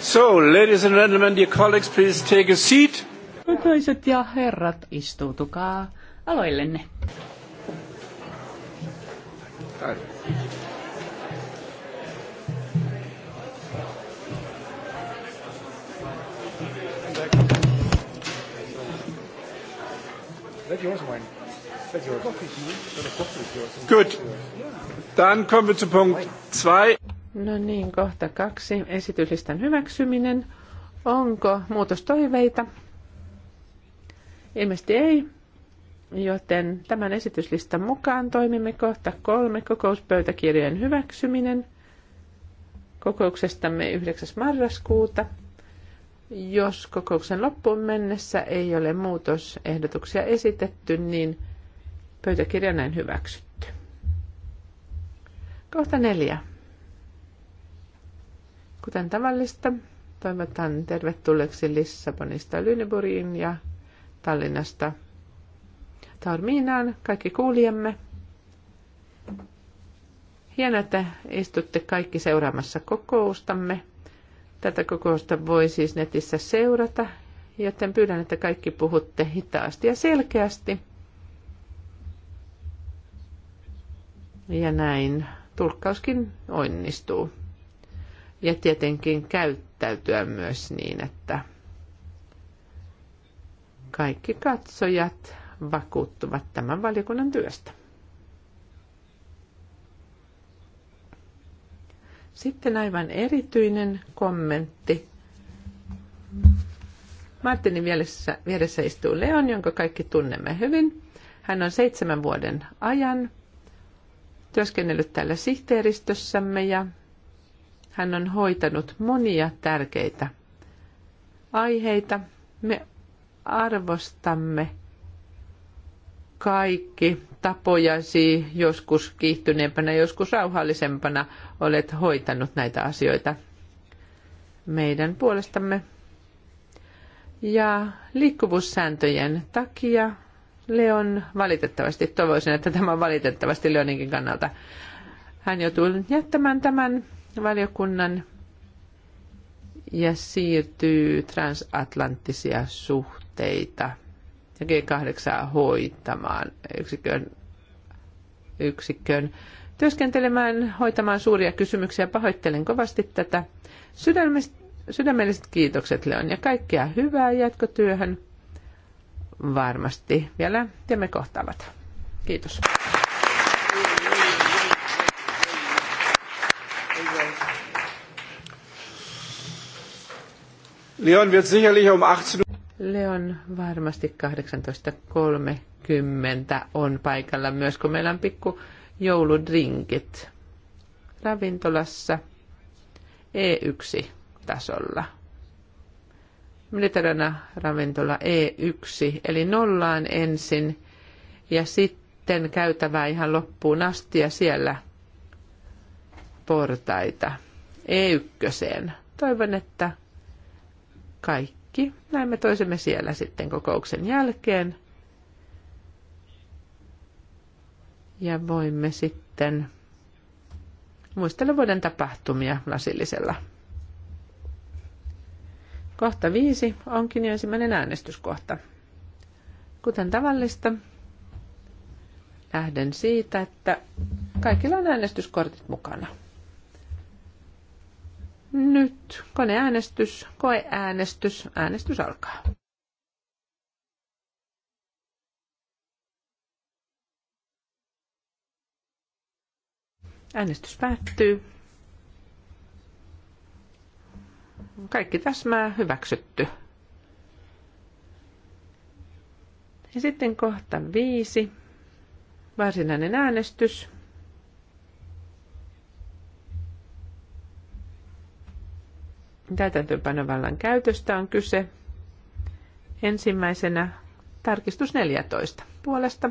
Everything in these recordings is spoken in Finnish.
So, ladies and gentlemen, dear colleagues, please take a seat. Naiset ja herrat, istuutukaa aloillenne. Good. dann kommen wir zu Punkt 2. No niin, kohta kaksi. Esityslistan hyväksyminen. Onko muutostoiveita? Ilmeisesti ei, joten tämän esityslistan mukaan toimimme kohta kolme kokouspöytäkirjojen hyväksyminen kokouksestamme 9. marraskuuta. Jos kokouksen loppuun mennessä ei ole muutosehdotuksia esitetty, niin pöytäkirja näin hyväksytty. Kohta neljä. Kuten tavallista, toivotan tervetulleeksi Lissabonista Lyneburiin ja Tallinnasta Taormiinaan kaikki kuulijamme. Hienoa, että istutte kaikki seuraamassa kokoustamme. Tätä kokousta voi siis netissä seurata, joten pyydän, että kaikki puhutte hitaasti ja selkeästi. Ja näin tulkkauskin onnistuu ja tietenkin käyttäytyä myös niin, että kaikki katsojat vakuuttuvat tämän valiokunnan työstä. Sitten aivan erityinen kommentti. Martinin vieressä, vieressä istuu Leon, jonka kaikki tunnemme hyvin. Hän on seitsemän vuoden ajan työskennellyt täällä sihteeristössämme ja hän on hoitanut monia tärkeitä aiheita. Me arvostamme kaikki tapojasi, joskus kiihtyneempänä, joskus rauhallisempana olet hoitanut näitä asioita meidän puolestamme. Ja liikkuvuussääntöjen takia Leon valitettavasti, toivoisin, että tämä on valitettavasti Leoninkin kannalta, hän joutuu jättämään tämän valiokunnan ja siirtyy transatlanttisia suhteita ja G8 hoitamaan yksikön, yksikön työskentelemään, hoitamaan suuria kysymyksiä. Pahoittelen kovasti tätä. Sydämestä, sydämelliset kiitokset Leon ja kaikkea hyvää jatkotyöhön. Varmasti vielä teemme kohtaavat. Kiitos. Leon wird sicherlich um 18 Leon varmasti 18.30 on paikalla myös, kun meillä on pikku jouludrinkit ravintolassa E1-tasolla. Mediterana ravintola E1, eli nollaan ensin ja sitten käytävää ihan loppuun asti ja siellä portaita E1. Toivon, että kaikki näemme toisemme siellä sitten kokouksen jälkeen. Ja voimme sitten muistella vuoden tapahtumia lasillisella. Kohta viisi onkin jo ensimmäinen äänestyskohta. Kuten tavallista, lähden siitä, että kaikilla on äänestyskortit mukana. Nyt koneäänestys, koeäänestys, äänestys alkaa. Äänestys päättyy. Kaikki täsmää hyväksytty. Ja sitten kohta viisi. Varsinainen äänestys. täytäntöönpanovallan käytöstä on kyse. Ensimmäisenä tarkistus 14 puolesta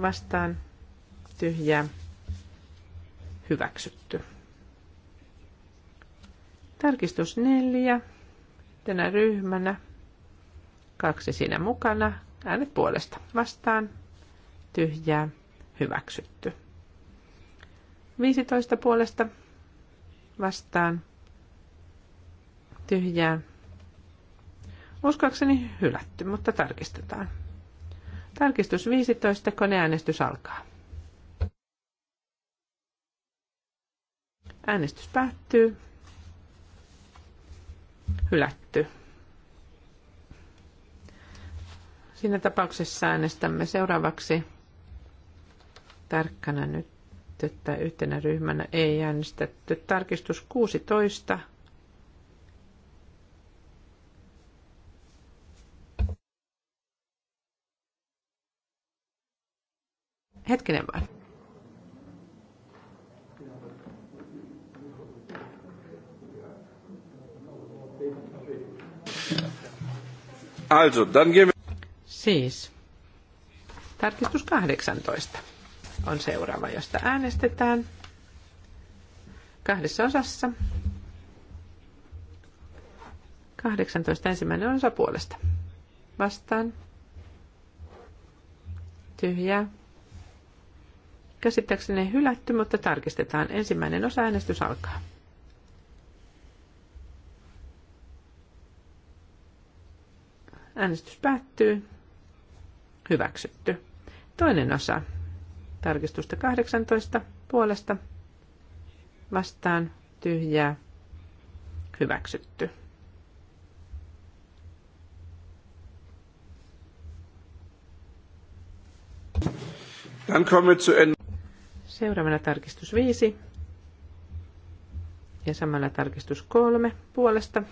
vastaan tyhjää hyväksytty. Tarkistus 4 tänä ryhmänä. Kaksi siinä mukana. Äänet puolesta vastaan tyhjää hyväksytty. 15 puolesta vastaan tyhjää. Uskoakseni hylätty, mutta tarkistetaan. Tarkistus 15, koneäänestys alkaa. Äänestys päättyy. Hylätty. Siinä tapauksessa äänestämme seuraavaksi tarkkana nyt hylätty tai yhtenä ryhmänä ei äänestetty. Tarkistus 16. Hetkinen vaan. Also, dann gehen wir... Siis. Tarkistus 18 on seuraava, josta äänestetään kahdessa osassa. 18 ensimmäinen osa puolesta. Vastaan. Tyhjää. Käsittääkseni hylätty, mutta tarkistetaan. Ensimmäinen osa äänestys alkaa. Äänestys päättyy. Hyväksytty. Toinen osa Tarkistusta 18 puolesta vastaan tyhjää hyväksytty. Dann kommen wir zu Seuraavana tarkistus 5 ja samalla tarkistus 3 puolesta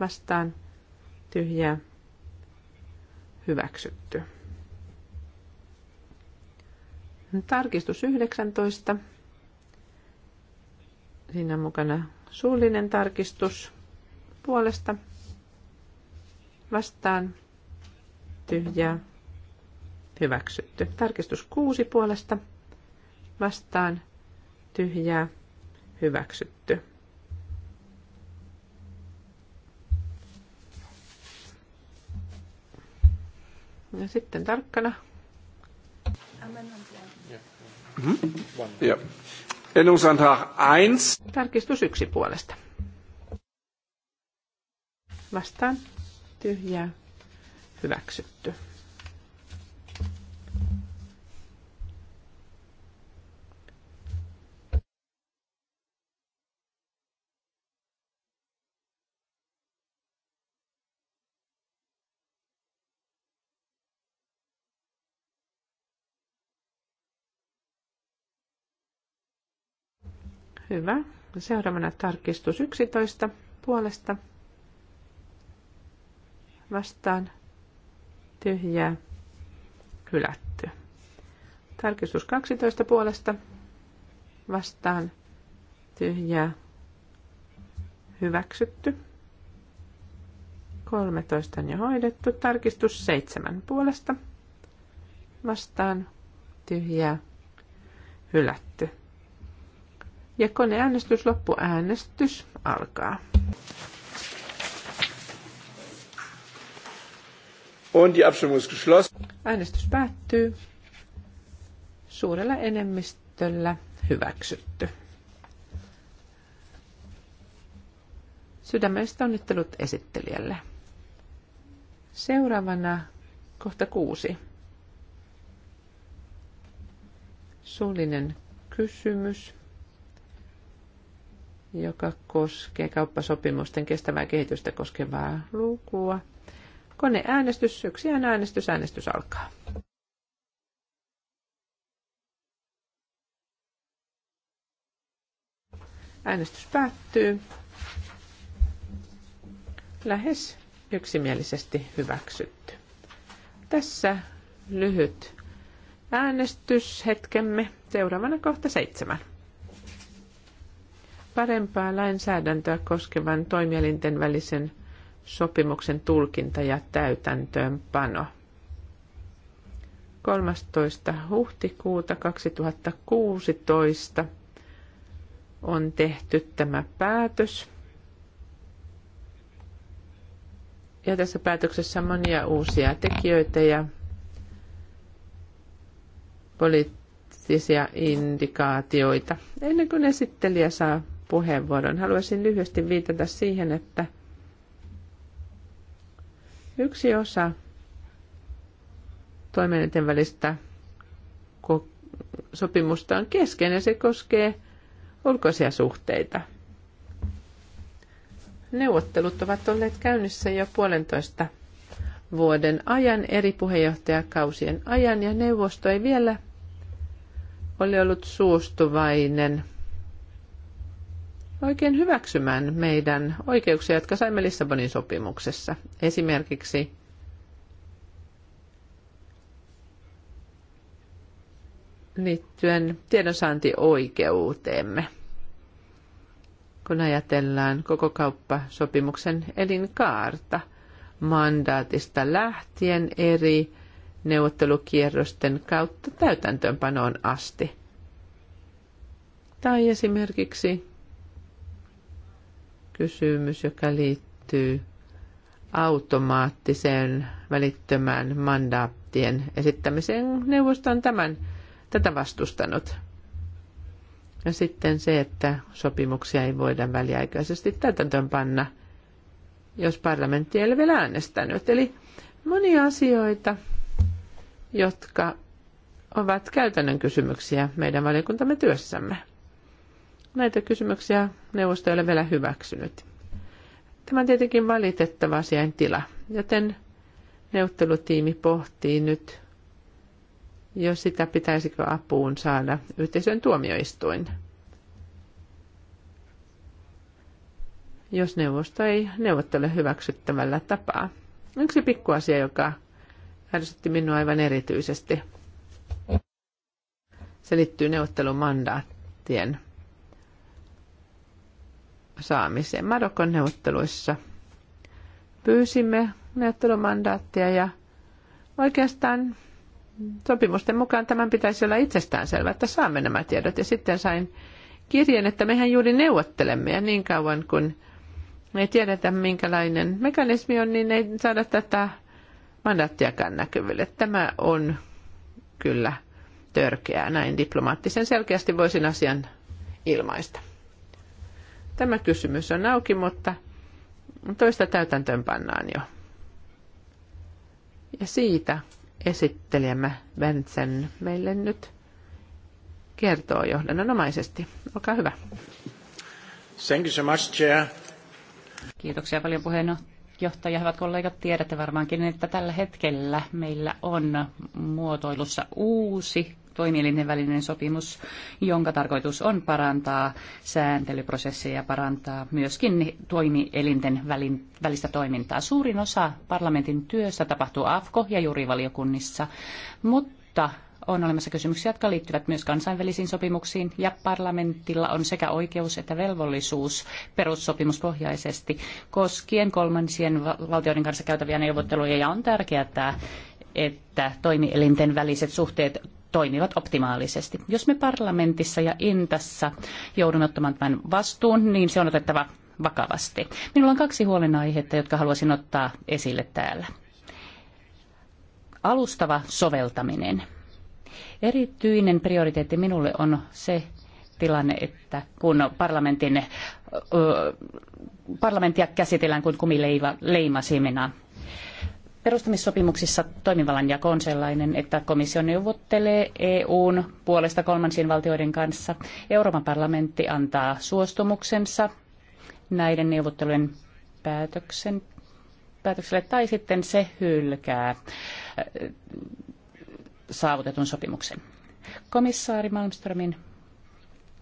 vastaan tyhjää hyväksytty. Tarkistus 19. Siinä on mukana suullinen tarkistus puolesta vastaan tyhjää hyväksytty. Tarkistus 6 puolesta vastaan tyhjää hyväksytty. Ja sitten tarkkana Hmm? Ja. 1. Tarkistus yksi puolesta. Vastaan. Tyhjää. Hyväksytty. Hyvä. Seuraavana tarkistus 11 puolesta. Vastaan. Tyhjää. Hylätty. Tarkistus 12 puolesta. Vastaan. Tyhjää. Hyväksytty. 13 on jo hoidettu. Tarkistus 7 puolesta. Vastaan. Tyhjää. Hylätty. Ja koneäänestys, loppuäänestys alkaa. Und die Abstimmung ist geschlossen. Äänestys päättyy. Suurella enemmistöllä hyväksytty. Sydämestä onnittelut esittelijälle. Seuraavana kohta kuusi. Suullinen kysymys joka koskee kauppasopimusten kestävää kehitystä koskevaa lukua. Koneäänestys, yksi äänestys, äänestys alkaa. Äänestys päättyy. Lähes yksimielisesti hyväksytty. Tässä lyhyt äänestyshetkemme. Seuraavana kohta seitsemän parempaa lainsäädäntöä koskevan toimielinten välisen sopimuksen tulkinta ja täytäntöönpano. 13. huhtikuuta 2016 on tehty tämä päätös. Ja tässä päätöksessä on monia uusia tekijöitä ja poliittisia indikaatioita. Ennen kuin esittelijä saa puheenvuoron. Haluaisin lyhyesti viitata siihen, että yksi osa toimijoiden välistä sopimusta on kesken ja se koskee ulkoisia suhteita. Neuvottelut ovat olleet käynnissä jo puolentoista vuoden ajan, eri puheenjohtajakausien ajan, ja neuvosto ei vielä ole ollut suostuvainen oikein hyväksymään meidän oikeuksia, jotka saimme Lissabonin sopimuksessa. Esimerkiksi liittyen tiedonsaantioikeuteemme, kun ajatellaan koko kauppasopimuksen elinkaarta mandaatista lähtien eri neuvottelukierrosten kautta täytäntöönpanoon asti. Tai esimerkiksi kysymys, joka liittyy automaattiseen välittömään mandaattien esittämiseen. Neuvosto on tämän, tätä vastustanut. Ja sitten se, että sopimuksia ei voida väliaikaisesti täytäntöön panna, jos parlamentti ei ole vielä äänestänyt. Eli monia asioita, jotka ovat käytännön kysymyksiä meidän valiokuntamme työssämme. Näitä kysymyksiä neuvosto ei ole vielä hyväksynyt. Tämä on tietenkin valitettava asian tila, joten neuvottelutiimi pohtii nyt, jos sitä pitäisikö apuun saada yhteisön tuomioistuin. jos neuvosto ei neuvottele hyväksyttävällä tapaa. Yksi asia, joka ärsytti minua aivan erityisesti. Se liittyy neuvottelumandaattien saamiseen. Marokon neuvotteluissa pyysimme neuvottelumandaattia ja oikeastaan sopimusten mukaan tämän pitäisi olla itsestäänselvä, että saamme nämä tiedot. Ja sitten sain kirjeen, että mehän juuri neuvottelemme ja niin kauan kun ei tiedetä minkälainen mekanismi on, niin ei saada tätä mandaattiakaan näkyville. Tämä on kyllä törkeää, näin diplomaattisen selkeästi voisin asian ilmaista. Tämä kysymys on auki, mutta toista täytäntöön pannaan jo. Ja siitä esittelemme Bentsen meille nyt kertoo johdannonomaisesti. Olkaa hyvä. Thank you so much, Chair. Kiitoksia paljon puheenjohtaja. Hyvät kollegat, tiedätte varmaankin, että tällä hetkellä meillä on muotoilussa uusi toimielinten välinen sopimus, jonka tarkoitus on parantaa sääntelyprosesseja ja parantaa myöskin toimielinten välin, välistä toimintaa. Suurin osa parlamentin työstä tapahtuu AFKO- ja jurivaliokunnissa, mutta on olemassa kysymyksiä, jotka liittyvät myös kansainvälisiin sopimuksiin, ja parlamentilla on sekä oikeus että velvollisuus perussopimuspohjaisesti koskien kolmansien valtioiden kanssa käytäviä neuvotteluja, ja on tärkeää, että toimielinten väliset suhteet toimivat optimaalisesti. Jos me parlamentissa ja Intassa joudumme ottamaan tämän vastuun, niin se on otettava vakavasti. Minulla on kaksi huolenaihetta, jotka haluaisin ottaa esille täällä. Alustava soveltaminen. Erityinen prioriteetti minulle on se tilanne, että kun parlamentin, ö, parlamenttia käsitellään kuin kumileimasimena, Perustamissopimuksissa toimivallan jako on sellainen, että komissio neuvottelee EUn puolesta kolmansien valtioiden kanssa. Euroopan parlamentti antaa suostumuksensa näiden neuvottelujen päätöksen, päätökselle tai sitten se hylkää äh, saavutetun sopimuksen. Komissaari Malmströmin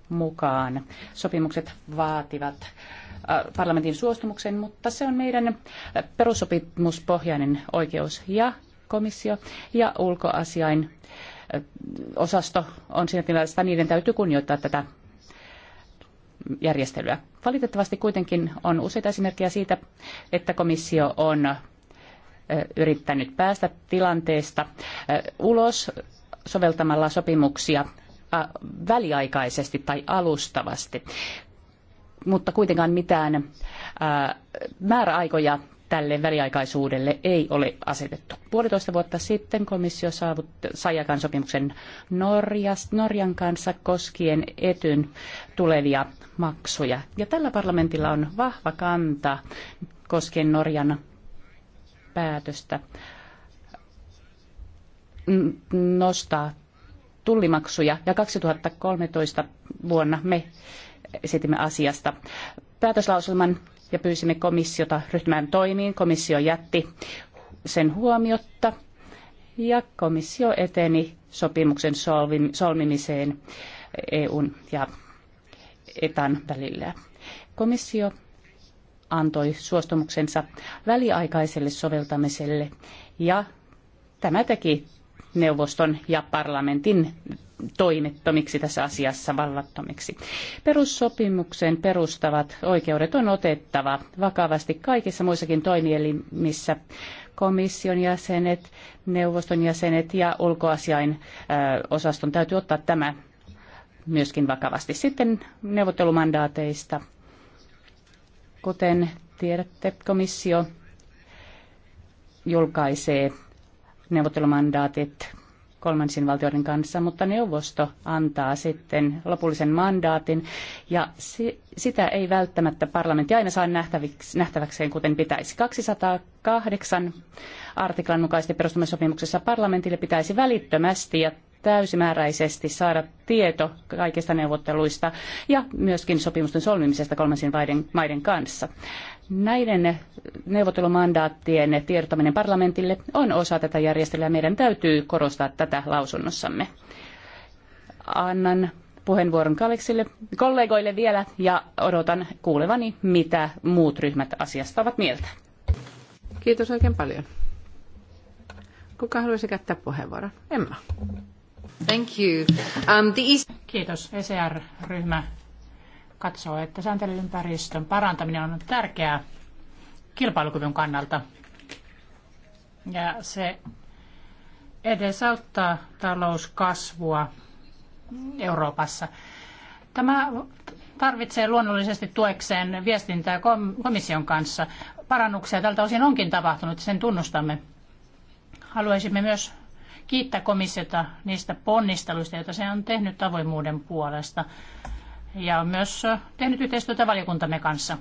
mukaan. Sopimukset vaativat äh, parlamentin suostumuksen, mutta se on meidän äh, perussopimuspohjainen oikeus ja komissio ja ulkoasiain äh, osasto on siinä tilanteessa, että niiden täytyy kunnioittaa tätä järjestelyä. Valitettavasti kuitenkin on useita esimerkkejä siitä, että komissio on yrittänyt päästä tilanteesta ulos soveltamalla sopimuksia väliaikaisesti tai alustavasti, mutta kuitenkaan mitään määräaikoja tälle väliaikaisuudelle ei ole asetettu. Puolitoista vuotta sitten komissio sai aikaan sopimuksen Norjas, Norjan kanssa koskien etyn tulevia maksuja. Ja tällä parlamentilla on vahva kanta koskien Norjan päätöstä nostaa tullimaksuja ja 2013 vuonna me esitimme asiasta päätöslauselman ja pyysimme komissiota ryhtymään toimiin. Komissio jätti sen huomiotta ja komissio eteni sopimuksen solmimiseen EUn ja etan välillä. Komissio antoi suostumuksensa väliaikaiselle soveltamiselle ja tämä teki neuvoston ja parlamentin toimettomiksi tässä asiassa, vallattomiksi. Perussopimuksen perustavat oikeudet on otettava vakavasti kaikissa muissakin toimielimissä komission jäsenet, neuvoston jäsenet ja ulkoasiain osaston täytyy ottaa tämä myöskin vakavasti. Sitten neuvottelumandaateista. Kuten tiedätte, komissio julkaisee neuvottelumandaatit kolmansien valtioiden kanssa, mutta neuvosto antaa sitten lopullisen mandaatin ja si- sitä ei välttämättä parlamentti aina saa nähtäviksi, nähtäväkseen kuten pitäisi. 208 artiklan mukaisesti perustamissopimuksessa parlamentille pitäisi välittömästi ja täysimääräisesti saada tieto kaikista neuvotteluista ja myöskin sopimusten solmimisesta kolmansien maiden kanssa. Näiden neuvottelumandaattien tiedottaminen parlamentille on osa tätä järjestelyä ja meidän täytyy korostaa tätä lausunnossamme. Annan puheenvuoron kollegoille vielä ja odotan kuulevani, mitä muut ryhmät asiasta ovat mieltä. Kiitos oikein paljon. Kuka haluaisi käyttää puheenvuoron? Emma. Thank you. Um, the East... Kiitos. ECR-ryhmä katsoo, että sääntelyympäristön parantaminen on tärkeää kilpailukyvyn kannalta. Ja se edesauttaa talouskasvua Euroopassa. Tämä tarvitsee luonnollisesti tuekseen viestintää komission kanssa. Parannuksia tältä osin onkin tapahtunut, sen tunnustamme. Haluaisimme myös kiittää komissiota niistä ponnisteluista, joita se on tehnyt avoimuuden puolesta ja on myös tehnyt yhteistyötä valiokuntamme kanssa.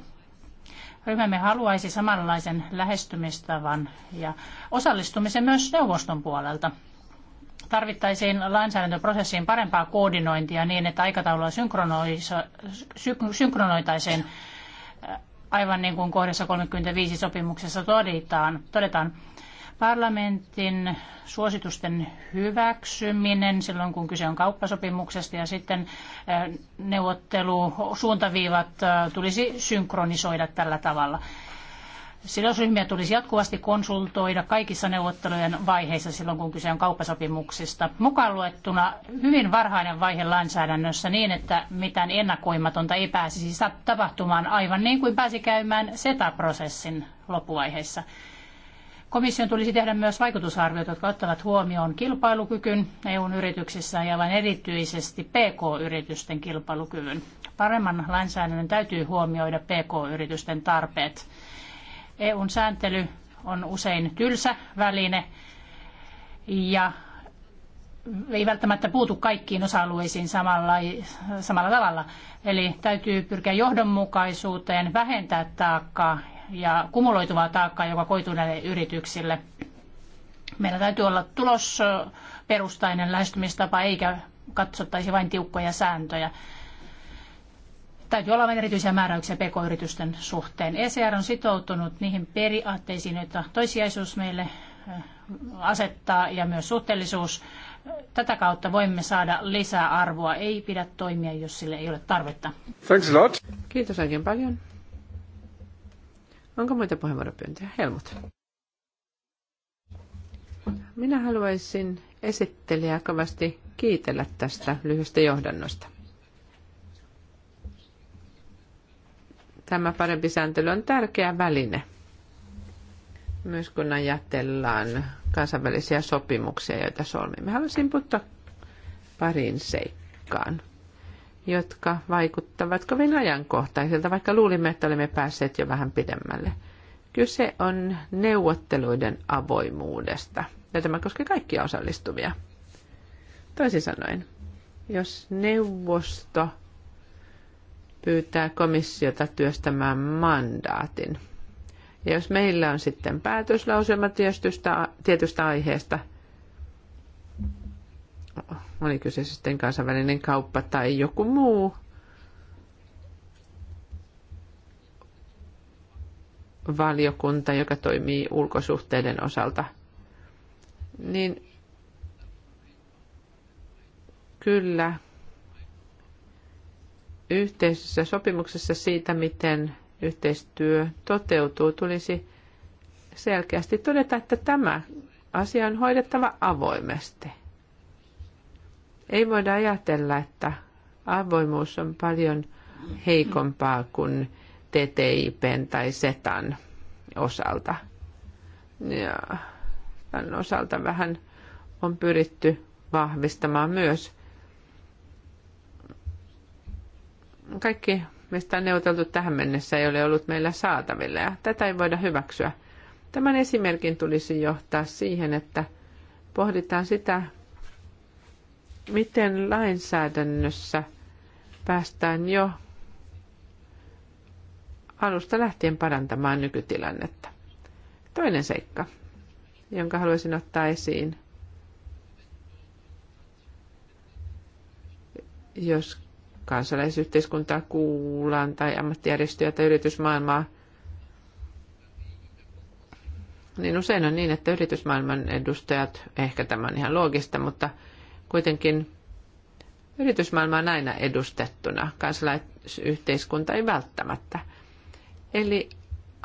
Ryhmämme haluaisi samanlaisen lähestymistavan ja osallistumisen myös neuvoston puolelta. Tarvittaisiin lainsäädäntöprosessiin parempaa koordinointia niin, että aikataulua synkronoitaisiin aivan niin kuin kohdassa 35 sopimuksessa todetaan. todetaan. Parlamentin suositusten hyväksyminen silloin, kun kyse on kauppasopimuksesta ja sitten neuvottelusuuntaviivat tulisi synkronisoida tällä tavalla. Sidosryhmiä tulisi jatkuvasti konsultoida kaikissa neuvottelujen vaiheissa silloin, kun kyse on kauppasopimuksista. Mukaan luettuna hyvin varhainen vaihe lainsäädännössä niin, että mitään ennakoimatonta ei pääsisi tapahtumaan aivan niin kuin pääsi käymään SETA-prosessin loppuvaiheessa. Komission tulisi tehdä myös vaikutusarviot, jotka ottavat huomioon kilpailukykyn EUn yrityksissä ja aivan erityisesti PK-yritysten kilpailukyvyn. Paremman lainsäädännön täytyy huomioida PK-yritysten tarpeet. EUn sääntely on usein tylsä väline ja ei välttämättä puutu kaikkiin osa-alueisiin samalla, samalla tavalla. Eli täytyy pyrkiä johdonmukaisuuteen, vähentää taakkaa ja kumuloituvaa taakkaa, joka koituu näille yrityksille. Meillä täytyy olla tulosperustainen lähestymistapa, eikä katsottaisi vain tiukkoja sääntöjä. Täytyy olla erityisiä määräyksiä pk-yritysten suhteen. ECR on sitoutunut niihin periaatteisiin, joita toisiaisuus meille äh, asettaa ja myös suhteellisuus. Tätä kautta voimme saada lisää arvoa. Ei pidä toimia, jos sille ei ole tarvetta. Thanks a lot. Kiitos oikein paljon. Onko muita puheenvuoropyyntöjä? Helmut. Minä haluaisin esittelijä kovasti kiitellä tästä lyhyestä johdannosta. Tämä parempi sääntely on tärkeä väline, myös kun ajatellaan kansainvälisiä sopimuksia, joita solmimme. Haluaisin puuttua pariin seikkaan jotka vaikuttavat kovin ajankohtaisilta, vaikka luulimme, että olemme päässeet jo vähän pidemmälle. Kyse on neuvotteluiden avoimuudesta, ja tämä koskee kaikkia osallistuvia. Toisin sanoen, jos neuvosto pyytää komissiota työstämään mandaatin, ja jos meillä on sitten päätöslauselma tietystä aiheesta – oli kyse sitten kansainvälinen kauppa tai joku muu, valiokunta, joka toimii ulkosuhteiden osalta, niin kyllä yhteisessä sopimuksessa siitä, miten yhteistyö toteutuu, tulisi selkeästi todeta, että tämä asia on hoidettava avoimesti – ei voida ajatella, että avoimuus on paljon heikompaa kuin TTIP tai SETAn osalta. Ja tämän osalta vähän on pyritty vahvistamaan myös. Kaikki, mistä on neuvoteltu tähän mennessä, ei ole ollut meillä saatavilla ja tätä ei voida hyväksyä. Tämän esimerkin tulisi johtaa siihen, että pohditaan sitä, miten lainsäädännössä päästään jo alusta lähtien parantamaan nykytilannetta. Toinen seikka, jonka haluaisin ottaa esiin, jos kansalaisyhteiskuntaa kuullaan tai ammattijärjestöjä tai yritysmaailmaa, niin usein on niin, että yritysmaailman edustajat, ehkä tämä on ihan loogista, mutta – Kuitenkin yritysmaailma on aina edustettuna, kansalaisyhteiskunta ei välttämättä. Eli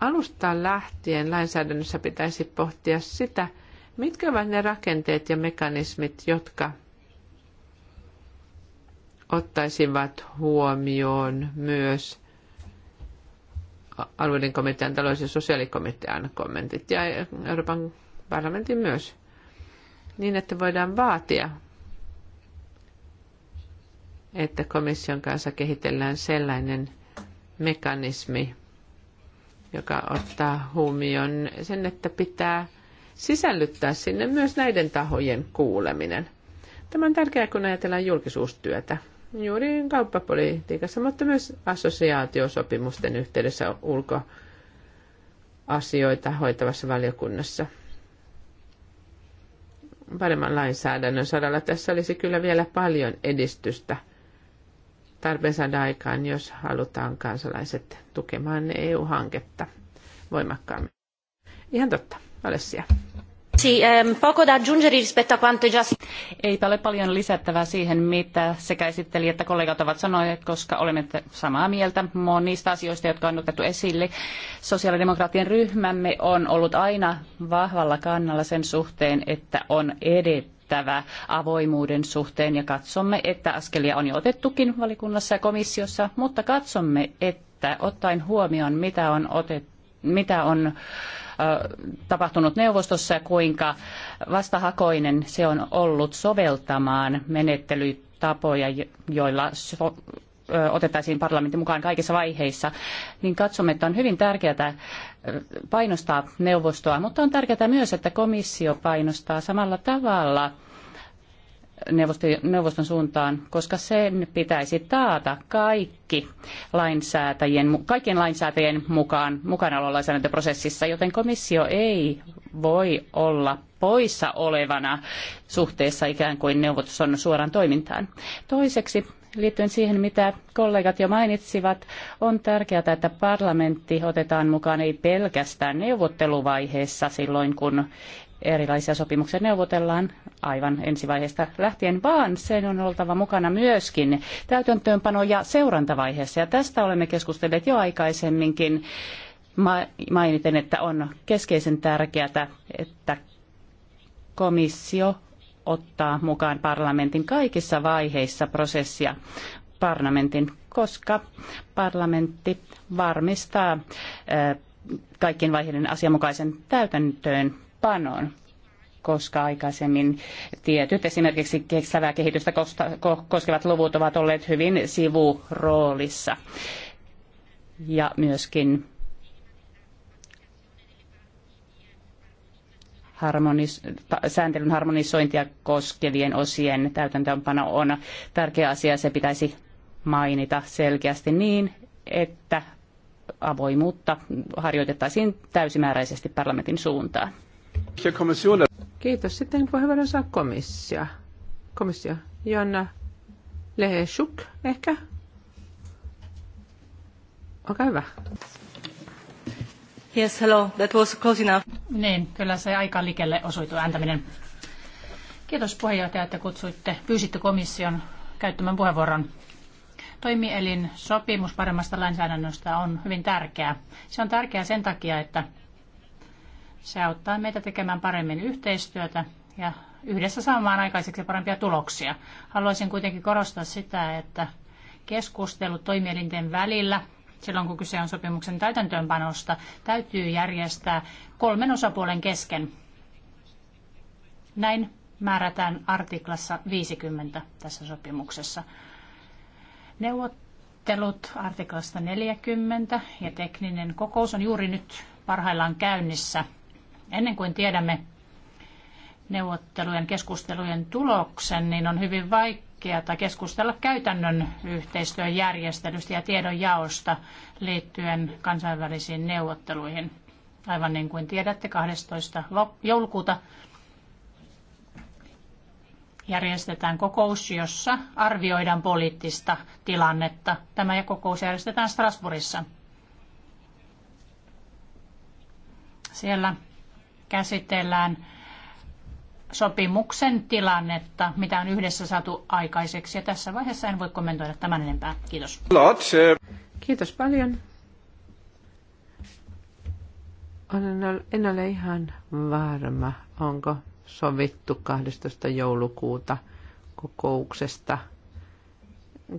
alusta lähtien lainsäädännössä pitäisi pohtia sitä, mitkä ovat ne rakenteet ja mekanismit, jotka ottaisivat huomioon myös alueiden komitean, talous- ja sosiaalikomitean kommentit ja Euroopan parlamentin myös, niin että voidaan vaatia että komission kanssa kehitellään sellainen mekanismi, joka ottaa huomioon sen, että pitää sisällyttää sinne myös näiden tahojen kuuleminen. Tämä on tärkeää, kun ajatellaan julkisuustyötä juuri kauppapolitiikassa, mutta myös assosiaatiosopimusten yhteydessä ulkoasioita hoitavassa valiokunnassa. Paremman lainsäädännön saralla tässä olisi kyllä vielä paljon edistystä – tarpeen saada aikaan, jos halutaan kansalaiset tukemaan EU-hanketta voimakkaammin. Ihan totta, Alessia. Ehm, Ei ole paljon lisättävää siihen, mitä sekä esitteli että kollegat ovat sanoneet, koska olemme samaa mieltä monista asioista, jotka on otettu esille. Sosiaalidemokraattien ryhmämme on ollut aina vahvalla kannalla sen suhteen, että on edetty tehtävä avoimuuden suhteen ja katsomme, että askelia on jo otettukin valikunnassa ja komissiossa, mutta katsomme, että ottaen huomioon, mitä on, otet, mitä on tapahtunut neuvostossa ja kuinka vastahakoinen se on ollut soveltamaan menettelytapoja, joilla so otettaisiin parlamentti mukaan kaikissa vaiheissa, niin katsomme, että on hyvin tärkeää painostaa neuvostoa, mutta on tärkeää myös, että komissio painostaa samalla tavalla neuvoston suuntaan, koska sen pitäisi taata kaikki lainsäätäjien, kaikkien lainsäätäjien mukaan mukanaolo lainsäädäntöprosessissa, joten komissio ei voi olla poissa olevana suhteessa ikään kuin neuvoston suoraan toimintaan. Toiseksi liittyen siihen, mitä kollegat jo mainitsivat, on tärkeää, että parlamentti otetaan mukaan ei pelkästään neuvotteluvaiheessa silloin, kun erilaisia sopimuksia neuvotellaan aivan ensivaiheesta lähtien, vaan sen on oltava mukana myöskin täytäntöönpano- ja seurantavaiheessa. Ja tästä olemme keskustelleet jo aikaisemminkin mainiten, että on keskeisen tärkeää, että komissio ottaa mukaan parlamentin kaikissa vaiheissa prosessia parlamentin, koska parlamentti varmistaa kaikkien vaiheiden asianmukaisen täytäntöönpanon koska aikaisemmin tietyt esimerkiksi kestävää kehitystä koskevat luvut ovat olleet hyvin sivuroolissa. Ja myöskin harmonis- sääntelyn harmonisointia koskevien osien täytäntöönpano on tärkeä asia. Se pitäisi mainita selkeästi niin, että avoimuutta harjoitettaisiin täysimääräisesti parlamentin suuntaan. Kiitos. Sitten puheenvuoron saa komissio. Komissio. Jonna Leheshuk ehkä. Olkaa hyvä. Yes, hello. That was close enough. Niin, kyllä se aika likelle tuo ääntäminen. Kiitos puheenjohtaja, että kutsuitte, pyysitte komission käyttämään puheenvuoron. Toimielin sopimus paremmasta lainsäädännöstä on hyvin tärkeä. Se on tärkeää sen takia, että se auttaa meitä tekemään paremmin yhteistyötä ja yhdessä saamaan aikaiseksi parempia tuloksia. Haluaisin kuitenkin korostaa sitä, että keskustelut toimielinten välillä silloin kun kyse on sopimuksen täytäntöönpanosta, täytyy järjestää kolmen osapuolen kesken. Näin määrätään artiklassa 50 tässä sopimuksessa. Neuvottelut artiklasta 40 ja tekninen kokous on juuri nyt parhaillaan käynnissä. Ennen kuin tiedämme neuvottelujen keskustelujen tuloksen, niin on hyvin vaikea tutkia keskustella käytännön yhteistyön järjestelystä ja tiedonjaosta liittyen kansainvälisiin neuvotteluihin. Aivan niin kuin tiedätte, 12. joulukuuta järjestetään kokous, jossa arvioidaan poliittista tilannetta. Tämä kokous järjestetään Strasbourgissa. Siellä käsitellään sopimuksen tilannetta, mitä on yhdessä saatu aikaiseksi. Ja tässä vaiheessa en voi kommentoida tämän enempää. Kiitos. Kiitos paljon. En ole ihan varma, onko sovittu 12. joulukuuta kokouksesta.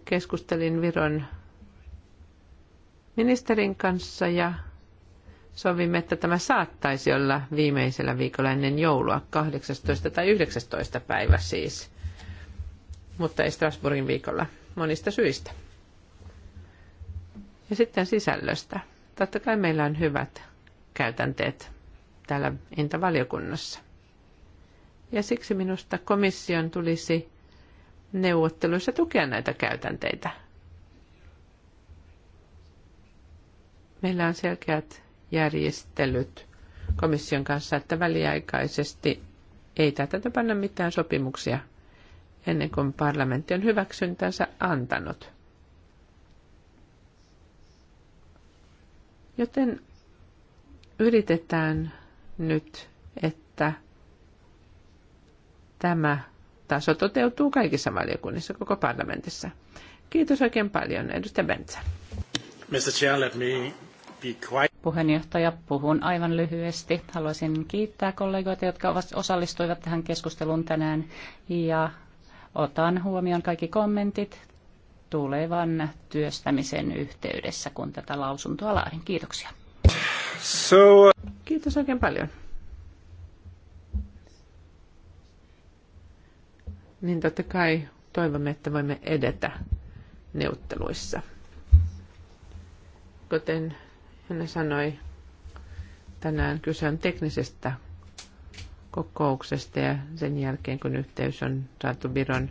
Keskustelin Viron ministerin kanssa ja sovimme, että tämä saattaisi olla viimeisellä viikolla ennen joulua, 18. tai 19. päivä siis, mutta ei Strasbourgin viikolla monista syistä. Ja sitten sisällöstä. Totta kai meillä on hyvät käytänteet täällä Intavaliokunnassa. Ja siksi minusta komission tulisi neuvotteluissa tukea näitä käytänteitä. Meillä on selkeät järjestelyt komission kanssa, että väliaikaisesti ei tätä panna mitään sopimuksia ennen kuin parlamentti on hyväksyntänsä antanut. Joten yritetään nyt, että tämä taso toteutuu kaikissa valiokunnissa, koko parlamentissa. Kiitos oikein paljon, edustaja Bentsä. Mr. Chair, let me Puheenjohtaja, puhun aivan lyhyesti. Haluaisin kiittää kollegoita, jotka osallistuivat tähän keskusteluun tänään ja otan huomioon kaikki kommentit tulevan työstämisen yhteydessä, kun tätä lausuntoa laadin. Kiitoksia. So, uh... Kiitos oikein paljon. Niin totta kai toivomme, että voimme edetä neuvotteluissa. Kuten hän sanoi tänään kyse on teknisestä kokouksesta ja sen jälkeen kun yhteys on saatu Viron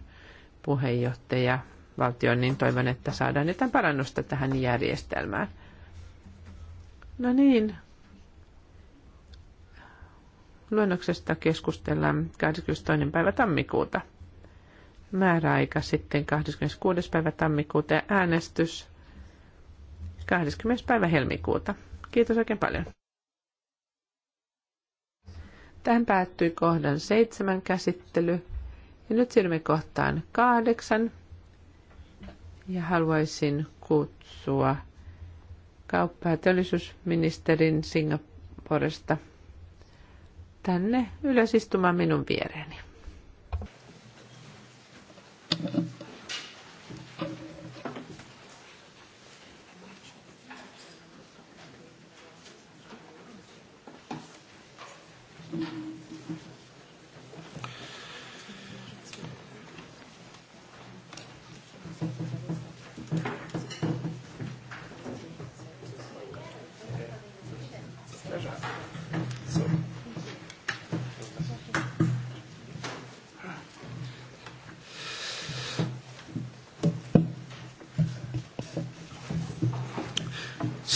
puheenjohtaja valtioon, niin toivon, että saadaan jotain parannusta tähän järjestelmään. No niin. Luonnoksesta keskustellaan 22. päivä tammikuuta. Määräaika sitten 26. päivä tammikuuta ja äänestys 20. päivä helmikuuta. Kiitos oikein paljon. Tähän päättyi kohdan seitsemän käsittely. Ja nyt siirrymme kohtaan kahdeksan. Ja haluaisin kutsua kauppa- ja teollisuusministerin Singaporesta tänne ylös istumaan minun viereeni. Thank you.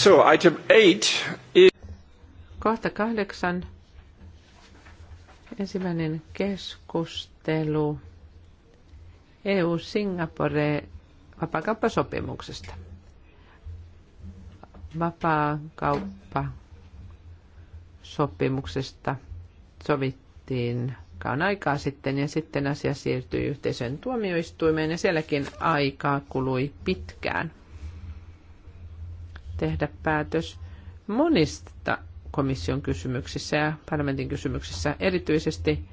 So, item eight is... Kohta kahdeksan. Ensimmäinen keskustelu EU-Singapore vapaakauppasopimuksesta. Vapaakauppasopimuksesta sovittiin kauan aikaa sitten ja sitten asia siirtyi yhteisön tuomioistuimeen ja sielläkin aikaa kului pitkään tehdä päätös monista komission kysymyksissä ja parlamentin kysymyksissä, erityisesti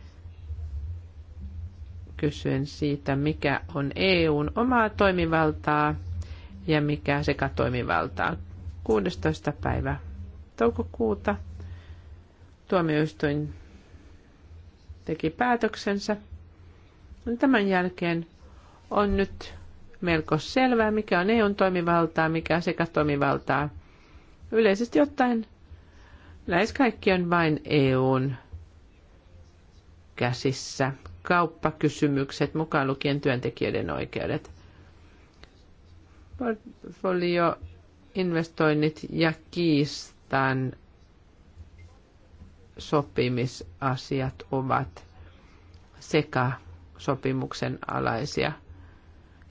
kysyen siitä, mikä on EUn omaa toimivaltaa ja mikä sekä toimivaltaa. 16. päivä toukokuuta tuomioistuin teki päätöksensä. Tämän jälkeen on nyt melko selvää, mikä on EUn toimivaltaa, mikä on sekä toimivaltaa. Yleisesti ottaen lähes kaikki on vain EUn käsissä. Kauppakysymykset, mukaan lukien työntekijöiden oikeudet. Portfolio, investoinnit ja kiistan sopimisasiat ovat sekä sopimuksen alaisia –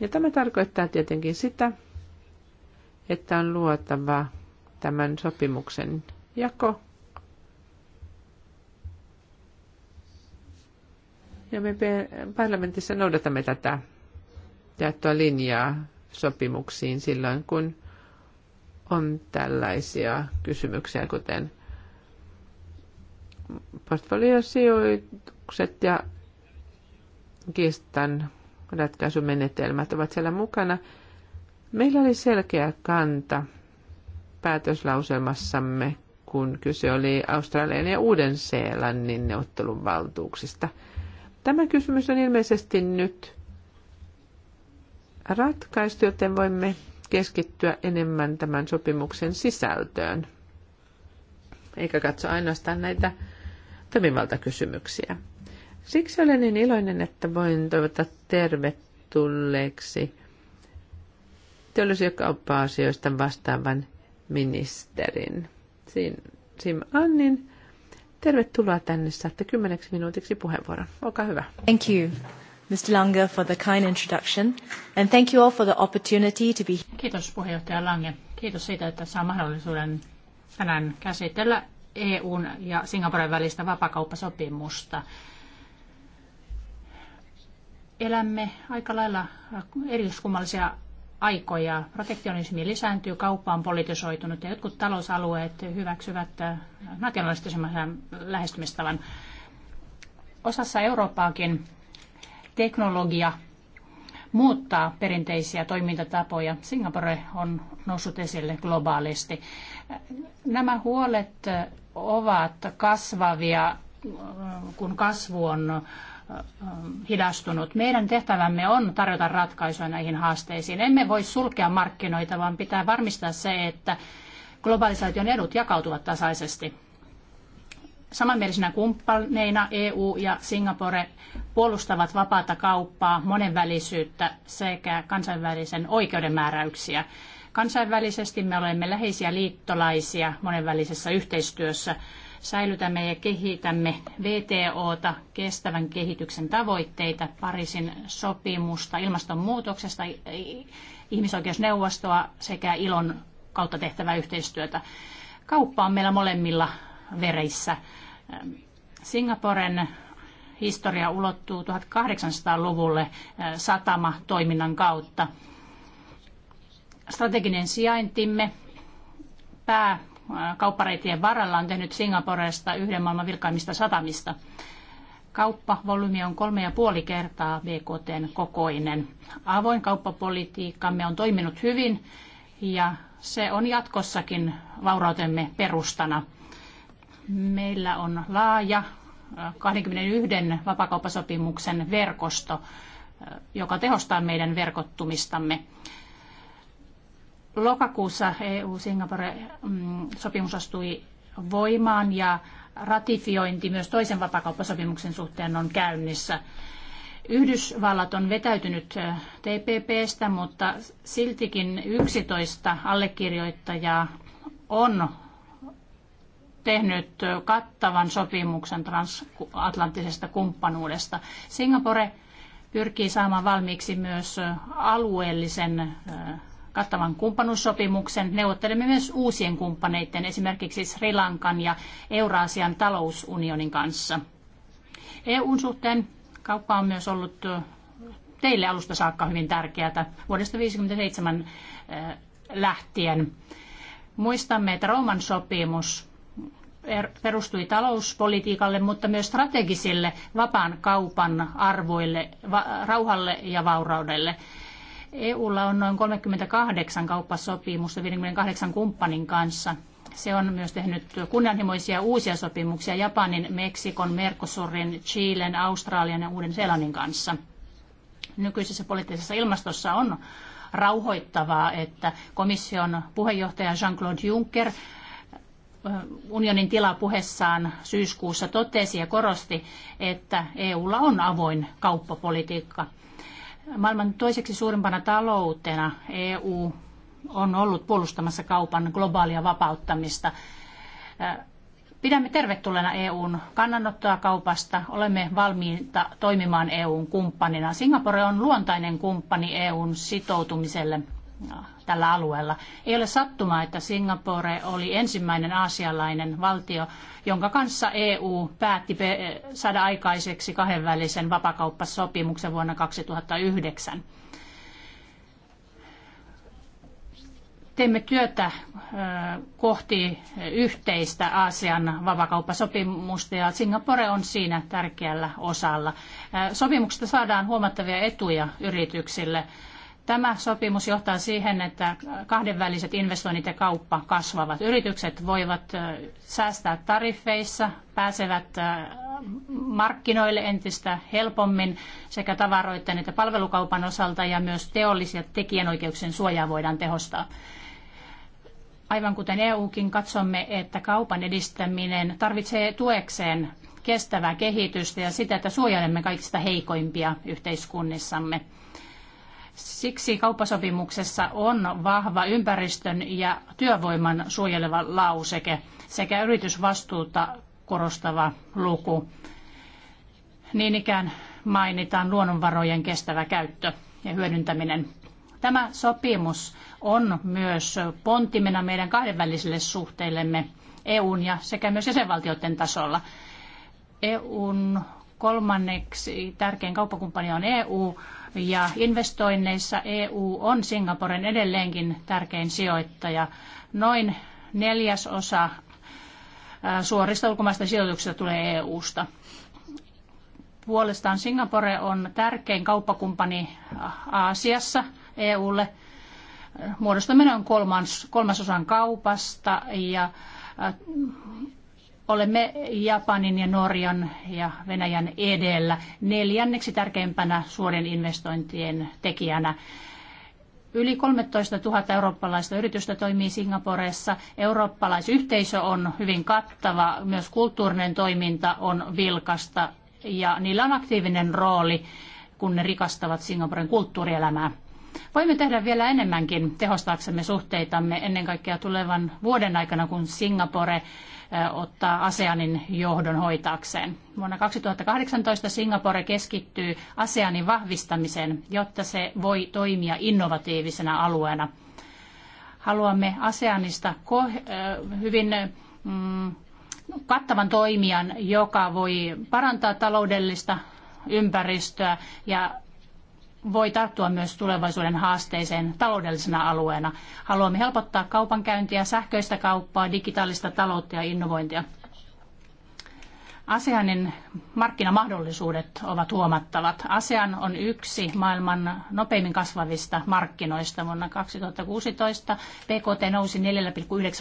ja tämä tarkoittaa tietenkin sitä, että on luotava tämän sopimuksen jako. Ja me parlamentissa noudatamme tätä jaettua linjaa sopimuksiin silloin, kun on tällaisia kysymyksiä, kuten portfoliosijoitukset ja kiistan ratkaisumenetelmät ovat siellä mukana. Meillä oli selkeä kanta päätöslauselmassamme, kun kyse oli Australian ja Uuden-Seelannin neuvottelun valtuuksista. Tämä kysymys on ilmeisesti nyt ratkaistu, joten voimme keskittyä enemmän tämän sopimuksen sisältöön, eikä katso ainoastaan näitä toimivaltakysymyksiä. Siksi olen niin iloinen, että voin toivottaa tervetulleeksi teollisuuskauppa asioista vastaavan ministerin. Siin, Sim Annin. Tervetuloa tänne. Saatte kymmeneksi minuutiksi puheenvuoron. Olkaa hyvä. Thank you. Mr. Lange for the kind introduction and thank you all for the opportunity to be Kiitos puheenjohtaja Lange. Kiitos siitä, että saa mahdollisuuden tänään käsitellä EUn ja Singaporen välistä vapakauppasopimusta elämme aika lailla eriskummallisia aikoja. Protektionismi lisääntyy, kauppa on politisoitunut ja jotkut talousalueet hyväksyvät äh, nationalistisemman lähestymistavan. Osassa Eurooppaakin teknologia muuttaa perinteisiä toimintatapoja. Singapore on noussut esille globaalisti. Nämä huolet ovat kasvavia, äh, kun kasvu on hidastunut. Meidän tehtävämme on tarjota ratkaisuja näihin haasteisiin. Emme voi sulkea markkinoita, vaan pitää varmistaa se, että globalisaation edut jakautuvat tasaisesti. Samanmielisinä kumppaneina EU ja Singapore puolustavat vapaata kauppaa, monenvälisyyttä sekä kansainvälisen oikeuden määräyksiä. Kansainvälisesti me olemme läheisiä liittolaisia monenvälisessä yhteistyössä – säilytämme ja kehitämme VTOta, kestävän kehityksen tavoitteita, Pariisin sopimusta, ilmastonmuutoksesta, ihmisoikeusneuvostoa sekä ilon kautta tehtävää yhteistyötä. Kauppa on meillä molemmilla vereissä. Singaporen historia ulottuu 1800-luvulle eh, satama-toiminnan kautta. Strateginen sijaintimme, pää kauppareitien varrella on tehnyt Singaporesta yhden maailman vilkkaimmista satamista. Kauppavolyymi on kolme ja puoli kertaa BKTn kokoinen. Avoin kauppapolitiikkamme on toiminut hyvin ja se on jatkossakin vaurautemme perustana. Meillä on laaja 21 vapakauppasopimuksen verkosto, joka tehostaa meidän verkottumistamme. Lokakuussa EU-Singapore-sopimus mm, astui voimaan ja ratifiointi myös toisen vapakauppasopimuksen suhteen on käynnissä. Yhdysvallat on vetäytynyt TPPstä, mutta siltikin 11 allekirjoittajaa on tehnyt kattavan sopimuksen transatlanttisesta kumppanuudesta. Singapore pyrkii saamaan valmiiksi myös alueellisen kattavan kumppanuussopimuksen. Neuvottelemme myös uusien kumppaneiden, esimerkiksi Sri Lankan ja Euraasian talousunionin kanssa. EUn suhteen kauppa on myös ollut teille alusta saakka hyvin tärkeää vuodesta 1957 lähtien. Muistamme, että Rooman sopimus er, perustui talouspolitiikalle, mutta myös strategisille vapaan kaupan arvoille, rauhalle ja vauraudelle. EUlla on noin 38 kauppasopimusta 58 kumppanin kanssa. Se on myös tehnyt kunnianhimoisia uusia sopimuksia Japanin, Meksikon, Mercosurin, Chilen, Australian ja Uuden-Seelannin kanssa. Nykyisessä poliittisessa ilmastossa on rauhoittavaa, että komission puheenjohtaja Jean-Claude Juncker eh, unionin tilapuheessaan syyskuussa totesi ja korosti, että EUlla on avoin kauppapolitiikka. Maailman toiseksi suurimpana taloutena EU on ollut puolustamassa kaupan globaalia vapauttamista. Äh, pidämme tervetulleena EUn kannanottoa kaupasta. Olemme valmiita toimimaan EUn kumppanina. Singapore on luontainen kumppani EUn sitoutumiselle äh, tällä alueella. Ei ole sattumaa, että Singapore oli ensimmäinen aasialainen valtio, jonka kanssa EU päätti saada aikaiseksi kahdenvälisen vapakauppasopimuksen vuonna 2009. teemme työtä kohti yhteistä Aasian vapakauppasopimusta ja Singapore on siinä tärkeällä osalla. Sopimuksesta saadaan huomattavia etuja yrityksille Tämä sopimus johtaa siihen, että kahdenväliset investoinnit ja kauppa kasvavat. Yritykset voivat säästää tariffeissa, pääsevät markkinoille entistä helpommin sekä tavaroiden että palvelukaupan osalta ja myös teollisia tekijänoikeuksien suojaa voidaan tehostaa. Aivan kuten EUkin katsomme, että kaupan edistäminen tarvitsee tuekseen kestävää kehitystä ja sitä, että suojelemme kaikista heikoimpia yhteiskunnissamme. Siksi kauppasopimuksessa on vahva ympäristön ja työvoiman suojeleva lauseke sekä yritysvastuuta korostava luku. Niin ikään mainitaan luonnonvarojen kestävä käyttö ja hyödyntäminen. Tämä sopimus on myös pontimena meidän kahdenvälisille suhteillemme EUn ja sekä myös jäsenvaltioiden tasolla. EUn kolmanneksi tärkein kauppakumppani on EU, ja investoinneissa EU on Singaporen edelleenkin tärkein sijoittaja. Noin neljäsosa äh, suorista ulkomaista sijoituksista tulee EU-sta. Puolestaan Singapore on tärkein kauppakumppani äh, Aasiassa EUlle. Muodostamme noin kolmas, kolmasosan kaupasta ja äh, Olemme Japanin ja Norjan ja Venäjän edellä neljänneksi tärkeimpänä suorien investointien tekijänä. Yli 13 000 eurooppalaista yritystä toimii Singaporessa. Eurooppalaisyhteisö on hyvin kattava, myös kulttuurinen toiminta on vilkasta ja niillä on aktiivinen rooli, kun ne rikastavat Singaporen kulttuurielämää. Voimme tehdä vielä enemmänkin tehostaaksemme suhteitamme ennen kaikkea tulevan vuoden aikana, kun Singapore ottaa ASEANin johdon hoitaakseen. Vuonna 2018 Singapore keskittyy ASEANin vahvistamiseen, jotta se voi toimia innovatiivisena alueena. Haluamme ASEANista hyvin mm, kattavan toimijan, joka voi parantaa taloudellista ympäristöä ja voi tarttua myös tulevaisuuden haasteeseen taloudellisena alueena. Haluamme helpottaa kaupankäyntiä, sähköistä kauppaa, digitaalista taloutta ja innovointia. ASEANin markkinamahdollisuudet ovat huomattavat. ASEAN on yksi maailman nopeimmin kasvavista markkinoista. Vuonna 2016 PKT nousi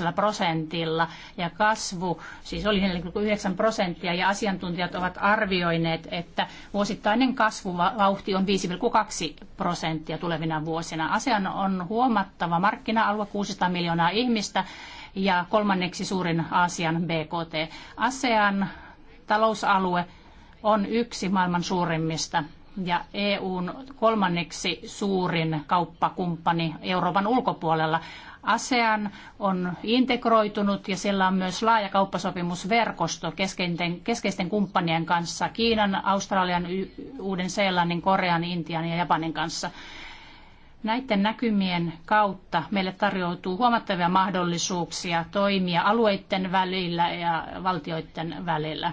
4,9 prosentilla ja kasvu siis oli 4,9 prosenttia ja asiantuntijat ovat arvioineet, että vuosittainen kasvuvauhti on 5,2 prosenttia tulevina vuosina. ASEAN on huomattava markkina-alue 600 miljoonaa ihmistä ja kolmanneksi suurin Aasian BKT. ASEAN talousalue on yksi maailman suurimmista ja EUn kolmanneksi suurin kauppakumppani Euroopan ulkopuolella. ASEAN on integroitunut ja sillä on myös laaja kauppasopimusverkosto keskeisten, keskeisten kumppanien kanssa Kiinan, Australian, Uuden-Seelannin, Korean, Intian ja Japanin kanssa. Näiden näkymien kautta meille tarjoutuu huomattavia mahdollisuuksia toimia alueiden välillä ja valtioiden välillä.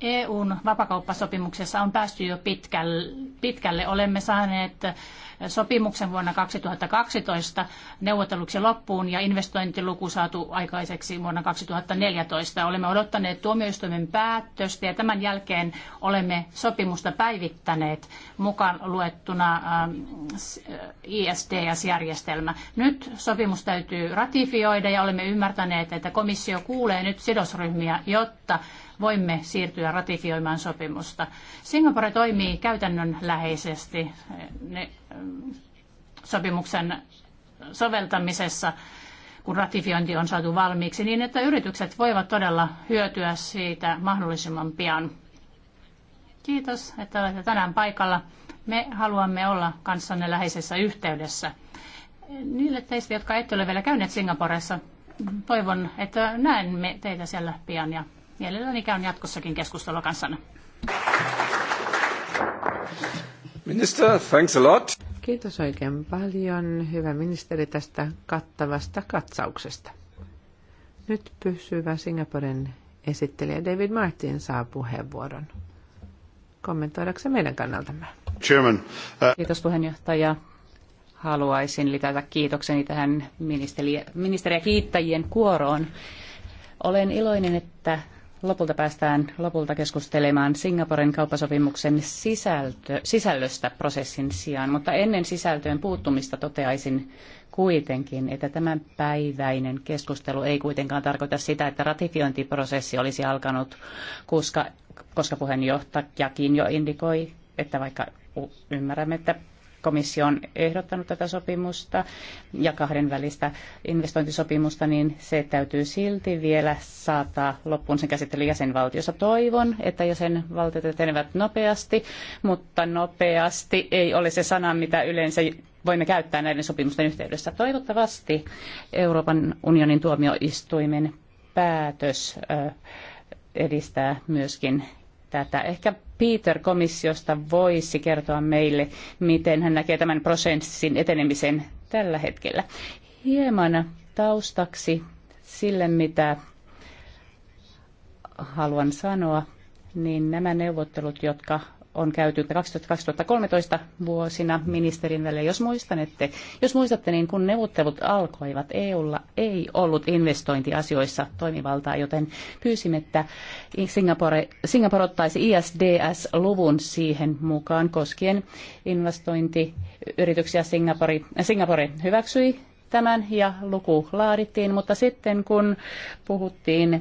EUn vapakauppasopimuksessa on päästy jo pitkälle. Olemme saaneet sopimuksen vuonna 2012 neuvotteluksi loppuun ja investointiluku saatu aikaiseksi vuonna 2014. Olemme odottaneet tuomioistuimen päätöstä ja tämän jälkeen olemme sopimusta päivittäneet mukaan luettuna ähm, äh, ISDS-järjestelmä. Nyt sopimus täytyy ratifioida ja olemme ymmärtäneet, että komissio kuulee nyt sidosryhmiä, jotta voimme siirtyä valmiita ratifioimaan sopimusta. Singapore toimii käytännönläheisesti ne, eh, sopimuksen soveltamisessa, kun ratifiointi on saatu valmiiksi, niin että yritykset voivat todella hyötyä siitä mahdollisimman pian. Kiitos, että olette tänään paikalla. Me haluamme olla kanssanne läheisessä yhteydessä. Niille teistä, jotka ette ole vielä käyneet Singaporessa, toivon, että näemme teitä siellä pian ja Mielelläni käyn jatkossakin keskustelua kanssanne. Minister, thanks a lot. Kiitos oikein paljon, hyvä ministeri, tästä kattavasta katsauksesta. Nyt pysyvä Singaporen esittelijä David Martin saa puheenvuoron kommentoidakseen meidän kannaltamme. Chairman, uh... Kiitos puheenjohtaja. Haluaisin lisätä kiitokseni tähän ministeriä, ministeriä kiittäjien kuoroon. Olen iloinen, että lopulta päästään lopulta keskustelemaan Singaporen kauppasopimuksen sisältö, sisällöstä prosessin sijaan, mutta ennen sisältöön puuttumista toteaisin kuitenkin, että tämän päiväinen keskustelu ei kuitenkaan tarkoita sitä, että ratifiointiprosessi olisi alkanut, koska, koska puheenjohtajakin jo indikoi, että vaikka ymmärrämme, että komissio on ehdottanut tätä sopimusta ja kahden välistä investointisopimusta, niin se täytyy silti vielä saattaa loppuun sen käsittely jäsenvaltiossa. Toivon, että jäsenvaltiot etenevät nopeasti, mutta nopeasti ei ole se sana, mitä yleensä voimme käyttää näiden sopimusten yhteydessä. Toivottavasti Euroopan unionin tuomioistuimen päätös edistää myöskin tätä. Ehkä Peter komissiosta voisi kertoa meille, miten hän näkee tämän prosessin etenemisen tällä hetkellä. Hieman taustaksi sille, mitä haluan sanoa, niin nämä neuvottelut, jotka on käyty 2013 vuosina ministerin välillä. Jos, muistanette, jos muistatte, niin kun neuvottelut alkoivat, EUlla ei ollut investointiasioissa toimivaltaa, joten pyysimme, että Singapore, Singapore ottaisi ISDS-luvun siihen mukaan koskien investointiyrityksiä Singapore, Singapore hyväksyi tämän ja luku laadittiin, mutta sitten kun puhuttiin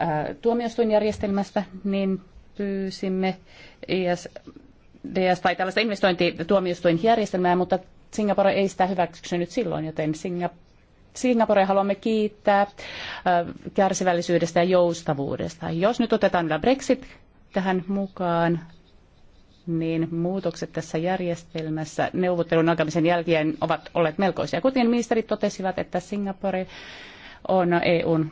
äh, tuomioistuinjärjestelmästä, niin pyysimme ESDS tai tällaista järjestelmää, mutta Singapore ei sitä hyväksynyt silloin, joten Singapore haluamme kiittää kärsivällisyydestä ja joustavuudesta. Jos nyt otetaan vielä Brexit tähän mukaan, niin muutokset tässä järjestelmässä neuvottelun alkamisen jälkeen ovat olleet melkoisia. Kuten ministerit totesivat, että Singapore on EUn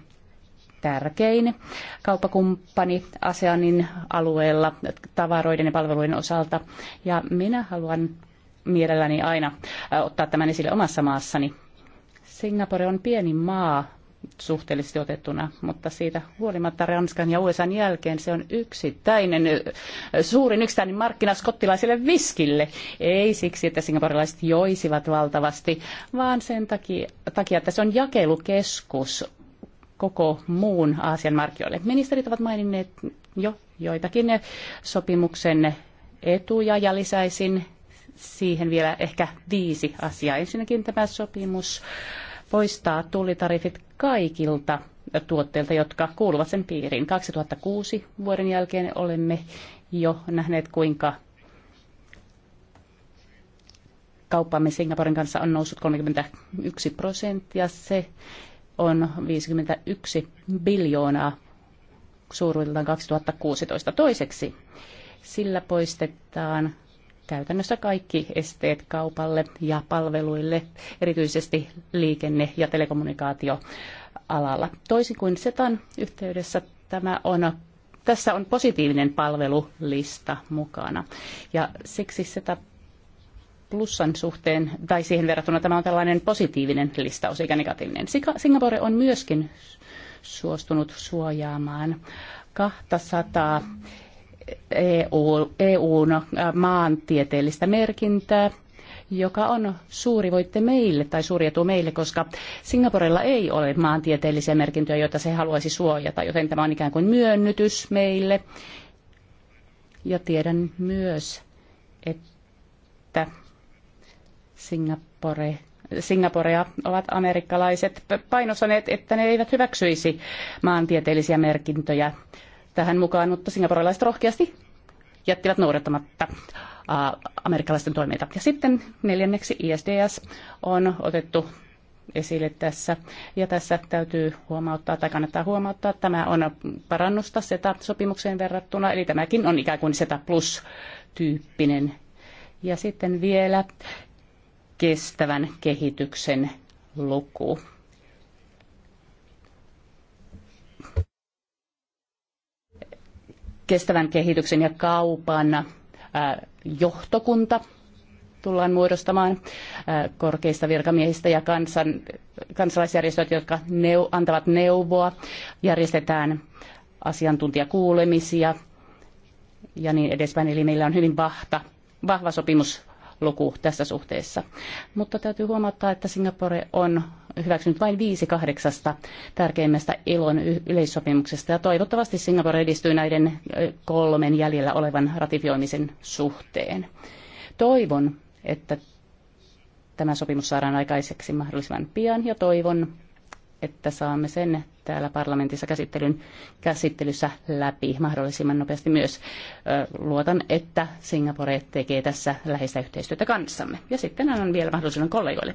tärkein kauppakumppani ASEANin alueella tavaroiden ja palveluiden osalta. Ja minä haluan mielelläni aina ottaa tämän esille omassa maassani. Singapore on pieni maa suhteellisesti otettuna, mutta siitä huolimatta Ranskan ja USA jälkeen se on yksittäinen, suurin yksittäinen markkina skottilaiselle viskille. Ei siksi, että singaporelaiset joisivat valtavasti, vaan sen takia, takia, että se on jakelukeskus koko muun Aasian markkinoille. Ministerit ovat maininneet jo joitakin sopimuksen etuja ja lisäisin siihen vielä ehkä viisi asiaa. Ensinnäkin tämä sopimus poistaa tullitarifit kaikilta tuotteilta, jotka kuuluvat sen piiriin. 2006 vuoden jälkeen olemme jo nähneet, kuinka kauppamme Singaporen kanssa on noussut 31 prosenttia. Se on 51 biljoonaa suuruudeltaan 2016. Toiseksi sillä poistetaan käytännössä kaikki esteet kaupalle ja palveluille, erityisesti liikenne- ja telekommunikaatioalalla. Toisin kuin SETAn yhteydessä tämä on tässä on positiivinen palvelulista mukana. Ja siksi SETA plussan suhteen, tai siihen verrattuna tämä on tällainen positiivinen listaus, eikä negatiivinen. Singapore on myöskin suostunut suojaamaan 200 EU, EUn maantieteellistä merkintää, joka on suuri voitte meille tai suuri etu meille, koska Singaporella ei ole maantieteellisiä merkintöjä, joita se haluaisi suojata, joten tämä on ikään kuin myönnytys meille. Ja tiedän myös, että Singapore, Singaporea ovat amerikkalaiset painosaneet, että ne eivät hyväksyisi maantieteellisiä merkintöjä tähän mukaan, mutta singaporelaiset rohkeasti jättivät noudattamatta amerikkalaisten toimeita. Ja sitten neljänneksi ISDS on otettu esille tässä. Ja tässä täytyy huomauttaa, tai kannattaa huomauttaa, että tämä on parannusta SETA-sopimukseen verrattuna, eli tämäkin on ikään kuin SETA plus-tyyppinen. Ja sitten vielä kestävän kehityksen luku. Kestävän kehityksen ja kaupan äh, johtokunta tullaan muodostamaan äh, korkeista virkamiehistä ja kansan, kansalaisjärjestöt, jotka neu, antavat neuvoa. Järjestetään asiantuntijakuulemisia ja niin edespäin. Eli meillä on hyvin vahta, vahva sopimus luku tässä suhteessa. Mutta täytyy huomata, että Singapore on hyväksynyt vain viisi kahdeksasta tärkeimmästä ilon yleissopimuksesta ja toivottavasti Singapore edistyy näiden kolmen jäljellä olevan ratifioimisen suhteen. Toivon, että tämä sopimus saadaan aikaiseksi mahdollisimman pian ja toivon, että saamme sen täällä parlamentissa käsittelyn käsittelyssä läpi mahdollisimman nopeasti myös. Luotan, että Singapore tekee tässä läheistä yhteistyötä kanssamme. Ja sitten annan vielä mahdollisuuden kollegoille.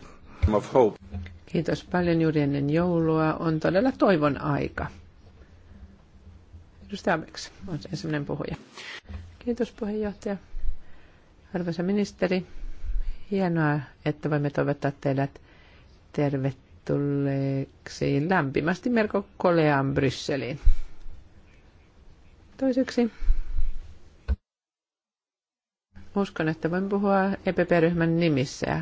Kiitos paljon juuri ennen joulua. On todella toivon aika. Edustaja Abeks on se ensimmäinen puhuja. Kiitos puheenjohtaja. Arvoisa ministeri, hienoa, että voimme toivottaa teidät tervetuloa tervetulleeksi lämpimästi Merko Kolean Brysseliin. Toiseksi uskon, että voin puhua EPP-ryhmän nimissä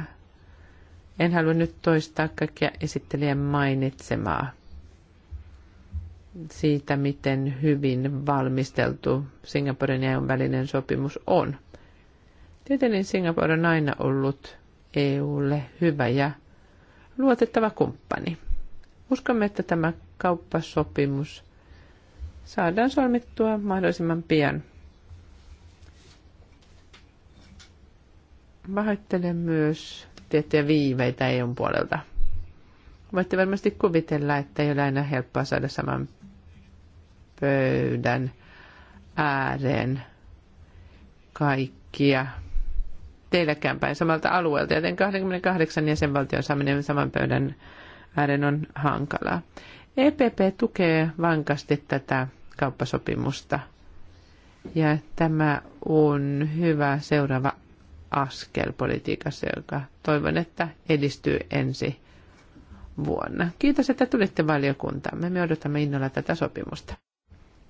en halua nyt toistaa kaikkia esittelijän mainitsemaa siitä, miten hyvin valmisteltu Singaporen ja EUn välinen sopimus on. Tietenkin Singapore on aina ollut EUlle hyvä ja luotettava kumppani. Uskomme, että tämä kauppasopimus saadaan solmittua mahdollisimman pian. Pahoittelen myös tiettyjä viiveitä EUn puolelta. Voitte varmasti kuvitella, että ei ole aina helppoa saada saman pöydän ääreen kaikkia teillekään päin samalta alueelta, joten 28 jäsenvaltion saaminen saman pöydän ääreen on hankalaa. EPP tukee vankasti tätä kauppasopimusta ja tämä on hyvä seuraava askel politiikassa, joka toivon, että edistyy ensi vuonna. Kiitos, että tulitte valiokuntaan. Me odotamme innolla tätä sopimusta.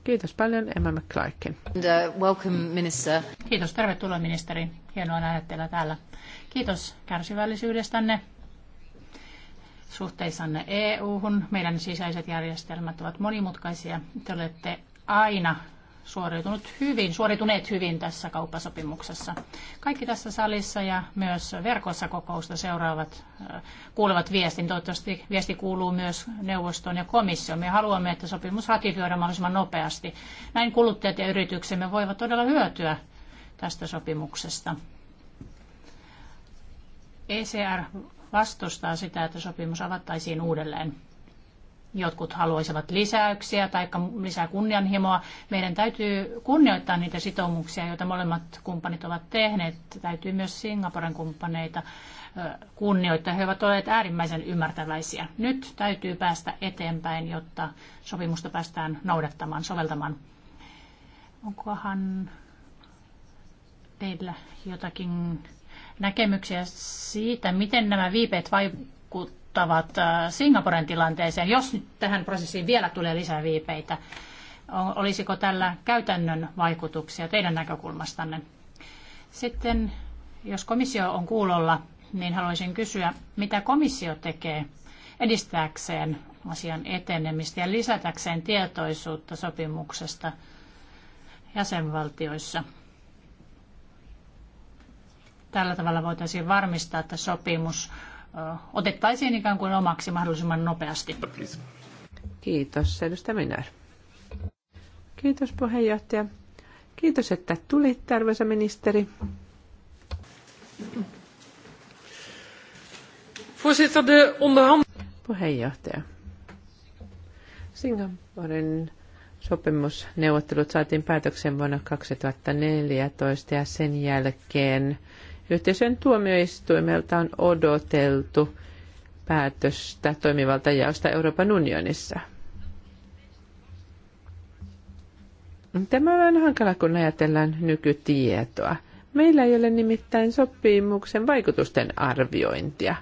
Kiitos paljon Emma McClarkin. And, uh, welcome, minister. Kiitos, tervetuloa ministeri. Hienoa nähdä teillä täällä. Kiitos kärsivällisyydestänne suhteissanne EU-hun. Meidän sisäiset järjestelmät ovat monimutkaisia. Te olette aina suoriutunut hyvin, suorituneet hyvin tässä kauppasopimuksessa. Kaikki tässä salissa ja myös verkossa kokousta seuraavat kuulevat viestin. Toivottavasti viesti kuuluu myös neuvostoon ja komissioon. Me haluamme, että sopimus ratifioidaan mahdollisimman nopeasti. Näin kuluttajat ja yrityksemme voivat todella hyötyä tästä sopimuksesta. ECR vastustaa sitä, että sopimus avattaisiin uudelleen jotkut haluaisivat lisäyksiä tai lisää kunnianhimoa. Meidän täytyy kunnioittaa niitä sitoumuksia, joita molemmat kumppanit ovat tehneet. Täytyy myös Singaporen kumppaneita kunnioittaa. He ovat olleet äärimmäisen ymmärtäväisiä. Nyt täytyy päästä eteenpäin, jotta sopimusta päästään noudattamaan, soveltamaan. Onkohan teillä jotakin näkemyksiä siitä, miten nämä viipeet vaikuttavat vaikuttavat äh, Singaporen tilanteeseen, jos nyt tähän prosessiin vielä tulee lisää viipeitä? Olisiko tällä käytännön vaikutuksia teidän näkökulmastanne? Sitten, jos komissio on kuulolla, niin haluaisin kysyä, mitä komissio tekee edistääkseen asian etenemistä ja lisätäkseen tietoisuutta sopimuksesta jäsenvaltioissa. Tällä tavalla voitaisiin varmistaa, että sopimus otettaisiin ikään kuin omaksi mahdollisimman nopeasti. Kiitos, edustaja Minär. Kiitos puheenjohtaja. Kiitos, että tulit, arvoisa ministeri. Puheenjohtaja. Singaporen sopimusneuvottelut saatiin päätökseen vuonna 2014 ja sen jälkeen Yhteisön tuomioistuimelta on odoteltu päätöstä toimivaltajaosta Euroopan unionissa. Tämä on vähän hankala, kun ajatellaan nykytietoa. Meillä ei ole nimittäin sopimuksen vaikutusten arviointia.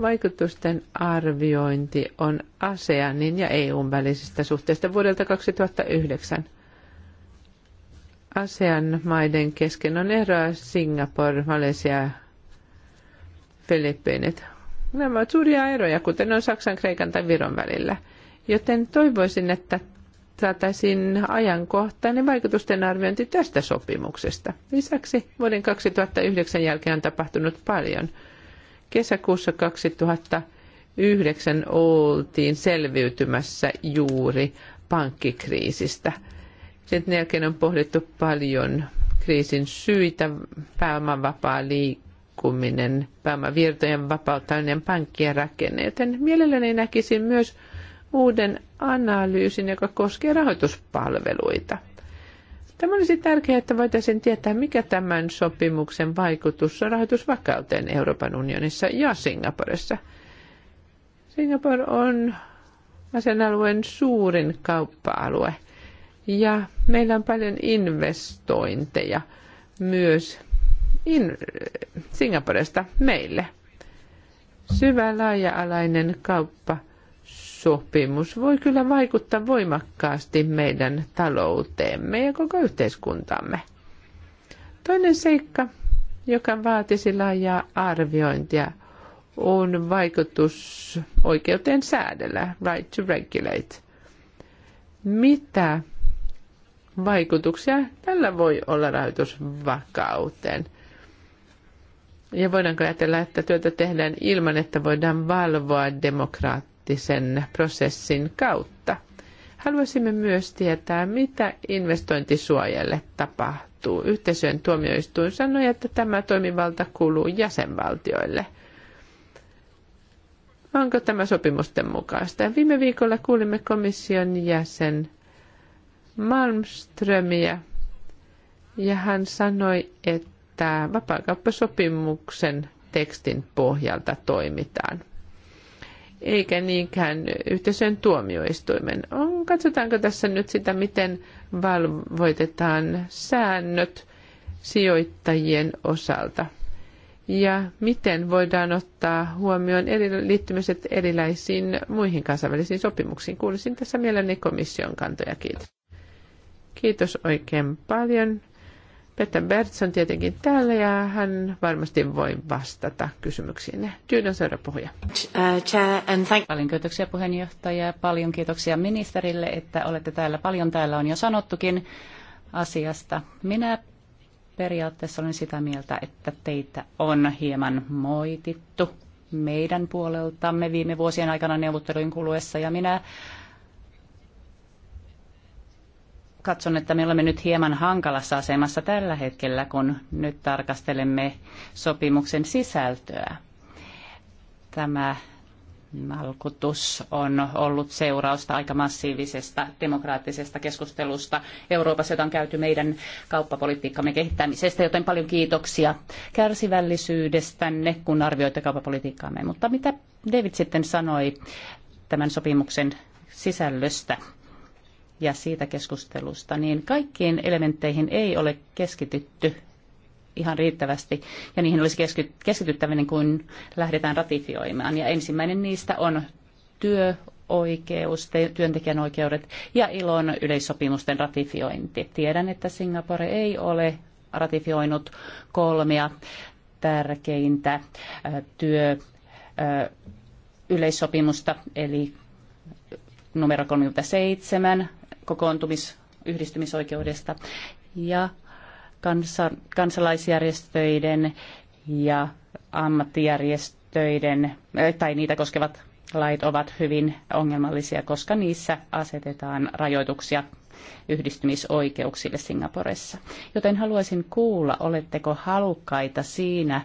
Vaikutusten arviointi on ASEANin ja EUn välisistä suhteista vuodelta 2009. ASEAN maiden kesken on eroa Singapore, Malesia, Filippiinit. Nämä ovat suuria eroja, kuten on Saksan, Kreikan tai Viron välillä. Joten toivoisin, että saataisiin ajankohtainen vaikutusten arviointi tästä sopimuksesta. Lisäksi vuoden 2009 jälkeen on tapahtunut paljon. Kesäkuussa 2009 oltiin selviytymässä juuri pankkikriisistä – sitten jälkeen on pohdittu paljon kriisin syitä, pääoman vapaa liikkuminen, pääomavirtojen vapauttaminen, pankkien rakenne. Joten mielelläni näkisin myös uuden analyysin, joka koskee rahoituspalveluita. Tämä olisi tärkeää, että voitaisiin tietää, mikä tämän sopimuksen vaikutus on rahoitusvakauteen Euroopan unionissa ja Singaporessa. Singapore on asianalueen suurin kauppa-alue – ja meillä on paljon investointeja myös in, Singaporesta meille. Syvä laaja-alainen kauppasopimus voi kyllä vaikuttaa voimakkaasti meidän talouteemme ja koko yhteiskuntamme. Toinen seikka, joka vaatisi laajaa arviointia, on vaikutus oikeuteen säädellä, right to regulate. Mitä vaikutuksia tällä voi olla rahoitusvakauteen? Ja voidaanko ajatella, että työtä tehdään ilman, että voidaan valvoa demokraattisen prosessin kautta? Haluaisimme myös tietää, mitä investointisuojalle tapahtuu. Yhteisöjen tuomioistuin sanoi, että tämä toimivalta kuuluu jäsenvaltioille. Onko tämä sopimusten mukaista? Viime viikolla kuulimme komission jäsen Malmströmiä ja hän sanoi, että vapaakauppasopimuksen tekstin pohjalta toimitaan eikä niinkään yhteisön tuomioistuimen. On, katsotaanko tässä nyt sitä, miten valvoitetaan säännöt sijoittajien osalta ja miten voidaan ottaa huomioon eri, liittymiset erilaisiin muihin kansainvälisiin sopimuksiin. Kuulisin tässä mielelläni komission kantoja. Kiitos. Kiitos oikein paljon. Petra Berts on tietenkin täällä ja hän varmasti voi vastata kysymyksiin. Tyydän seuraava puhuja. Uh, paljon kiitoksia puheenjohtaja, paljon kiitoksia ministerille, että olette täällä. Paljon täällä on jo sanottukin asiasta. Minä periaatteessa olen sitä mieltä, että teitä on hieman moitittu meidän puoleltamme viime vuosien aikana neuvottelujen kuluessa ja minä katson, että me olemme nyt hieman hankalassa asemassa tällä hetkellä, kun nyt tarkastelemme sopimuksen sisältöä. Tämä Malkutus on ollut seurausta aika massiivisesta demokraattisesta keskustelusta Euroopassa, jota on käyty meidän kauppapolitiikkamme kehittämisestä, joten paljon kiitoksia kärsivällisyydestänne, kun arvioitte kauppapolitiikkaamme. Mutta mitä David sitten sanoi tämän sopimuksen sisällöstä? ja siitä keskustelusta, niin kaikkiin elementteihin ei ole keskitytty ihan riittävästi, ja niihin olisi keskity, keskityttäminen, kun lähdetään ratifioimaan. Ja ensimmäinen niistä on työoikeus, työntekijän oikeudet ja ilon yleissopimusten ratifiointi. Tiedän, että Singapore ei ole ratifioinut kolmea tärkeintä työ yleissopimusta, eli numero 37, kokoontumis- yhdistymisoikeudesta ja kansa, kansalaisjärjestöiden ja ammattijärjestöiden tai niitä koskevat lait ovat hyvin ongelmallisia, koska niissä asetetaan rajoituksia yhdistymisoikeuksille Singaporessa. Joten haluaisin kuulla, oletteko halukkaita siinä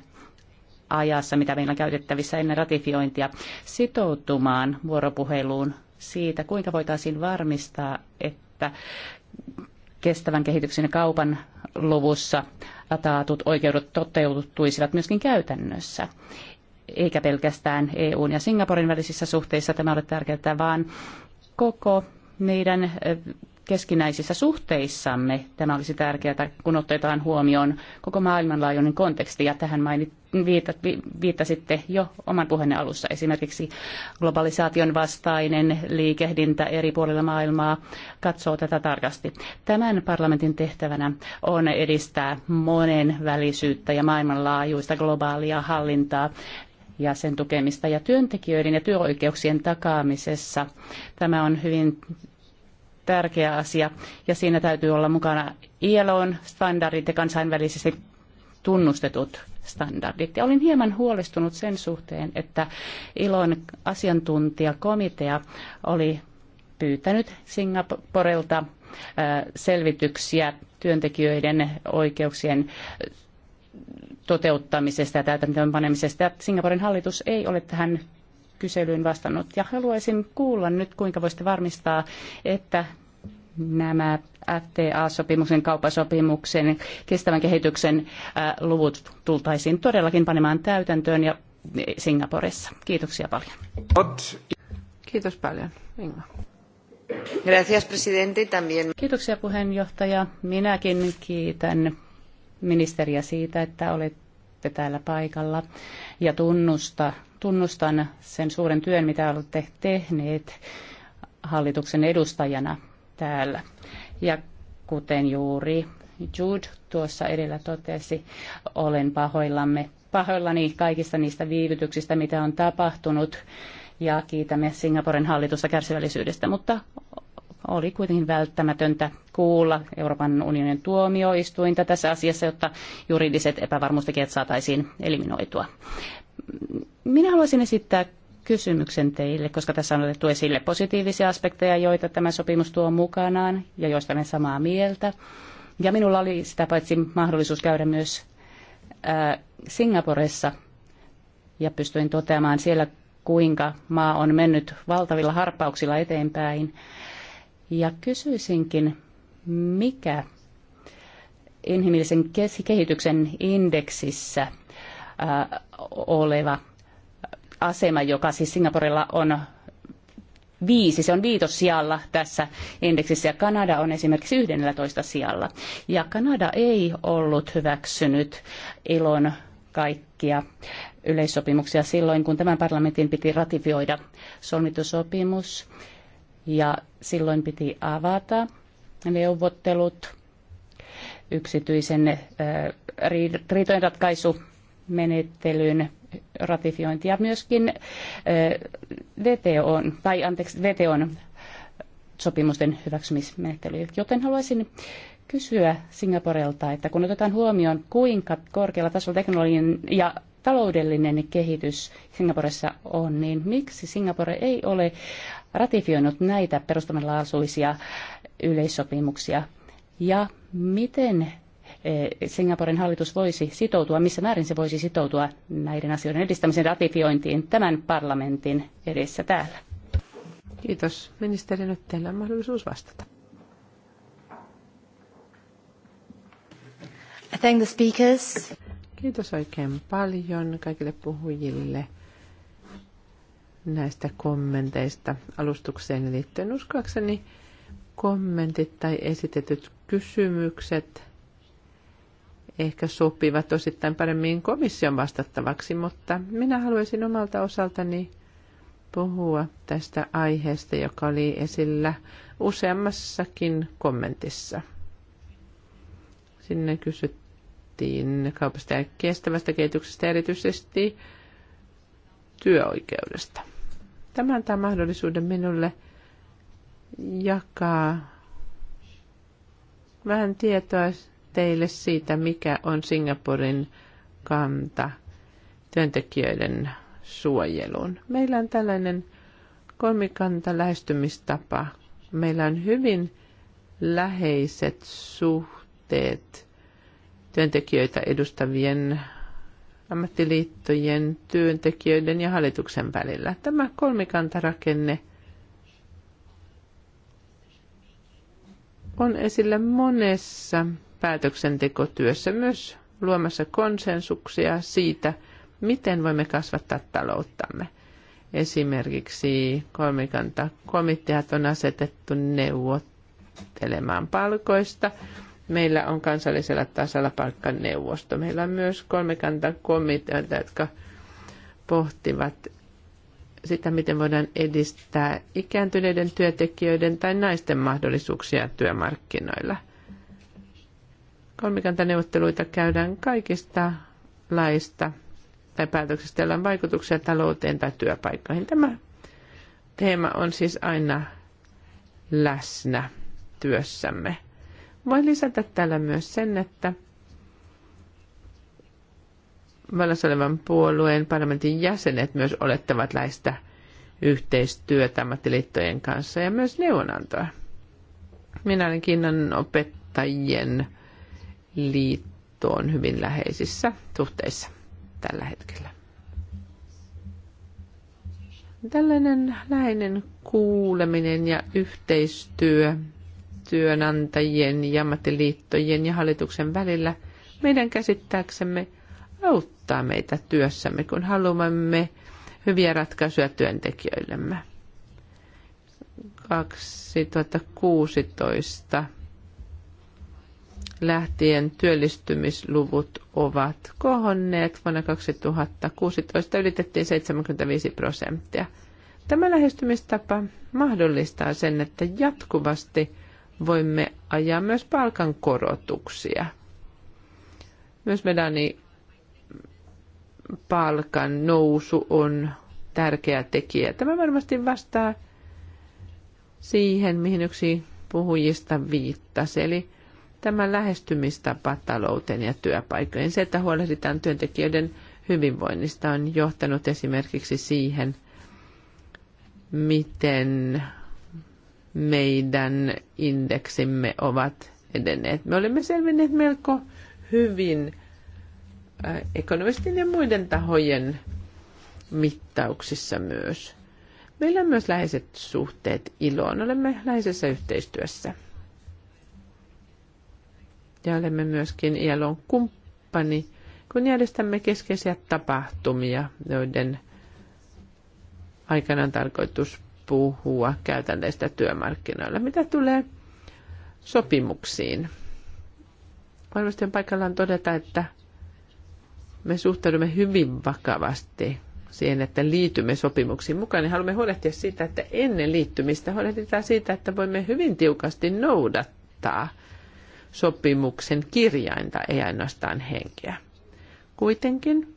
ajassa, mitä meillä on käytettävissä ennen ratifiointia, sitoutumaan vuoropuheluun siitä, kuinka voitaisiin varmistaa, että kestävän kehityksen ja kaupan luvussa taatut oikeudet toteutuisivat myöskin käytännössä eikä pelkästään EUn ja Singaporen välisissä suhteissa tämä ole tärkeää, vaan koko meidän keskinäisissä suhteissamme tämä olisi tärkeää, kun otetaan huomioon koko maailmanlaajuinen konteksti, ja tähän mainit, viitat, viittasitte jo oman puheenne alussa, esimerkiksi globalisaation vastainen liikehdintä eri puolilla maailmaa katsoo tätä tarkasti. Tämän parlamentin tehtävänä on edistää monen välisyyttä ja maailmanlaajuista globaalia hallintaa ja sen tukemista ja työntekijöiden ja työoikeuksien takaamisessa. Tämä on hyvin tärkeä asia ja siinä täytyy olla mukana ILOn standardit ja kansainvälisesti tunnustetut standardit. Ja olin hieman huolestunut sen suhteen, että ILOn asiantuntijakomitea oli pyytänyt Singaporelta äh, selvityksiä työntekijöiden oikeuksien äh, toteuttamisesta ja täytäntöönpanemisesta. Singaporen hallitus ei ole tähän kyselyyn vastannut. Ja haluaisin kuulla nyt, kuinka voisitte varmistaa, että nämä FTA-sopimuksen, kaupasopimuksen, kestävän kehityksen luvut tultaisiin todellakin panemaan täytäntöön ja Singaporessa. Kiitoksia paljon. Kiitos paljon, Inga. Gracias, presidente, también. Kiitoksia puheenjohtaja. Minäkin kiitän ministeriä siitä, että olet olette täällä paikalla ja tunnusta, tunnustan sen suuren työn, mitä olette tehneet hallituksen edustajana täällä. Ja kuten juuri Jude tuossa edellä totesi, olen pahoillamme, pahoillani kaikista niistä viivytyksistä, mitä on tapahtunut ja kiitämme Singaporen hallitusta kärsivällisyydestä, mutta oli kuitenkin välttämätöntä kuulla Euroopan unionin tuomioistuinta tässä asiassa, jotta juridiset epävarmuustekijät saataisiin eliminoitua. Minä haluaisin esittää kysymyksen teille, koska tässä on otettu esille positiivisia aspekteja, joita tämä sopimus tuo mukanaan ja joista olen samaa mieltä. Ja minulla oli sitä paitsi mahdollisuus käydä myös äh, Singaporessa ja pystyin toteamaan siellä, kuinka maa on mennyt valtavilla harppauksilla eteenpäin ja kysyisinkin, mikä inhimillisen kehityksen indeksissä oleva asema, joka siis Singaporella on viisi, se on viitos sijalla tässä indeksissä ja Kanada on esimerkiksi 11 sijalla. Ja Kanada ei ollut hyväksynyt ilon kaikkia yleissopimuksia silloin, kun tämän parlamentin piti ratifioida solmittu sopimus ja silloin piti avata neuvottelut yksityisen äh, riitojenratkaisumenettelyn ja myöskin äh, VTOn, tai anteeksi, VTOn sopimusten hyväksymismenettely. Joten haluaisin kysyä Singaporelta, että kun otetaan huomioon, kuinka korkealla tasolla teknologinen ja taloudellinen kehitys Singaporessa on, niin miksi Singapore ei ole ratifioinut näitä perustavanlaatuisia yleissopimuksia ja miten eh, Singaporen hallitus voisi sitoutua, missä määrin se voisi sitoutua näiden asioiden edistämisen ratifiointiin tämän parlamentin edessä täällä? Kiitos. Ministeri, nyt teillä on mahdollisuus vastata. Thank the speakers. Kiitos oikein paljon kaikille puhujille näistä kommenteista alustukseen liittyen. Uskoakseni kommentit tai esitetyt kysymykset ehkä sopivat osittain paremmin komission vastattavaksi, mutta minä haluaisin omalta osaltani puhua tästä aiheesta, joka oli esillä useammassakin kommentissa. Sinne kysyttiin kaupasta ja kestävästä kehityksestä erityisesti työoikeudesta. Tämä antaa mahdollisuuden minulle jakaa vähän tietoa teille siitä, mikä on Singaporen kanta työntekijöiden suojeluun. Meillä on tällainen kolmikanta lähestymistapa. Meillä on hyvin läheiset suhteet työntekijöitä edustavien ammattiliittojen, työntekijöiden ja hallituksen välillä. Tämä kolmikantarakenne on esillä monessa päätöksentekotyössä, myös luomassa konsensuksia siitä, miten voimme kasvattaa talouttamme. Esimerkiksi kolmikantakomiteat on asetettu neuvottelemaan palkoista, Meillä on kansallisella tasolla palkkaneuvosto. Meillä on myös kolmikantakomiteoita, jotka pohtivat sitä, miten voidaan edistää ikääntyneiden työntekijöiden tai naisten mahdollisuuksia työmarkkinoilla. Kolmikantaneuvotteluita käydään kaikista laista tai päätöksistä, joilla on vaikutuksia talouteen tai työpaikkoihin. Tämä teema on siis aina läsnä työssämme. Voin lisätä täällä myös sen, että vallassa olevan puolueen parlamentin jäsenet myös olettavat läistä yhteistyötä ammattiliittojen kanssa ja myös neuvonantoa. Minä olen Kiinan opettajien liittoon hyvin läheisissä suhteissa tällä hetkellä. Tällainen läheinen kuuleminen ja yhteistyö työnantajien ja ammattiliittojen ja hallituksen välillä meidän käsittääksemme auttaa meitä työssämme, kun haluamme hyviä ratkaisuja työntekijöillemme. 2016 lähtien työllistymisluvut ovat kohonneet. Vuonna 2016 ylitettiin 75 prosenttia. Tämä lähestymistapa mahdollistaa sen, että jatkuvasti voimme ajaa myös palkankorotuksia. Myös medani palkan nousu on tärkeä tekijä. Tämä varmasti vastaa siihen, mihin yksi puhujista viittasi, eli tämä lähestymistapa talouteen ja työpaikkojen Se, että huolehditaan työntekijöiden hyvinvoinnista, on johtanut esimerkiksi siihen, miten meidän indeksimme ovat edenneet. Me olemme selvinneet melko hyvin äh, ekonomistin ja muiden tahojen mittauksissa myös. Meillä on myös läheiset suhteet iloon. Olemme läheisessä yhteistyössä. Ja olemme myöskin ILOn kumppani, kun järjestämme keskeisiä tapahtumia, joiden aikana on tarkoitus puhua käytännöistä työmarkkinoilla. Mitä tulee sopimuksiin? Varmasti on paikallaan todeta, että me suhtaudumme hyvin vakavasti siihen, että liitymme sopimuksiin mukaan, niin haluamme huolehtia siitä, että ennen liittymistä huolehditaan siitä, että voimme hyvin tiukasti noudattaa sopimuksen kirjainta, ei ainoastaan henkeä. Kuitenkin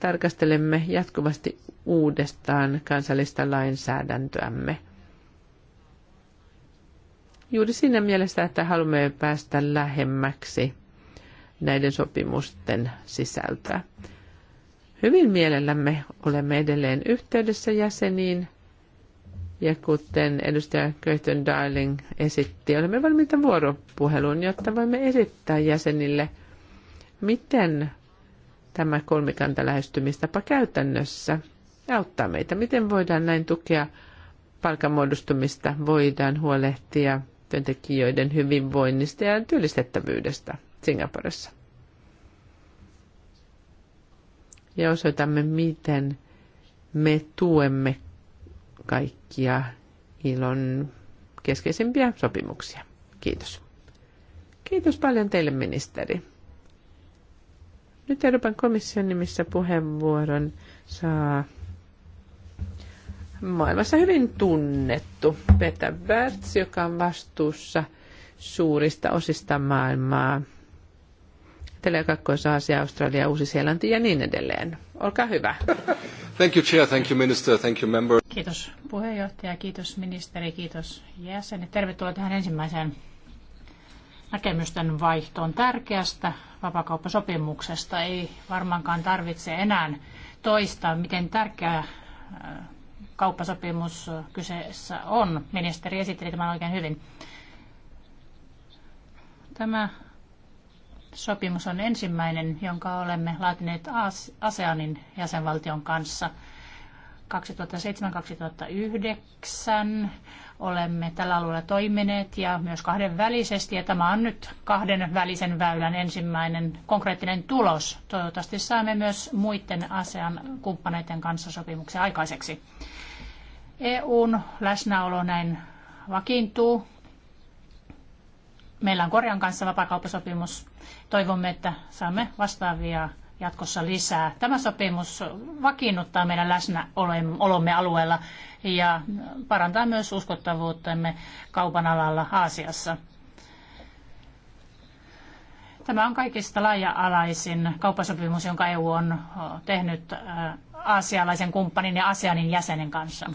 tarkastelemme jatkuvasti uudestaan kansallista lainsäädäntöämme. Juuri siinä mielessä, että haluamme päästä lähemmäksi näiden sopimusten sisältöä. Hyvin mielellämme olemme edelleen yhteydessä jäseniin ja kuten edustaja Köhtön Darling esitti, olemme valmiita vuoropuheluun, jotta voimme esittää jäsenille, miten tämä kolmikanta lähestymistapa käytännössä auttaa meitä? Miten voidaan näin tukea palkanmuodostumista, voidaan huolehtia työntekijöiden hyvinvoinnista ja työllistettävyydestä Singaporessa? Ja osoitamme, miten me tuemme kaikkia ilon keskeisimpiä sopimuksia. Kiitos. Kiitos paljon teille, ministeri. Nyt Euroopan komission nimissä puheenvuoron saa maailmassa hyvin tunnettu Peter Bertz, joka on vastuussa suurista osista maailmaa. Etelä- ja Kakkois-Aasia, Australia, Uusi-Seelanti ja niin edelleen. Olkaa hyvä. Thank you, Chair. Thank you, Minister. Thank you, member. Kiitos puheenjohtaja, kiitos ministeri, kiitos jäsenet. Tervetuloa tähän ensimmäiseen näkemysten vaihtoon tärkeästä vapakauppasopimuksesta. Ei varmaankaan tarvitse enää toistaa, miten tärkeä äh, kauppasopimus kyseessä on. Ministeri esitteli tämän oikein hyvin. Tämä sopimus on ensimmäinen, jonka olemme laatineet ASEANin jäsenvaltion kanssa 2007-2009 olemme tällä alueella toimineet ja myös kahdenvälisesti. Ja tämä on nyt kahden välisen väylän ensimmäinen konkreettinen tulos. Toivottavasti saamme myös muiden asian kumppaneiden kanssa sopimuksen aikaiseksi. EUn läsnäolo näin vakiintuu. Meillä on Korean kanssa vapaakauppasopimus. Toivomme, että saamme vastaavia jatkossa lisää. Tämä sopimus vakiinnuttaa meidän läsnäolomme alueella ja parantaa myös uskottavuuttamme kaupan alalla Aasiassa. Tämä on kaikista laaja-alaisin kauppasopimus, jonka EU on tehnyt aasialaisen kumppanin ja ASEANin jäsenen kanssa.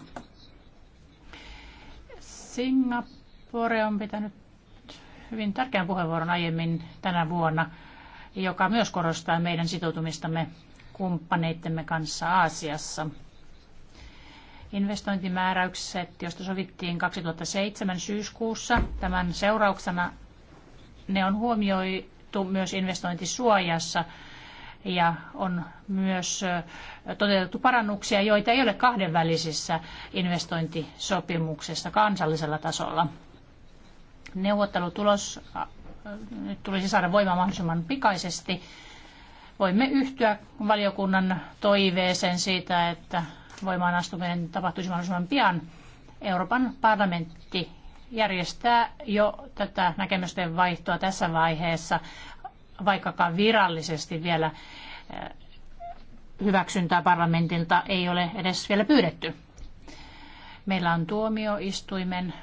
Singapore on pitänyt hyvin tärkeän puheenvuoron aiemmin tänä vuonna – joka myös korostaa meidän sitoutumistamme kumppaneittemme kanssa Aasiassa. Investointimääräykset, joista sovittiin 2007 syyskuussa, tämän seurauksena ne on huomioitu myös investointisuojassa ja on myös toteutettu parannuksia, joita ei ole kahdenvälisissä investointisopimuksissa kansallisella tasolla. Neuvottelutulos nyt tulisi saada voimaan mahdollisimman pikaisesti. Voimme yhtyä valiokunnan toiveeseen siitä, että voimaan astuminen tapahtuisi mahdollisimman pian. Euroopan parlamentti järjestää jo tätä näkemysten vaihtoa tässä vaiheessa, vaikkakaan virallisesti vielä eh, hyväksyntää parlamentilta ei ole edes vielä pyydetty. Meillä on tuomioistuimen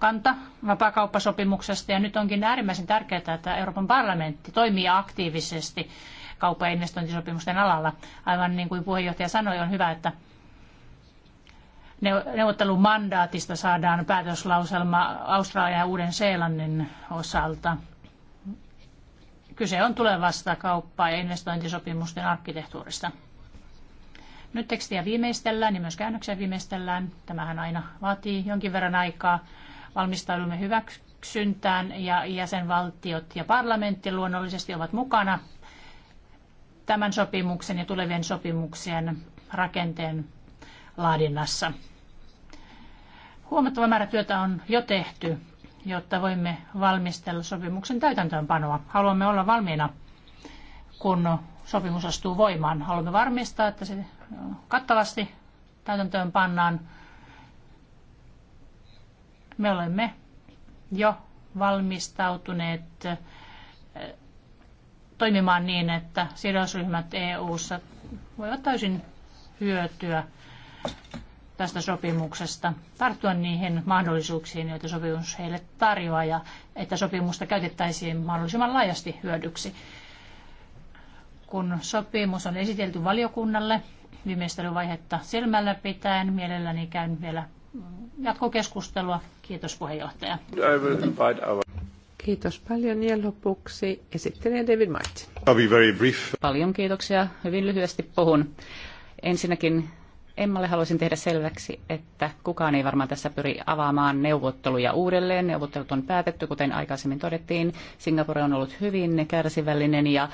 kanta vapaakauppasopimuksesta ja nyt onkin äärimmäisen tärkeää, että Euroopan parlamentti toimii aktiivisesti kauppa- ja investointisopimusten alalla. Aivan niin kuin puheenjohtaja sanoi, on hyvä, että neuvottelun mandaatista saadaan päätöslauselma Australian ja Uuden-Seelannin osalta. Kyse on tulevasta kauppa- ja investointisopimusten arkkitehtuurista. Nyt tekstiä viimeistellään ja niin myös käännöksiä viimeistellään. Tämähän aina vaatii jonkin verran aikaa valmistaudumme hyväksyntään ja jäsenvaltiot ja parlamentti luonnollisesti ovat mukana tämän sopimuksen ja tulevien sopimuksien rakenteen laadinnassa. Huomattava määrä työtä on jo tehty, jotta voimme valmistella sopimuksen täytäntöönpanoa. Haluamme olla valmiina, kun sopimus astuu voimaan. Haluamme varmistaa, että se kattavasti täytäntöön pannaan me olemme jo valmistautuneet eh, toimimaan niin, että sidosryhmät EU-ssa voivat täysin hyötyä tästä sopimuksesta, tarttua niihin mahdollisuuksiin, joita sopimus heille tarjoaa ja että sopimusta käytettäisiin mahdollisimman laajasti hyödyksi. Kun sopimus on esitelty valiokunnalle, viimeistelyvaihetta silmällä pitäen, mielelläni käyn vielä jatkokeskustelua. Kiitos puheenjohtaja. Kiitos paljon ja lopuksi esittelee David Martin. I'll be very brief. Paljon kiitoksia. Hyvin lyhyesti puhun. Ensinnäkin Emmalle haluaisin tehdä selväksi, että kukaan ei varmaan tässä pyri avaamaan neuvotteluja uudelleen. Neuvottelut on päätetty, kuten aikaisemmin todettiin. Singapore on ollut hyvin kärsivällinen ja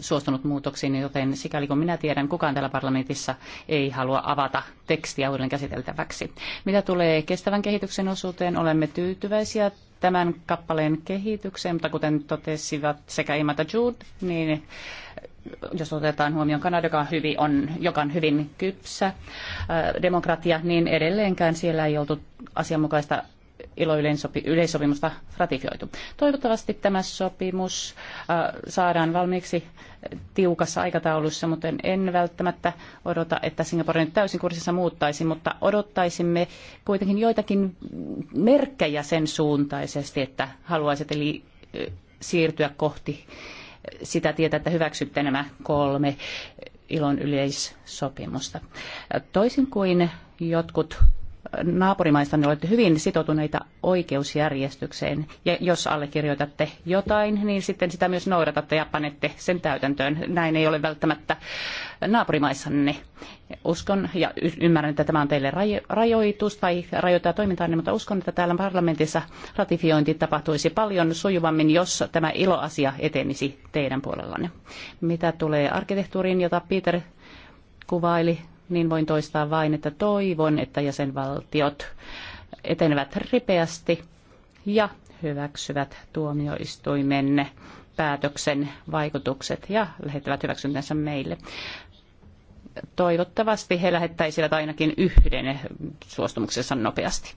suostunut muutoksiin, joten sikäli kun minä tiedän, kukaan täällä parlamentissa ei halua avata tekstiä uudelleen käsiteltäväksi. Mitä tulee kestävän kehityksen osuuteen, olemme tyytyväisiä tämän kappaleen kehitykseen, mutta kuten totesivat sekä Imata Jude, niin jos otetaan huomioon Kanada, joka on hyvin, on, joka on hyvin kypsä äh, demokratia, niin edelleenkään siellä ei oltu asianmukaista ILO-yleissopimusta ratifioitu. Toivottavasti tämä sopimus äh, saadaan valmiiksi tiukassa aikataulussa, mutta en välttämättä odota, että Singapore nyt täysin kurssissa muuttaisi, mutta odottaisimme kuitenkin joitakin merkkejä sen suuntaisesti, että haluaisitte siirtyä kohti sitä tietä, että hyväksytte nämä kolme ilon yleissopimusta. Toisin kuin jotkut Naapurimaissa niin olette hyvin sitoutuneita oikeusjärjestykseen. Ja jos allekirjoitatte jotain, niin sitten sitä myös noudatatte ja panette sen täytäntöön. Näin ei ole välttämättä naapurimaissanne. Uskon ja ymmärrän, että tämä on teille rajoitus tai rajoittaa toimintaanne, mutta uskon, että täällä parlamentissa ratifiointi tapahtuisi paljon sujuvammin, jos tämä iloasia etenisi teidän puolellanne. Mitä tulee arkkitehtuuriin, jota Peter kuvaili, niin voin toistaa vain, että toivon, että jäsenvaltiot etenevät ripeästi ja hyväksyvät tuomioistuimen päätöksen vaikutukset ja lähettävät hyväksyntänsä meille. Toivottavasti he lähettäisivät ainakin yhden suostumuksensa nopeasti.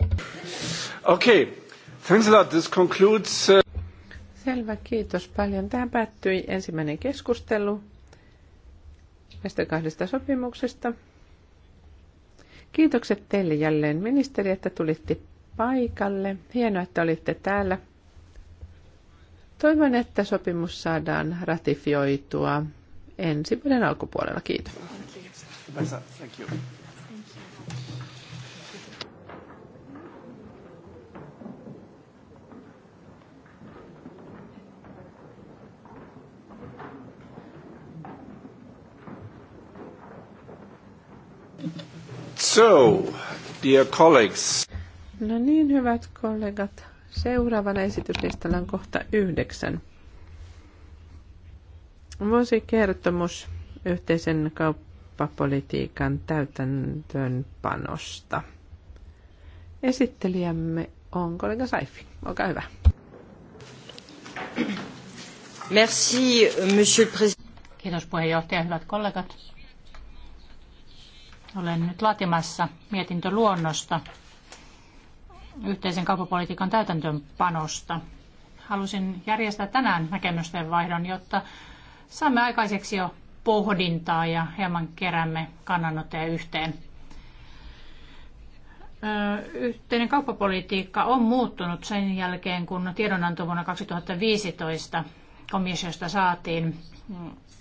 Okay. Thanks a lot. This concludes... Uh, Selvä, kiitos paljon. Tähän päättyi ensimmäinen keskustelu näistä kahdesta sopimuksesta. Kiitokset teille jälleen ministeri, että tulitte paikalle. Hienoa, että olitte täällä. Toivon, että sopimus saadaan ratifioitua ensi vuoden alkupuolella. Kiitos. Thank you. So, dear colleagues. No niin, hyvät kollegat. Seuraavana esityslistalla on kohta yhdeksän. Vuosikertomus yhteisen kauppapolitiikan täytäntöönpanosta. Esittelijämme on kollega Saifi. Olkaa hyvä. Merci, monsieur le président. Kiitos puheenjohtaja, hyvät kollegat. Olen nyt laatimassa mietintöluonnosta yhteisen kauppapolitiikan täytäntöönpanosta. Halusin järjestää tänään näkemysten vaihdon, jotta saamme aikaiseksi jo pohdintaa ja hieman keräämme kannanottoja yhteen. Yhteinen kauppapolitiikka on muuttunut sen jälkeen, kun tiedonanto vuonna 2015 komissiosta saatiin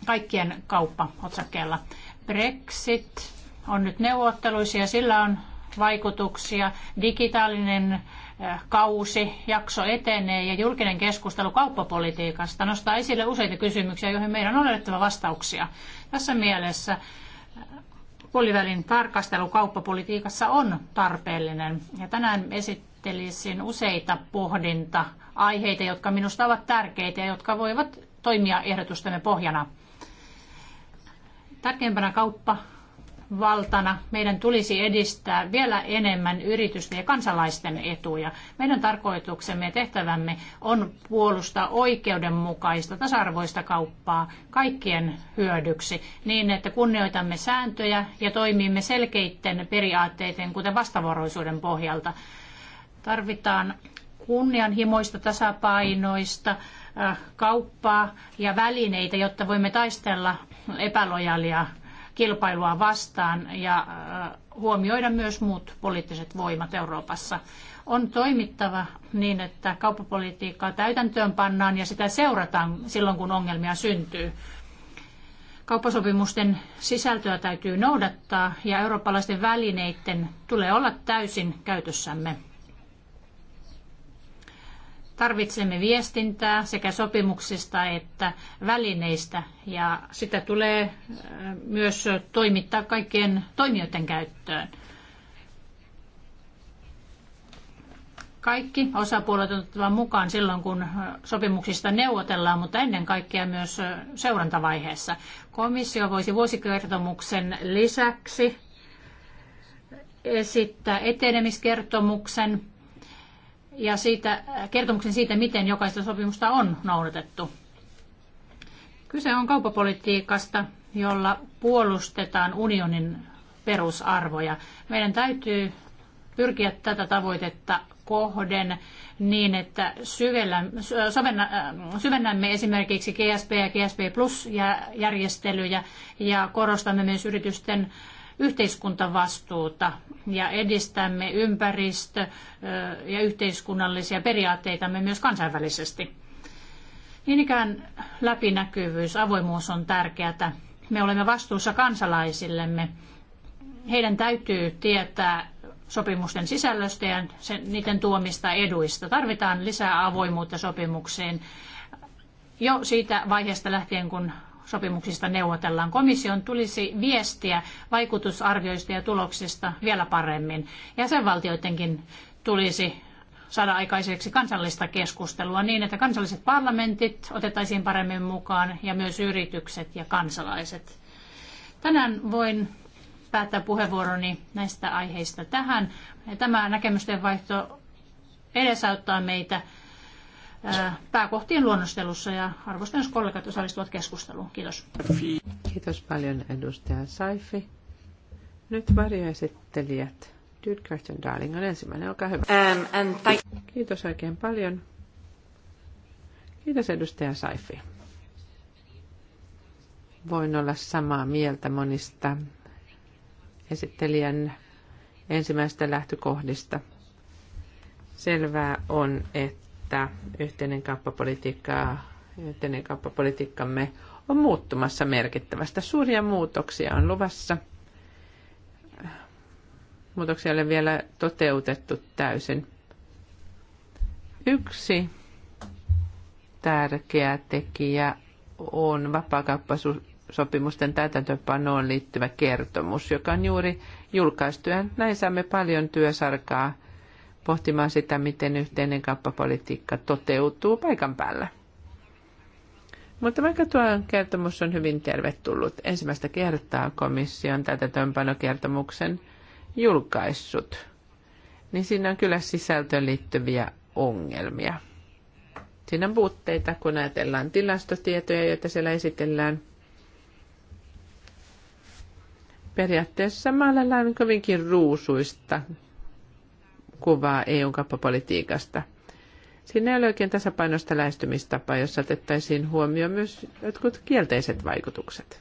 kaikkien kauppa-otsakkeella. Brexit on nyt neuvotteluissa ja sillä on vaikutuksia. Digitaalinen äh, kausi, jakso etenee ja julkinen keskustelu kauppapolitiikasta nostaa esille useita kysymyksiä, joihin meidän on löydettävä vastauksia. Tässä mielessä äh, puolivälin tarkastelu kauppapolitiikassa on tarpeellinen. Ja tänään esittelisin useita pohdinta-aiheita, jotka minusta ovat tärkeitä ja jotka voivat toimia ehdotustemme pohjana. Tärkeimpänä kauppa valtana meidän tulisi edistää vielä enemmän yritysten ja kansalaisten etuja. Meidän tarkoituksemme ja tehtävämme on puolustaa oikeudenmukaista, tasa-arvoista kauppaa kaikkien hyödyksi niin, että kunnioitamme sääntöjä ja toimimme selkeitten periaatteiden, kuten vastavuoroisuuden pohjalta. Tarvitaan kunnianhimoista, tasapainoista äh, kauppaa ja välineitä, jotta voimme taistella epälojaalia kilpailua vastaan ja äh, huomioida myös muut poliittiset voimat Euroopassa. On toimittava niin, että kauppapolitiikkaa täytäntöön pannaan ja sitä seurataan silloin, kun ongelmia syntyy. Kauppasopimusten sisältöä täytyy noudattaa ja eurooppalaisten välineiden tulee olla täysin käytössämme. Tarvitsemme viestintää sekä sopimuksista että välineistä ja sitä tulee äh, myös toimittaa kaikkien toimijoiden käyttöön. kaikki osapuolet otettava mukaan silloin, kun äh, sopimuksista neuvotellaan, mutta ennen kaikkea myös äh, seurantavaiheessa. Komissio voisi vuosikertomuksen lisäksi esittää etenemiskertomuksen ja siitä, kertomuksen siitä, miten jokaista sopimusta on noudatettu. Kyse on kaupapolitiikasta, jolla puolustetaan unionin perusarvoja. Meidän täytyy pyrkiä tätä tavoitetta kohden niin, että äh, syvennämme esimerkiksi GSP ja GSP Plus järjestelyjä ja korostamme myös yritysten yhteiskuntavastuuta ja edistämme ympäristö- ja yhteiskunnallisia periaatteitamme myös kansainvälisesti. Niin ikään läpinäkyvyys, avoimuus on tärkeää. Me olemme vastuussa kansalaisillemme. Heidän täytyy tietää sopimusten sisällöstä ja sen, niiden tuomista eduista. Tarvitaan lisää avoimuutta sopimukseen jo siitä vaiheesta lähtien, kun sopimuksista neuvotellaan. Komission tulisi viestiä vaikutusarvioista ja tuloksista vielä paremmin. Jäsenvaltioidenkin tulisi saada aikaiseksi kansallista keskustelua niin, että kansalliset parlamentit otettaisiin paremmin mukaan ja myös yritykset ja kansalaiset. Tänään voin päättää puheenvuoroni näistä aiheista tähän. Tämä näkemysten vaihto edesauttaa meitä pääkohtien luonnostelussa ja arvostan, jos kollegat osallistuvat keskusteluun. Kiitos. Kiitos paljon edustaja Saifi. Nyt varjoesittelijät. Dyrkärtön Darling on ensimmäinen, olkaa hyvä. Um, and Kiitos oikein paljon. Kiitos edustaja Saifi. Voin olla samaa mieltä monista esittelijän ensimmäistä lähtökohdista. Selvää on, että että yhteinen kauppapolitiikka, yhteinen kauppapolitiikkamme on muuttumassa merkittävästä. Suuria muutoksia on luvassa. Muutoksia ei ole vielä toteutettu täysin. Yksi tärkeä tekijä on vapaakauppasopimusten täytäntöpanoon liittyvä kertomus, joka on juuri julkaistu. Ja näin saamme paljon työsarkaa – pohtimaan sitä, miten yhteinen kauppapolitiikka toteutuu paikan päällä. Mutta vaikka tuo kertomus on hyvin tervetullut, ensimmäistä kertaa komission täytäntöönpanokertomuksen julkaissut, niin siinä on kyllä sisältöön liittyviä ongelmia. Siinä on puutteita, kun ajatellaan tilastotietoja, joita siellä esitellään. Periaatteessa maalaillaan kovinkin ruusuista kuvaa EUn kauppapolitiikasta. Siinä ei ole oikein tasapainoista lähestymistapaa, jossa otettaisiin huomioon myös jotkut kielteiset vaikutukset.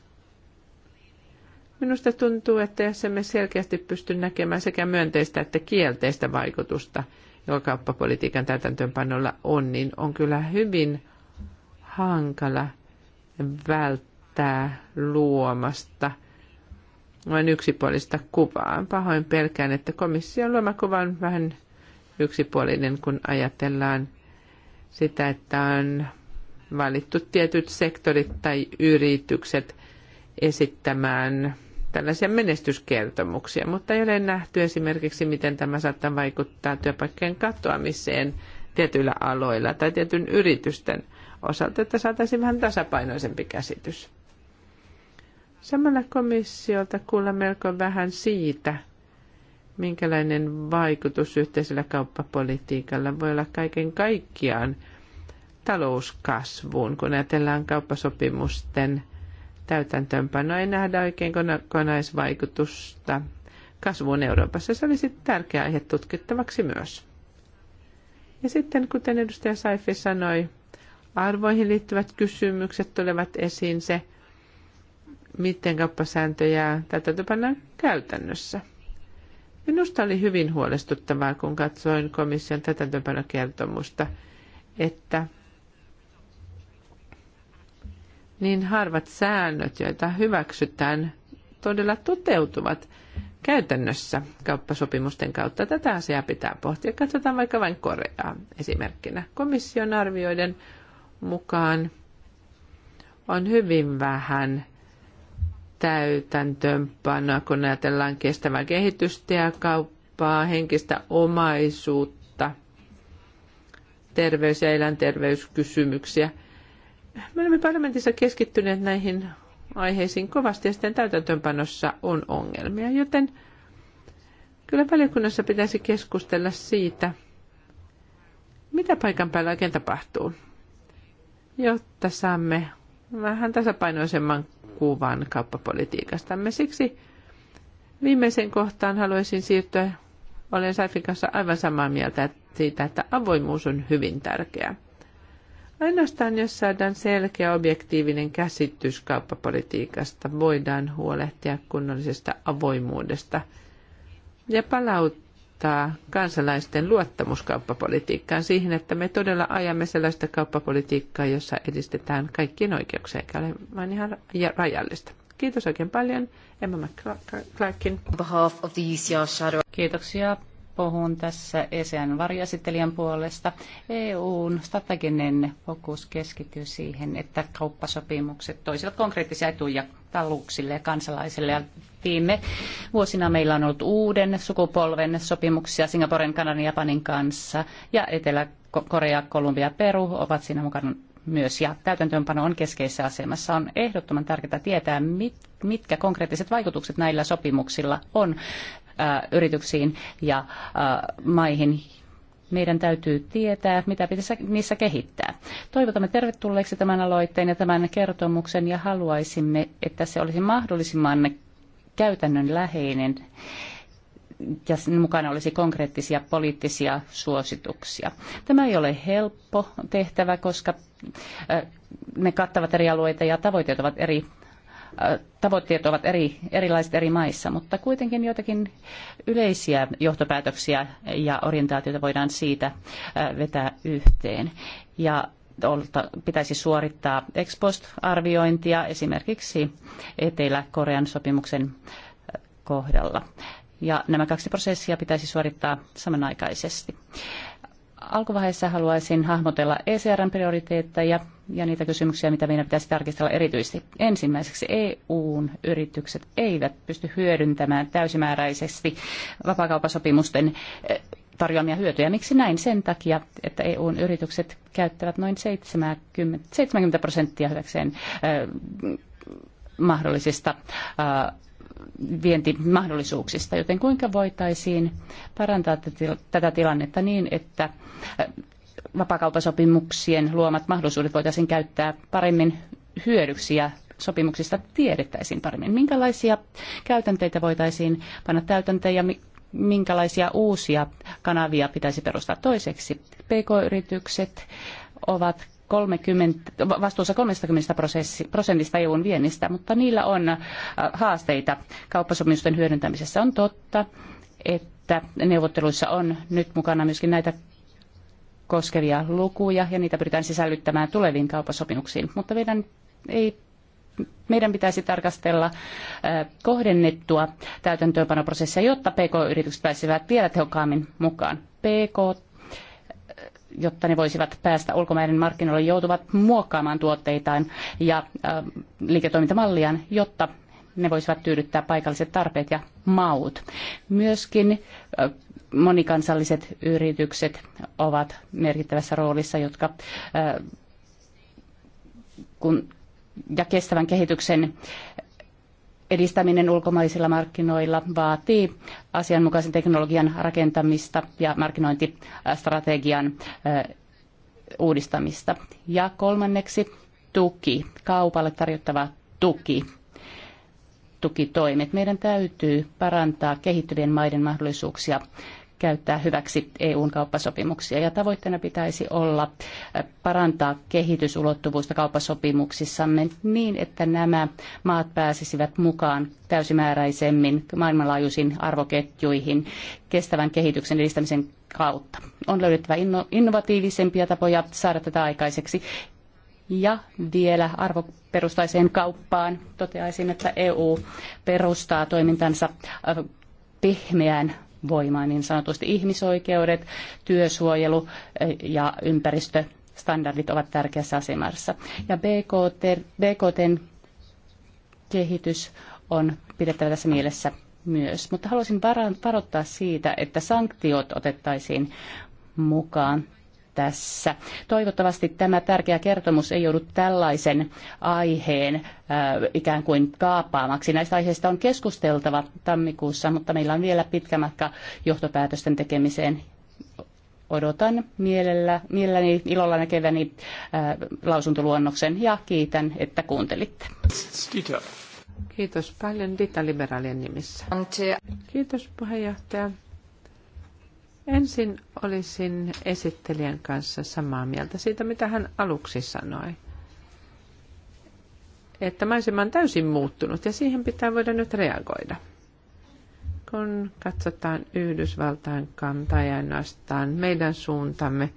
Minusta tuntuu, että jos emme selkeästi pysty näkemään sekä myönteistä että kielteistä vaikutusta, joka kauppapolitiikan täytäntöönpanolla on, niin on kyllä hyvin hankala välttää luomasta – vain yksipuolista kuvaa. Pahoin pelkään, että komission luomakuva on vähän yksipuolinen, kun ajatellaan sitä, että on valittu tietyt sektorit tai yritykset esittämään tällaisia menestyskertomuksia, mutta ei ole nähty esimerkiksi, miten tämä saattaa vaikuttaa työpaikkojen katoamiseen tietyillä aloilla tai tietyn yritysten osalta, että saataisiin vähän tasapainoisempi käsitys. Samalla komissiolta kuulla melko vähän siitä, minkälainen vaikutus yhteisellä kauppapolitiikalla voi olla kaiken kaikkiaan talouskasvuun, kun ajatellaan kauppasopimusten täytäntöönpanoa. Ei nähdä oikein kokonaisvaikutusta kasvuun Euroopassa. Se olisi tärkeä aihe tutkittavaksi myös. Ja sitten, kuten edustaja Saifi sanoi, arvoihin liittyvät kysymykset tulevat esiin se, miten kauppasääntöjä tätä pannaan käytännössä. Minusta oli hyvin huolestuttavaa, kun katsoin komission täytäntöönpanokertomusta, että niin harvat säännöt, joita hyväksytään, todella toteutuvat käytännössä kauppasopimusten kautta. Tätä asiaa pitää pohtia. Katsotaan vaikka vain Koreaa esimerkkinä. Komission arvioiden mukaan on hyvin vähän täytäntöönpanoa, kun ajatellaan kestävää kehitystä ja kauppaa, henkistä omaisuutta, terveys- ja eläinterveyskysymyksiä. Me olemme parlamentissa keskittyneet näihin aiheisiin kovasti ja sitten täytäntöönpanossa on ongelmia, joten kyllä valiokunnassa pitäisi keskustella siitä, mitä paikan päällä oikein tapahtuu, jotta saamme vähän tasapainoisemman kuvan kauppapolitiikastamme. Siksi viimeisen kohtaan haluaisin siirtyä. Olen Saifin kanssa aivan samaa mieltä siitä, että avoimuus on hyvin tärkeää. Ainoastaan jos saadaan selkeä objektiivinen käsitys kauppapolitiikasta, voidaan huolehtia kunnollisesta avoimuudesta ja palauttaa vaikuttaa kansalaisten luottamus kauppapolitiikkaan siihen, että me todella ajamme sellaista kauppapolitiikkaa, jossa edistetään kaikkien oikeuksia, eikä ole vain ihan rajallista. Kiitos oikein paljon, Emma McClarkin. E Kiitoksia Puhun tässä ESEAN varjoesittelijän puolesta. EUn strateginen fokus keskittyy siihen, että kauppasopimukset toisivat konkreettisia etuja taluksille ja kansalaisille. Ja viime vuosina meillä on ollut uuden sukupolven sopimuksia Singaporen, Kanadan ja Japanin kanssa ja Etelä-Korea, Kolumbia ja Peru ovat siinä mukana myös ja täytäntöönpano on keskeisessä asemassa. On ehdottoman tärkeää tietää, mitkä konkreettiset vaikutukset näillä sopimuksilla on Äh, yrityksiin ja äh, maihin. Meidän täytyy tietää, mitä pitäisi niissä kehittää. Toivotamme tervetulleeksi tämän aloitteen ja tämän kertomuksen ja haluaisimme, että se olisi mahdollisimman käytännönläheinen ja sen mukana olisi konkreettisia poliittisia suosituksia. Tämä ei ole helppo tehtävä, koska äh, ne kattavat eri alueita ja tavoitteet ovat eri tavoitteet ovat eri, erilaiset eri maissa, mutta kuitenkin joitakin yleisiä johtopäätöksiä ja orientaatioita voidaan siitä vetää yhteen. Ja pitäisi suorittaa ex post-arviointia esimerkiksi Etelä-Korean sopimuksen kohdalla. Ja nämä kaksi prosessia pitäisi suorittaa samanaikaisesti alkuvaiheessa haluaisin hahmotella ECRn prioriteetteja ja niitä kysymyksiä, mitä meidän pitäisi tarkistella erityisesti. Ensimmäiseksi EUn yritykset eivät pysty hyödyntämään täysimääräisesti vapaakaupasopimusten eh, tarjoamia hyötyjä. Miksi näin? Sen takia, että EUn yritykset käyttävät noin 70, 70 prosenttia hyväkseen eh, mahdollisista eh, vientimahdollisuuksista, joten kuinka voitaisiin parantaa tätä tilannetta niin, että vapakaupasopimuksien luomat mahdollisuudet voitaisiin käyttää paremmin hyödyksi ja sopimuksista tiedettäisiin paremmin. Minkälaisia käytänteitä voitaisiin panna täytäntöön ja minkälaisia uusia kanavia pitäisi perustaa toiseksi? PK-yritykset ovat 30, vastuussa 30 prosentista EUn viennistä, mutta niillä on äh, haasteita kauppasopimusten hyödyntämisessä. On totta, että neuvotteluissa on nyt mukana myöskin näitä koskevia lukuja ja niitä pyritään sisällyttämään tuleviin kauppasopimuksiin. Mutta meidän ei meidän pitäisi tarkastella kohdennettua täytäntöönpanoprosessia, jotta PK-yritykset pääsivät vielä tehokkaammin mukaan. PK, jotta ne voisivat päästä ulkomaiden markkinoille, joutuvat muokkaamaan tuotteitaan ja liiketoimintamalliaan, jotta ne voisivat tyydyttää paikalliset tarpeet ja maut. Myöskin monikansalliset yritykset ovat merkittävässä roolissa, jotka äh, kun, ja kestävän kehityksen edistäminen ulkomaisilla markkinoilla vaatii asianmukaisen teknologian rakentamista ja markkinointistrategian äh, uudistamista. Ja kolmanneksi tuki, kaupalle tarjottava tuki, tukitoimet. Meidän täytyy parantaa kehittyvien maiden mahdollisuuksia käyttää hyväksi EUn kauppasopimuksia. Ja tavoitteena pitäisi olla parantaa kehitysulottuvuutta kauppasopimuksissamme niin, että nämä maat pääsisivät mukaan täysimääräisemmin maailmanlaajuisiin arvoketjuihin kestävän kehityksen edistämisen kautta. On löydettävä inno- innovatiivisempia tapoja saada tätä aikaiseksi ja vielä arvoperustaiseen kauppaan toteaisin, että EU perustaa toimintansa pehmeään voimaan niin sanotusti ihmisoikeudet, työsuojelu eh, ja ympäristöstandardit ovat tärkeässä asemassa. Ja BKT, BKTn kehitys on pidettävä tässä mielessä myös. Mutta haluaisin varoittaa siitä, että sanktiot otettaisiin mukaan tässä. Toivottavasti tämä tärkeä kertomus ei joudu tällaisen aiheen äh, ikään kuin kaapaamaksi. Näistä aiheista on keskusteltava tammikuussa, mutta meillä on vielä pitkä matka johtopäätösten tekemiseen odotan mielellä, mielelläni ilolla näkeväni ää, äh, lausuntoluonnoksen ja kiitän, että kuuntelitte. Kiitos paljon Dita Liberaalien nimissä. Kiitos puheenjohtaja. Ensin olisin esittelijän kanssa samaa mieltä siitä, mitä hän aluksi sanoi. Että maisema on täysin muuttunut ja siihen pitää voida nyt reagoida. Kun katsotaan Yhdysvaltain kantaa ja ainoastaan meidän suuntamme,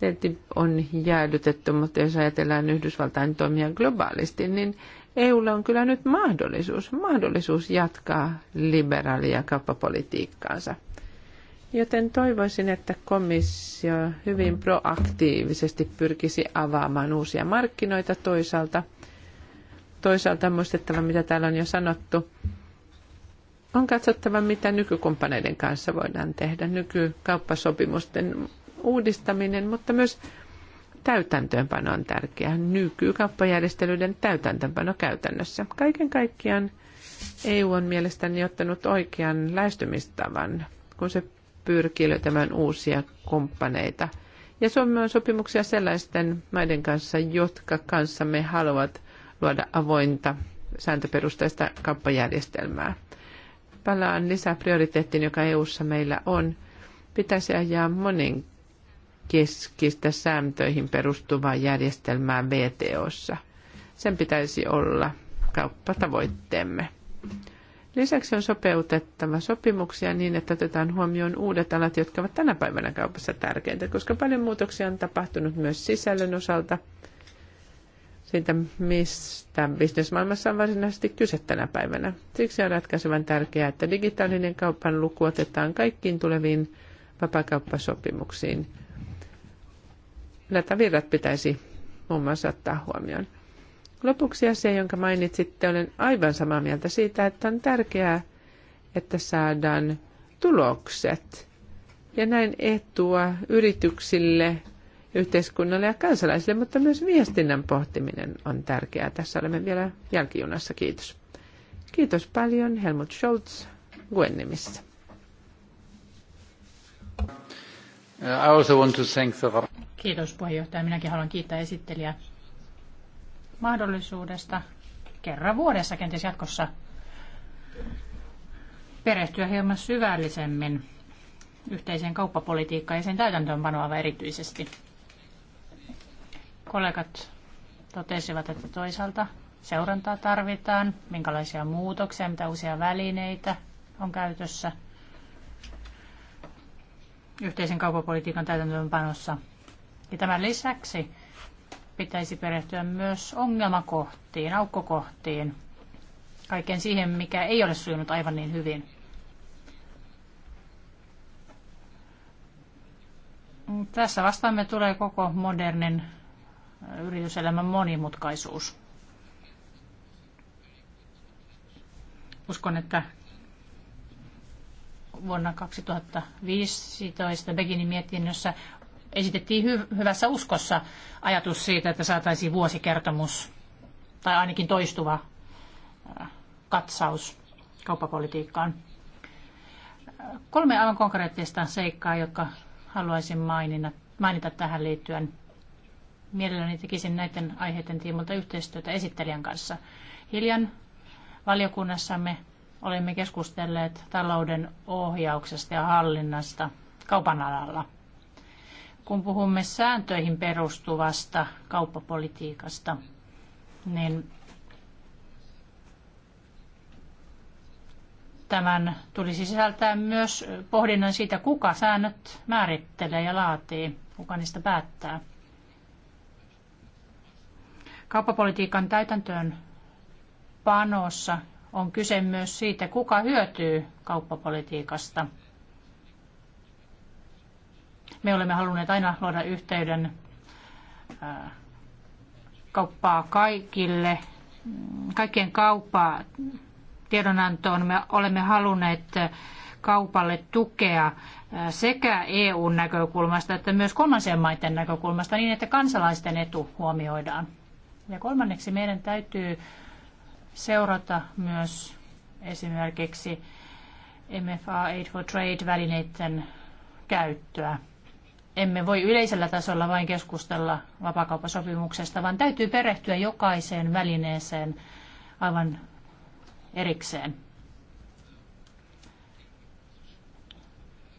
tietysti on jäädytetty, mutta jos ajatellaan Yhdysvaltain toimia globaalisti, niin EUlla on kyllä nyt mahdollisuus, mahdollisuus jatkaa liberaalia kauppapolitiikkaansa – Joten toivoisin, että komissio hyvin proaktiivisesti pyrkisi avaamaan uusia markkinoita toisaalta. Toisaalta on muistettava, mitä täällä on jo sanottu. On katsottava, mitä nykykumppaneiden kanssa voidaan tehdä, nykykauppasopimusten uudistaminen, mutta myös täytäntöönpano on tärkeää, nykykauppajärjestelyiden täytäntöönpano käytännössä. Kaiken kaikkiaan EU on mielestäni ottanut oikean lähestymistavan, kun se pyrkii löytämään uusia kumppaneita. Ja Suomi on sopimuksia sellaisten maiden kanssa, jotka kanssamme haluavat luoda avointa sääntöperusteista kauppajärjestelmää. Palaan lisää prioriteettiin, joka EU:ssa meillä on. Pitäisi ajaa monin keskistä sääntöihin perustuvaa järjestelmää VTOssa. Sen pitäisi olla kauppatavoitteemme. Lisäksi on sopeutettava sopimuksia niin, että otetaan huomioon uudet alat, jotka ovat tänä päivänä kaupassa tärkeintä, koska paljon muutoksia on tapahtunut myös sisällön osalta siitä, mistä bisnesmaailmassa on varsinaisesti kyse tänä päivänä. Siksi on ratkaisevan tärkeää, että digitaalinen kaupan luku otetaan kaikkiin tuleviin vapakauppasopimuksiin. Datavirrat pitäisi muun muassa ottaa huomioon. Lopuksi asia, jonka mainitsitte, olen aivan samaa mieltä siitä, että on tärkeää, että saadaan tulokset ja näin etua yrityksille, yhteiskunnalle ja kansalaisille, mutta myös viestinnän pohtiminen on tärkeää. Tässä olemme vielä jälkijunassa. Kiitos. Kiitos paljon Helmut Scholz Gwen uh, Kiitos puheenjohtaja. Minäkin haluan kiittää esittelijää mahdollisuudesta kerran vuodessa kenties jatkossa perehtyä hieman syvällisemmin yhteiseen kauppapolitiikkaan ja sen täytäntöönpanoa erityisesti. Kollegat totesivat, että toisaalta seurantaa tarvitaan, minkälaisia muutoksia, mitä uusia välineitä on käytössä yhteisen kauppapolitiikan täytäntöönpanossa. Ja tämän lisäksi pitäisi perehtyä myös ongelmakohtiin, aukkokohtiin, kaiken siihen, mikä ei ole sujunut aivan niin hyvin. Tässä vastaamme tulee koko modernin yrityselämän monimutkaisuus. Uskon, että vuonna 2015 Beginin mietinnössä esitettiin hy- hyvässä uskossa ajatus siitä, että saataisiin vuosikertomus tai ainakin toistuva katsaus kauppapolitiikkaan. Kolme aivan konkreettista seikkaa, jotka haluaisin mainita, mainita tähän liittyen. Mielelläni tekisin näiden aiheiden tiimolta yhteistyötä esittelijän kanssa. Hiljan valiokunnassamme olemme keskustelleet talouden ohjauksesta ja hallinnasta kaupan alalla – kun puhumme sääntöihin perustuvasta kauppapolitiikasta, niin tämän tulisi sisältää myös pohdinnan siitä, kuka säännöt määrittelee ja laatii, kuka niistä päättää. Kauppapolitiikan täytäntöön panossa on kyse myös siitä, kuka hyötyy kauppapolitiikasta – me olemme halunneet aina luoda yhteyden äh, kauppaa kaikille, mm, kaikkien kauppaa tiedonantoon. Me olemme halunneet kaupalle tukea äh, sekä EUn näkökulmasta että myös kolmansien maiden näkökulmasta niin, että kansalaisten etu huomioidaan. Ja kolmanneksi meidän täytyy seurata myös esimerkiksi MFA Aid for Trade-välineiden käyttöä emme voi yleisellä tasolla vain keskustella vapakauppasopimuksesta, vaan täytyy perehtyä jokaiseen välineeseen aivan erikseen.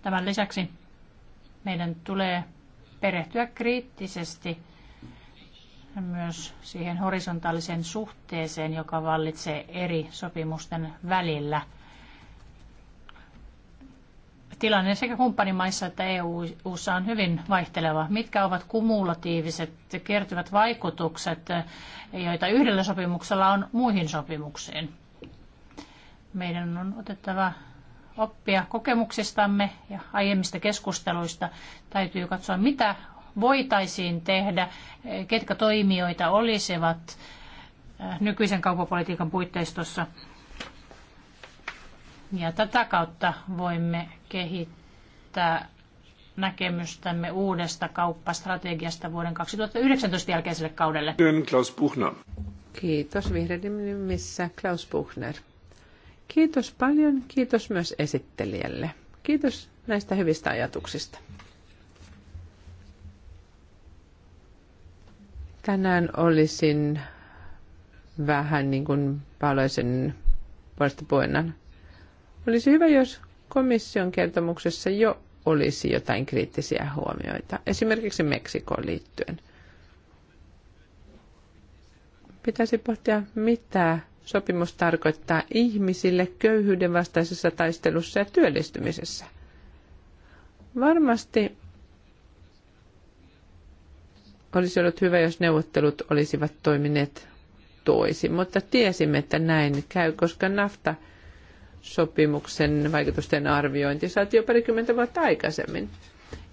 Tämän lisäksi meidän tulee perehtyä kriittisesti myös siihen horisontaaliseen suhteeseen, joka vallitsee eri sopimusten välillä – tilanne sekä kumppanimaissa että EU:ssa on hyvin vaihteleva. Mitkä ovat kumulatiiviset kertyvät vaikutukset, joita yhdellä sopimuksella on muihin sopimuksiin? Meidän on otettava oppia kokemuksistamme ja aiemmista keskusteluista. Täytyy katsoa, mitä voitaisiin tehdä, ketkä toimijoita olisivat eh, nykyisen kauppapolitiikan puitteistossa – ja tätä kautta voimme kehittää näkemystämme uudesta kauppastrategiasta vuoden 2019 jälkeiselle kaudelle. Klaus Buchner. Kiitos vihreiden missä Klaus Buchner. Kiitos paljon, kiitos myös esittelijälle. Kiitos näistä hyvistä ajatuksista. Tänään olisin vähän niin kuin paloisen puolesta olisi hyvä, jos komission kertomuksessa jo olisi jotain kriittisiä huomioita, esimerkiksi Meksikoon liittyen. Pitäisi pohtia, mitä sopimus tarkoittaa ihmisille köyhyyden vastaisessa taistelussa ja työllistymisessä. Varmasti olisi ollut hyvä, jos neuvottelut olisivat toimineet toisin, mutta tiesimme, että näin käy, koska nafta – sopimuksen vaikutusten arviointi saatiin jo parikymmentä vuotta aikaisemmin.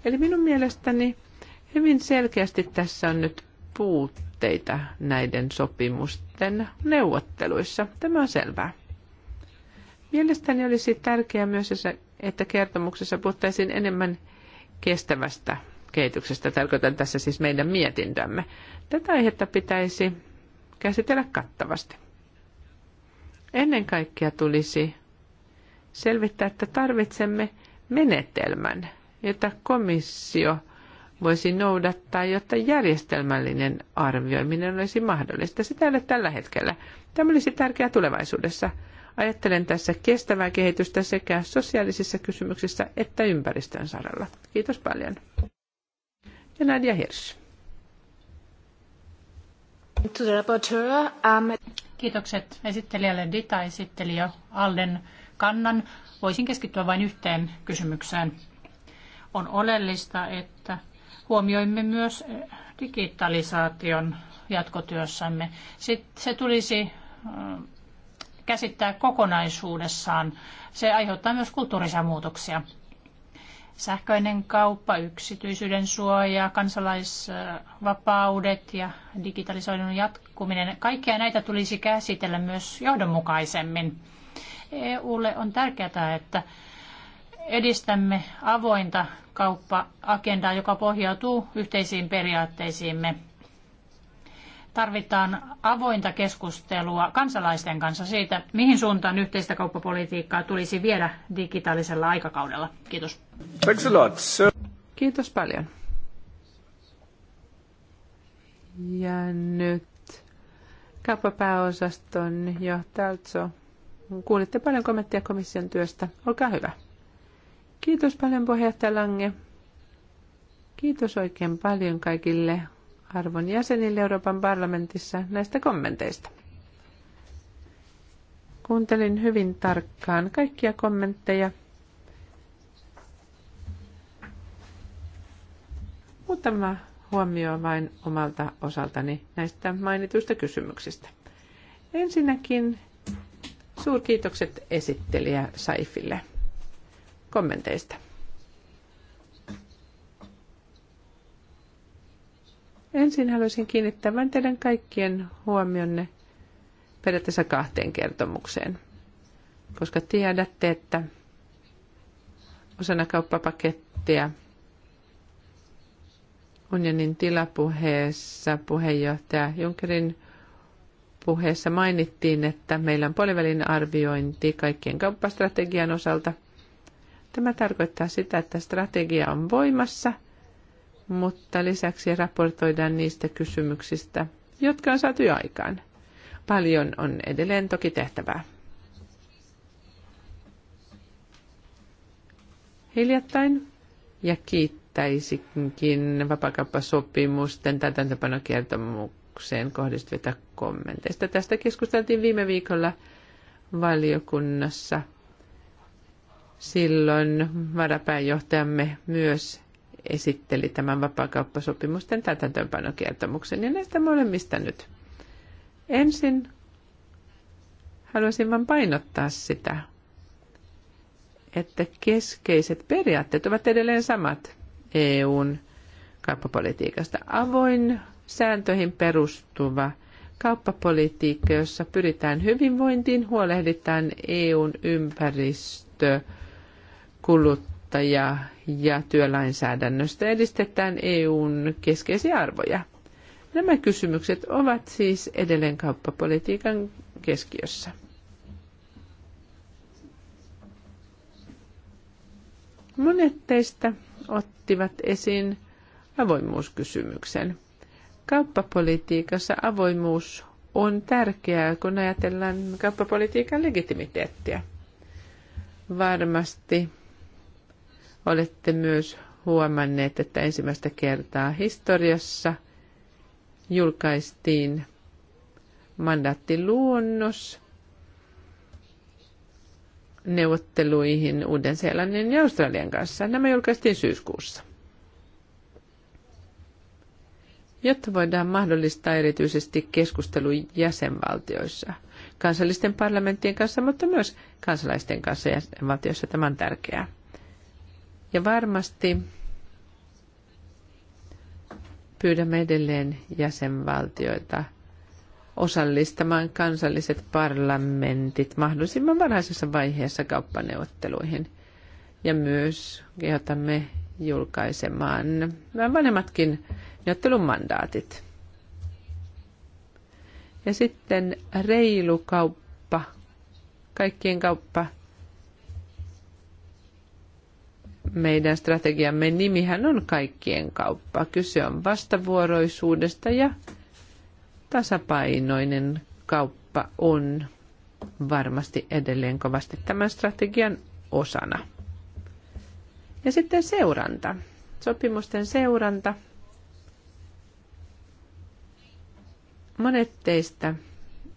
Eli minun mielestäni hyvin selkeästi tässä on nyt puutteita näiden sopimusten neuvotteluissa. Tämä on selvää. Mielestäni olisi tärkeää myös, että kertomuksessa puhuttaisiin enemmän kestävästä kehityksestä. Tarkoitan tässä siis meidän mietintömme. Tätä aihetta pitäisi käsitellä kattavasti. Ennen kaikkea tulisi selvittää, että tarvitsemme menetelmän, jota komissio voisi noudattaa, jotta järjestelmällinen arvioiminen olisi mahdollista. Sitä ei ole tällä hetkellä. Tämä olisi tärkeää tulevaisuudessa. Ajattelen tässä kestävää kehitystä sekä sosiaalisissa kysymyksissä että ympäristön saralla. Kiitos paljon. Ja Nadia Hirsch. Um, Kiitokset esittelijälle Dita esittelijä Alden kannan. Voisin keskittyä vain yhteen kysymykseen. On oleellista, että huomioimme myös eh, digitalisaation jatkotyössämme. Sitten se tulisi eh, käsittää kokonaisuudessaan. Se aiheuttaa myös kulttuurisia muutoksia. Sähköinen kauppa, yksityisyyden suoja, kansalaisvapaudet ja digitalisoinnin jatkuminen, kaikkia näitä tulisi käsitellä myös johdonmukaisemmin. EUlle on tärkeää, että edistämme avointa kauppa-agendaa, joka pohjautuu yhteisiin periaatteisiimme. Tarvitaan avointa keskustelua kansalaisten kanssa siitä, mihin suuntaan yhteistä kauppapolitiikkaa tulisi viedä digitaalisella aikakaudella. Kiitos. Thanks a lot, sir. Kiitos paljon. Ja nyt kauppapääosaston johtaja Kuulitte paljon kommentteja komission työstä. Olkaa hyvä. Kiitos paljon puheenjohtaja Lange. Kiitos oikein paljon kaikille arvon jäsenille Euroopan parlamentissa näistä kommenteista. Kuuntelin hyvin tarkkaan kaikkia kommentteja. Muutama huomio vain omalta osaltani näistä mainituista kysymyksistä. Ensinnäkin Suurkiitokset esittelijä Saifille kommenteista. Ensin haluaisin kiinnittää vain teidän kaikkien huomionne periaatteessa kahteen kertomukseen, koska tiedätte, että osana kauppapakettia unionin tilapuheessa puheenjohtaja Junckerin puheessa mainittiin, että meillä on puolivälin arviointi kaikkien kauppastrategian osalta. Tämä tarkoittaa sitä, että strategia on voimassa, mutta lisäksi raportoidaan niistä kysymyksistä, jotka on saatu jo aikaan. Paljon on edelleen toki tehtävää. Hiljattain ja kiittäisinkin vapakauppasopimusten täytäntöpanokertomuksen rahoitukseen kohdistuvista kommenteista. Tästä keskusteltiin viime viikolla valiokunnassa. Silloin varapääjohtajamme myös esitteli tämän vapaakauppasopimusten täytäntöönpanokertomuksen ja näistä molemmista nyt. Ensin haluaisin vain painottaa sitä, että keskeiset periaatteet ovat edelleen samat EUn kauppapolitiikasta. Avoin sääntöihin perustuva kauppapolitiikka, jossa pyritään hyvinvointiin, huolehditaan EUn ympäristö, kuluttaja ja työlainsäädännöstä, edistetään EUn keskeisiä arvoja. Nämä kysymykset ovat siis edelleen kauppapolitiikan keskiössä. Monet teistä ottivat esiin avoimuuskysymyksen. Kauppapolitiikassa avoimuus on tärkeää, kun ajatellaan kauppapolitiikan legitimiteettiä. Varmasti olette myös huomanneet, että ensimmäistä kertaa historiassa julkaistiin mandaattiluonnos neuvotteluihin Uuden-Seelannin ja Australian kanssa. Nämä julkaistiin syyskuussa. jotta voidaan mahdollistaa erityisesti keskustelu jäsenvaltioissa, kansallisten parlamenttien kanssa, mutta myös kansalaisten kanssa jäsenvaltioissa. Tämä on tärkeää. Ja varmasti pyydämme edelleen jäsenvaltioita osallistamaan kansalliset parlamentit mahdollisimman varhaisessa vaiheessa kauppaneuvotteluihin. Ja myös kehotamme julkaisemaan vanhemmatkin mandaatit Ja sitten reilu kauppa, kaikkien kauppa. Meidän strategiamme nimihän on kaikkien kauppa. Kyse on vastavuoroisuudesta ja tasapainoinen kauppa on varmasti edelleen kovasti tämän strategian osana. Ja sitten seuranta, sopimusten seuranta – Monet teistä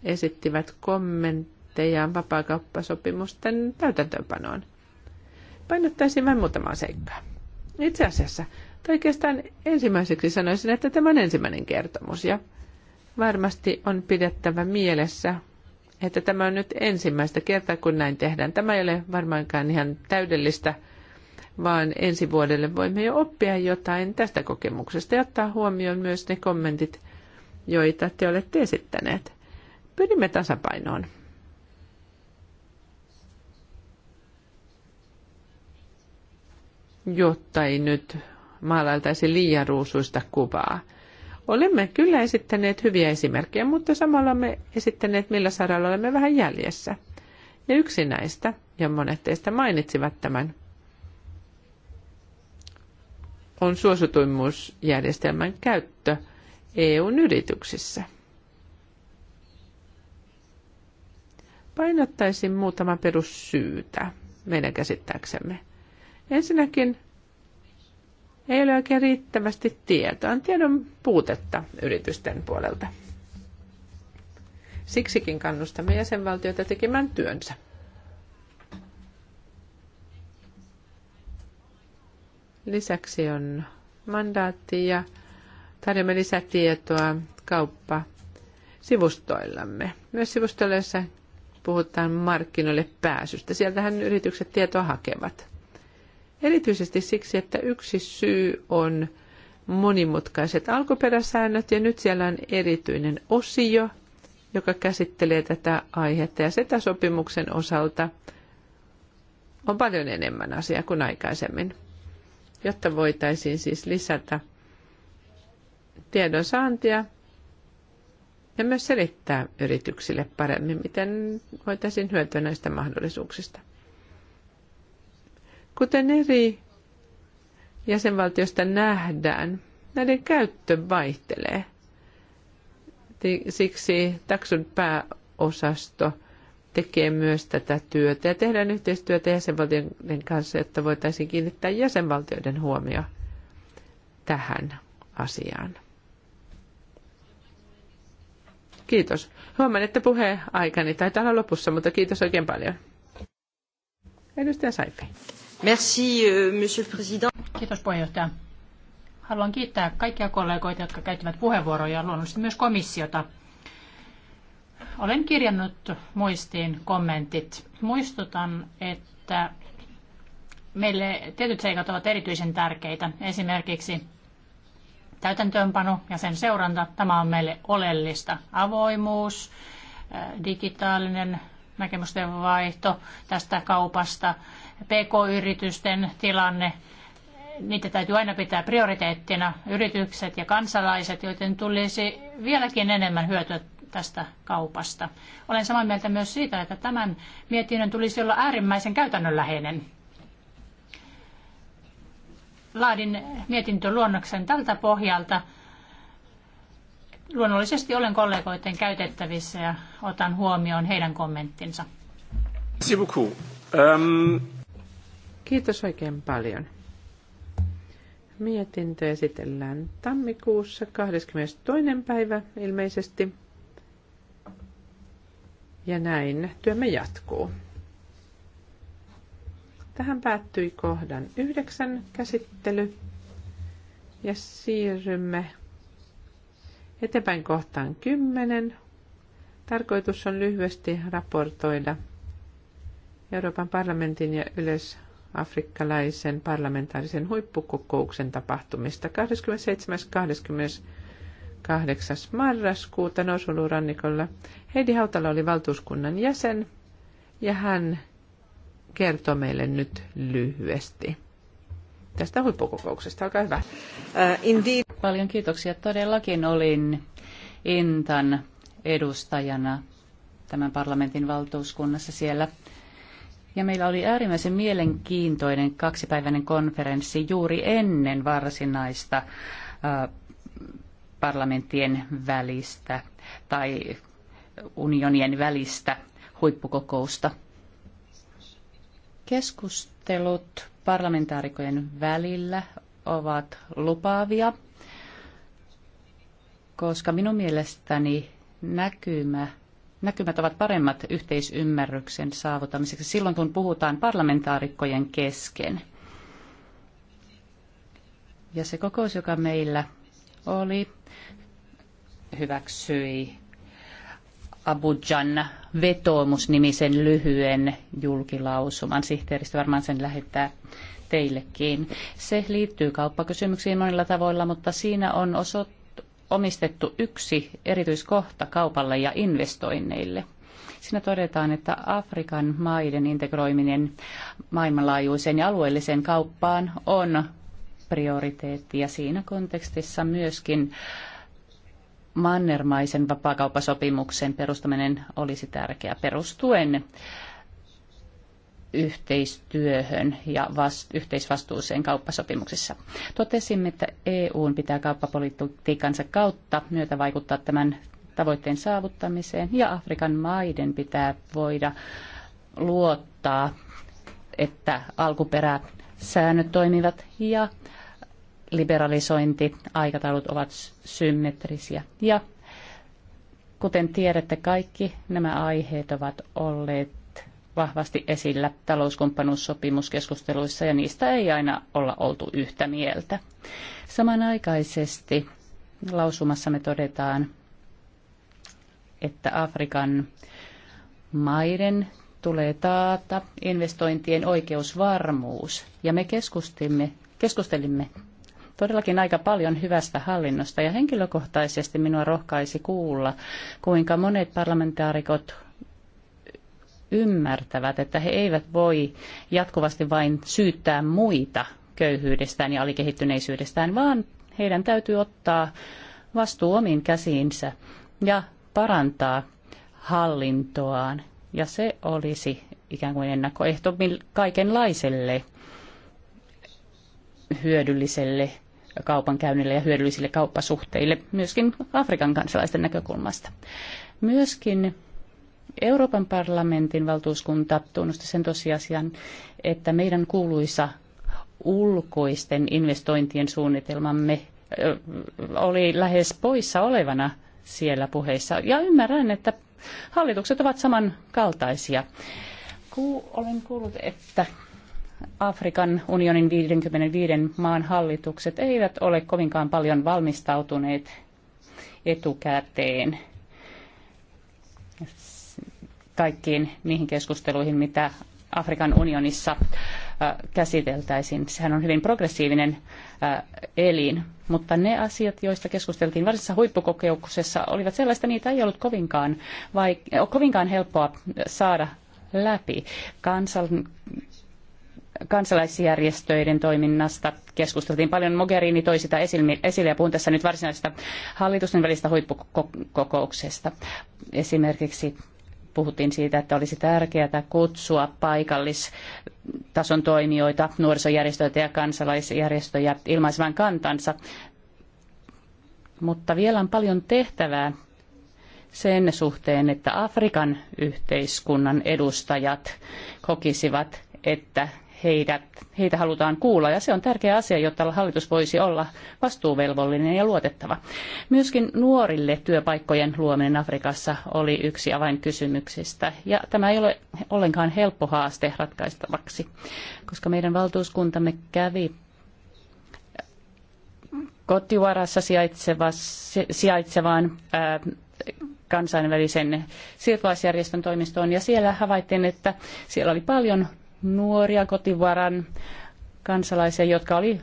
esittivät kommentteja vapaakauppasopimusten täytäntöönpanoon. Painottaisin vain muutamaa seikkaa. Itse asiassa, tai oikeastaan ensimmäiseksi sanoisin, että tämä on ensimmäinen kertomus ja varmasti on pidettävä mielessä, että tämä on nyt ensimmäistä kertaa, kun näin tehdään. Tämä ei ole varmaankaan ihan täydellistä, vaan ensi vuodelle voimme jo oppia jotain tästä kokemuksesta ja ottaa huomioon myös ne kommentit, joita te olette esittäneet. Pyrimme tasapainoon. Jotta ei nyt maalailtaisi liian ruusuista kuvaa. Olemme kyllä esittäneet hyviä esimerkkejä, mutta samalla me esittäneet, millä saralla olemme vähän jäljessä. Ja yksi näistä, ja monet teistä mainitsivat tämän, on suosituimmuusjärjestelmän käyttö – EUn yrityksissä. Painottaisin muutama perussyytä meidän käsittääksemme. Ensinnäkin ei ole oikein riittävästi tietoa. On tiedon puutetta yritysten puolelta. Siksikin kannustamme jäsenvaltioita tekemään työnsä. Lisäksi on mandaatti ja tarjoamme lisätietoa kauppa sivustoillamme. Myös sivustoilla, joissa puhutaan markkinoille pääsystä. Sieltähän yritykset tietoa hakevat. Erityisesti siksi, että yksi syy on monimutkaiset alkuperäsäännöt ja nyt siellä on erityinen osio, joka käsittelee tätä aihetta ja sitä sopimuksen osalta on paljon enemmän asiaa kuin aikaisemmin, jotta voitaisiin siis lisätä tiedonsaantia ja myös selittää yrityksille paremmin, miten voitaisiin hyötyä näistä mahdollisuuksista. Kuten eri jäsenvaltioista nähdään, näiden käyttö vaihtelee. Siksi taksun pääosasto tekee myös tätä työtä ja tehdään yhteistyötä jäsenvaltioiden kanssa, että voitaisiin kiinnittää jäsenvaltioiden huomio tähän asiaan. Kiitos. Huomaan, että puheen aikani taitaa olla lopussa, mutta kiitos oikein paljon. Edustaja Saifi. Merci, euh, monsieur le président. Kiitos puheenjohtaja. Haluan kiittää kaikkia kollegoita, jotka käyttivät puheenvuoroja ja luonnollisesti myös komissiota. Olen kirjannut muistiin kommentit. Muistutan, että meille tietyt seikat ovat erityisen tärkeitä. Esimerkiksi täytäntöönpano ja sen seuranta, tämä on meille oleellista. Avoimuus, äh, digitaalinen näkemysten vaihto tästä kaupasta, PK-yritysten tilanne, niitä täytyy aina pitää prioriteettina, yritykset ja kansalaiset, joiden tulisi vieläkin enemmän hyötyä tästä kaupasta. Olen samaa mieltä myös siitä, että tämän mietinnön tulisi olla äärimmäisen käytännönläheinen laadin mietintöluonnoksen tältä pohjalta. Luonnollisesti olen kollegoiden käytettävissä ja otan huomioon heidän kommenttinsa. Ähm, Kiitos oikein paljon. Mietintö esitellään tammikuussa 22. päivä ilmeisesti. Ja näin työmme jatkuu. Tähän päättyi kohdan yhdeksän käsittely ja siirrymme eteenpäin kohtaan kymmenen. Tarkoitus on lyhyesti raportoida Euroopan parlamentin ja yleisafrikkalaisen parlamentaarisen huippukokouksen tapahtumista 27.28. marraskuuta Norsulurannikolla. Heidi Hautala oli valtuuskunnan jäsen ja hän kertoo meille nyt lyhyesti tästä huippukokouksesta. Olkaa hyvä. Äh, indeed. Paljon kiitoksia. Todellakin olin Intan edustajana tämän parlamentin valtuuskunnassa siellä. Ja meillä oli äärimmäisen mielenkiintoinen kaksipäiväinen konferenssi juuri ennen varsinaista äh, parlamenttien välistä tai unionien välistä huippukokousta – Keskustelut parlamentaarikojen välillä ovat lupaavia, koska minun mielestäni näkymä näkymät ovat paremmat yhteisymmärryksen saavutamiseksi silloin, kun puhutaan parlamentaarikkojen kesken. Ja se kokous, joka meillä oli, hyväksyi Abujan vetoomusnimisen lyhyen julkilausuman. Sihteeristö varmaan sen lähettää teillekin. Se liittyy kauppakysymyksiin monilla tavoilla, mutta siinä on osoittanut omistettu yksi erityiskohta kaupalle ja investoinneille. Siinä todetaan, että Afrikan maiden integroiminen maailmanlaajuiseen ja alueelliseen kauppaan on prioriteetti ja siinä kontekstissa myöskin äh, mannermaisen vapaakauppasopimuksen perustaminen olisi tärkeä perustuen yhteistyöhön ja vastu- yhteisvastuuseen kauppasopimuksissa. Totesimme, että EUn pitää kauppapolitiikansa kautta myötä vaikuttaa tämän tavoitteen saavuttamiseen ja Afrikan maiden pitää voida luottaa, että alkuperäsäännöt toimivat ja liberalisointi aikataulut ovat symmetrisiä. Ja kuten tiedätte, kaikki nämä aiheet ovat olleet vahvasti esillä talouskumppanuussopimuskeskusteluissa ja niistä ei aina olla oltu yhtä mieltä. Samanaikaisesti lausumassamme todetaan, että Afrikan maiden tulee taata investointien oikeusvarmuus. Ja me keskustimme, keskustelimme todellakin aika paljon hyvästä hallinnosta ja henkilökohtaisesti minua rohkaisi kuulla, kuinka monet parlamentaarikot ymmärtävät, että he eivät voi jatkuvasti vain syyttää muita köyhyydestään ja alikehittyneisyydestään, vaan heidän täytyy ottaa vastuu omiin käsiinsä ja parantaa hallintoaan. Ja se olisi ikään kuin ennakkoehto kaikenlaiselle hyödylliselle kaupankäynnille ja hyödyllisille kauppasuhteille myöskin Afrikan kansalaisten näkökulmasta. Myöskin Euroopan parlamentin valtuuskunta tunnusti sen tosiasian, että meidän kuuluisa ulkoisten investointien suunnitelmamme oli lähes poissa olevana siellä puheissa. Ja ymmärrän, että hallitukset ovat samankaltaisia. Olen kuullut, että Afrikan unionin 55 maan hallitukset eivät ole kovinkaan paljon valmistautuneet etukäteen kaikkiin niihin keskusteluihin, mitä Afrikan unionissa käsiteltäisiin. Sehän on hyvin progressiivinen elin, mutta ne asiat, joista keskusteltiin varsinaisessa huippukokouksessa, olivat sellaista, niitä ei ollut kovinkaan, vai, kovinkaan helppoa saada läpi. Kansan, kansalaisjärjestöiden toiminnasta keskusteltiin paljon. Mogherini toi sitä esille ja puhun tässä nyt varsinaisesta hallitusten välistä huippukokouksesta. Esimerkiksi puhuttiin siitä, että olisi tärkeää kutsua paikallistason toimijoita, nuorisojärjestöitä ja kansalaisjärjestöjä ilmaisemaan kantansa. Mutta vielä on paljon tehtävää sen suhteen, että Afrikan yhteiskunnan edustajat kokisivat, että heidät, heitä halutaan kuulla. Ja se on tärkeä asia, jotta hallitus voisi olla vastuuvelvollinen ja luotettava. Myöskin nuorille työpaikkojen luominen Afrikassa oli yksi avainkysymyksistä. Ja tämä ei ole ollenkaan helppo haaste ratkaistavaksi, koska meidän valtuuskuntamme kävi kotivarassa sijaitsevaan ää, kansainvälisen siirtolaisjärjestön toimistoon ja siellä havaittiin, että siellä oli paljon nuoria kotivaran kansalaisia, jotka oli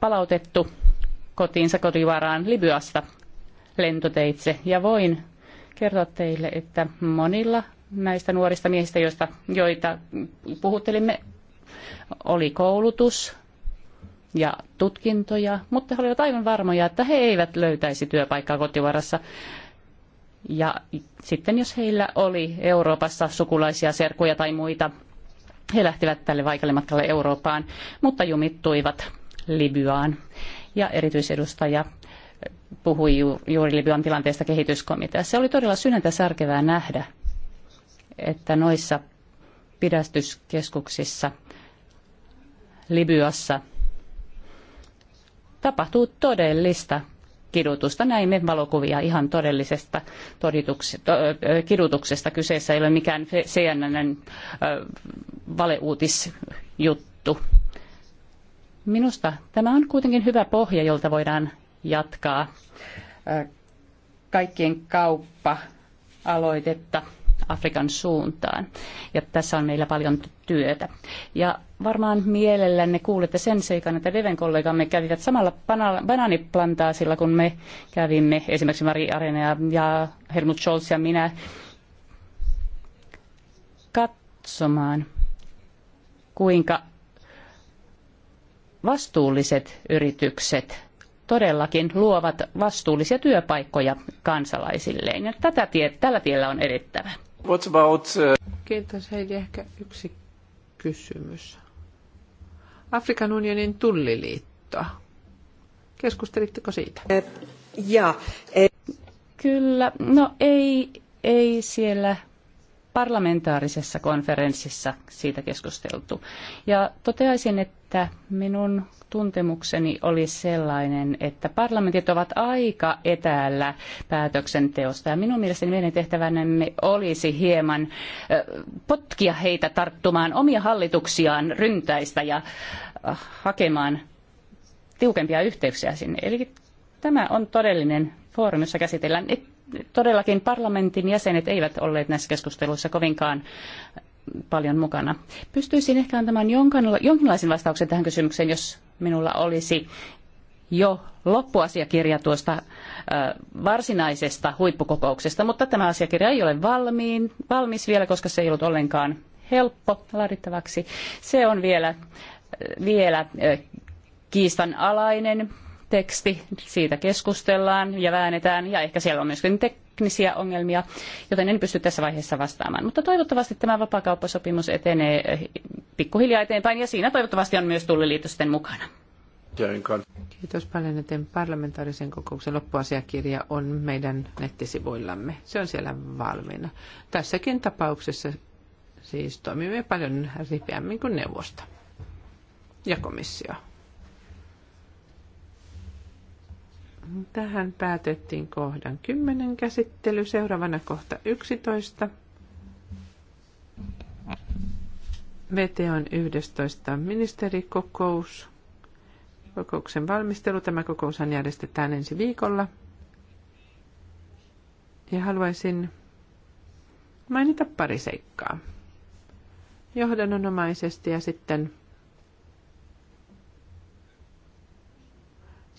palautettu kotiinsa kotivaraan Libyasta lentoteitse. Ja voin kertoa teille, että monilla näistä nuorista miehistä, joista, joita puhuttelimme, oli koulutus ja tutkintoja, mutta he olivat aivan varmoja, että he eivät löytäisi työpaikkaa kotivarassa. Ja sitten jos heillä oli Euroopassa sukulaisia, serkuja tai muita he lähtivät tälle vaikealle matkalle Eurooppaan, mutta jumittuivat Libyaan. Ja erityisedustaja puhui juuri Libyan tilanteesta kehityskomiteassa. oli todella sydäntä särkevää nähdä, että noissa pidästyskeskuksissa Libyassa tapahtuu todellista kidutusta. Näimme valokuvia ihan todellisesta to, kidutuksesta. Kyseessä ei ole mikään CNN valeuutisjuttu. Minusta tämä on kuitenkin hyvä pohja, jolta voidaan jatkaa kaikkien kauppa-aloitetta Afrikan suuntaan. Ja tässä on meillä paljon työtä. Ja varmaan mielellänne kuulette sen seikan, että Deven kollegamme kävivät samalla banaaniplantaasilla, kun me kävimme esimerkiksi Mari Arena ja Helmut Scholz ja minä katsomaan, kuinka vastuulliset yritykset todellakin luovat vastuullisia työpaikkoja kansalaisilleen. Ja tätä tie, tällä tiellä on edettävä. What about... Uh... Kiitos Heidi. Ehkä yksi kysymys. Afrikan unionin tulliliittoa. Keskustelitteko siitä? Eh, ja, e- eh. Kyllä, no ei, ei siellä parlamentaarisessa konferenssissa siitä keskusteltu. Ja toteaisin, että minun tuntemukseni oli sellainen, että parlamentit ovat aika etäällä päätöksenteosta. Ja minun mielestäni meidän tehtävänämme olisi hieman potkia heitä tarttumaan omia hallituksiaan ryntäistä ja äh, hakemaan tiukempia yhteyksiä sinne. Eli tämä on todellinen foorumi, jossa käsitellään todellakin parlamentin jäsenet eivät olleet näissä keskusteluissa kovinkaan paljon mukana. Pystyisin ehkä antamaan jonkinlaisen vastauksen tähän kysymykseen, jos minulla olisi jo loppuasiakirja tuosta varsinaisesta huippukokouksesta, mutta tämä asiakirja ei ole valmiin, valmis vielä, koska se ei ollut ollenkaan helppo laadittavaksi. Se on vielä, vielä kiistanalainen teksti, siitä keskustellaan ja väännetään ja ehkä siellä on myöskin teknisiä ongelmia, joten en pysty tässä vaiheessa vastaamaan. Mutta toivottavasti tämä vapakauppasopimus etenee pikkuhiljaa eteenpäin ja siinä toivottavasti on myös tulliliitosten mukana. Kiitos paljon, eteen parlamentaarisen kokouksen loppuasiakirja on meidän nettisivuillamme. Se on siellä valmiina. Tässäkin tapauksessa siis toimimme paljon ripeämmin kuin neuvosto ja komissio. Tähän päätettiin kohdan 10 käsittely. Seuraavana kohta 11. VTOn 11. ministerikokous. Kokouksen valmistelu. Tämä kokoushan järjestetään ensi viikolla. Ja haluaisin mainita pari seikkaa. Johdannonomaisesti ja sitten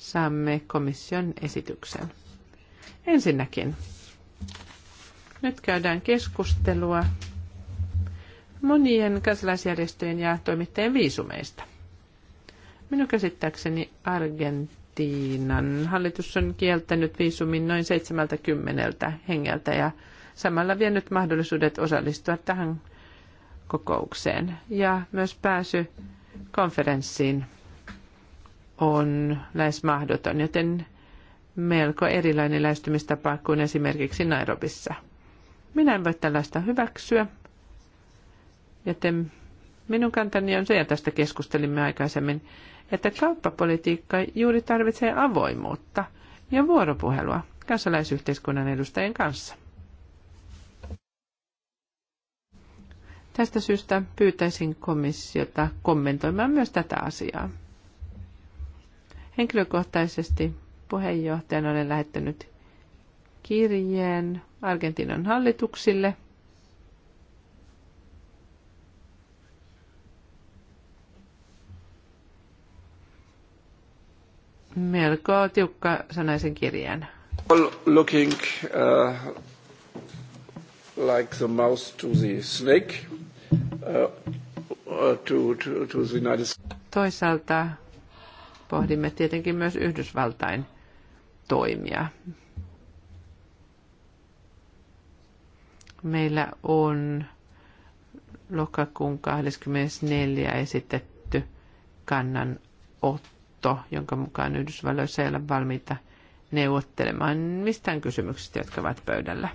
saamme komission esityksen. Ensinnäkin, nyt käydään keskustelua monien kansalaisjärjestöjen ja toimittajien viisumeista. Minun käsittääkseni Argentiinan hallitus on kieltänyt viisumin noin 70 hengeltä ja samalla vienyt mahdollisuudet osallistua tähän kokoukseen ja myös pääsy konferenssiin on lähes mahdoton, joten melko erilainen lähestymistapa kuin esimerkiksi Nairobissa. Minä en voi tällaista hyväksyä, joten minun kantani on se, ja tästä keskustelimme aikaisemmin, että kauppapolitiikka juuri tarvitsee avoimuutta ja vuoropuhelua kansalaisyhteiskunnan edustajien kanssa. Tästä syystä pyytäisin komissiota kommentoimaan myös tätä asiaa. Henkilökohtaisesti puheenjohtajana olen lähettänyt kirjeen Argentiinan hallituksille. Melko tiukka sanaisen kirjeen. Looking uh, like the mouse to the snake, uh, uh to, to, to the United States. Toisaalta pohdimme tietenkin myös Yhdysvaltain toimia. Meillä on lokakuun 24 esitetty kannanotto, jonka mukaan Yhdysvalloissa ei ole valmiita neuvottelemaan mistään kysymyksistä, jotka ovat pöydällä.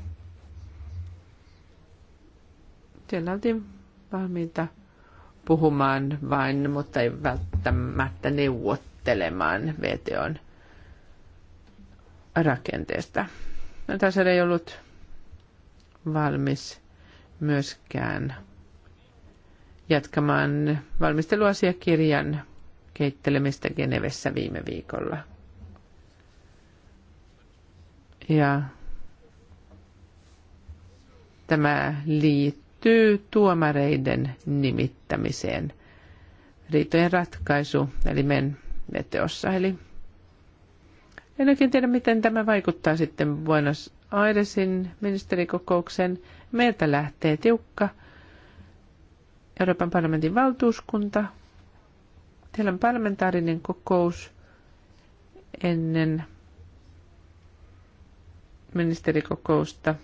Siellä oltiin valmiita puhumaan vain, mutta ei välttämättä neuvot neuvottelemaan VTOn rakenteesta. No, tässä ei ollut valmis myöskään jatkamaan valmisteluasiakirjan keittelemistä Genevessä viime viikolla. Ja tämä liittyy tuomareiden nimittämiseen. Riitojen ratkaisu, eli men meteossa. Eli en oikein tiedä, miten tämä vaikuttaa sitten Buenos Airesin ministerikokouksen. Meiltä lähtee tiukka Euroopan parlamentin valtuuskunta. Teillä on parlamentaarinen kokous ennen ministerikokousta.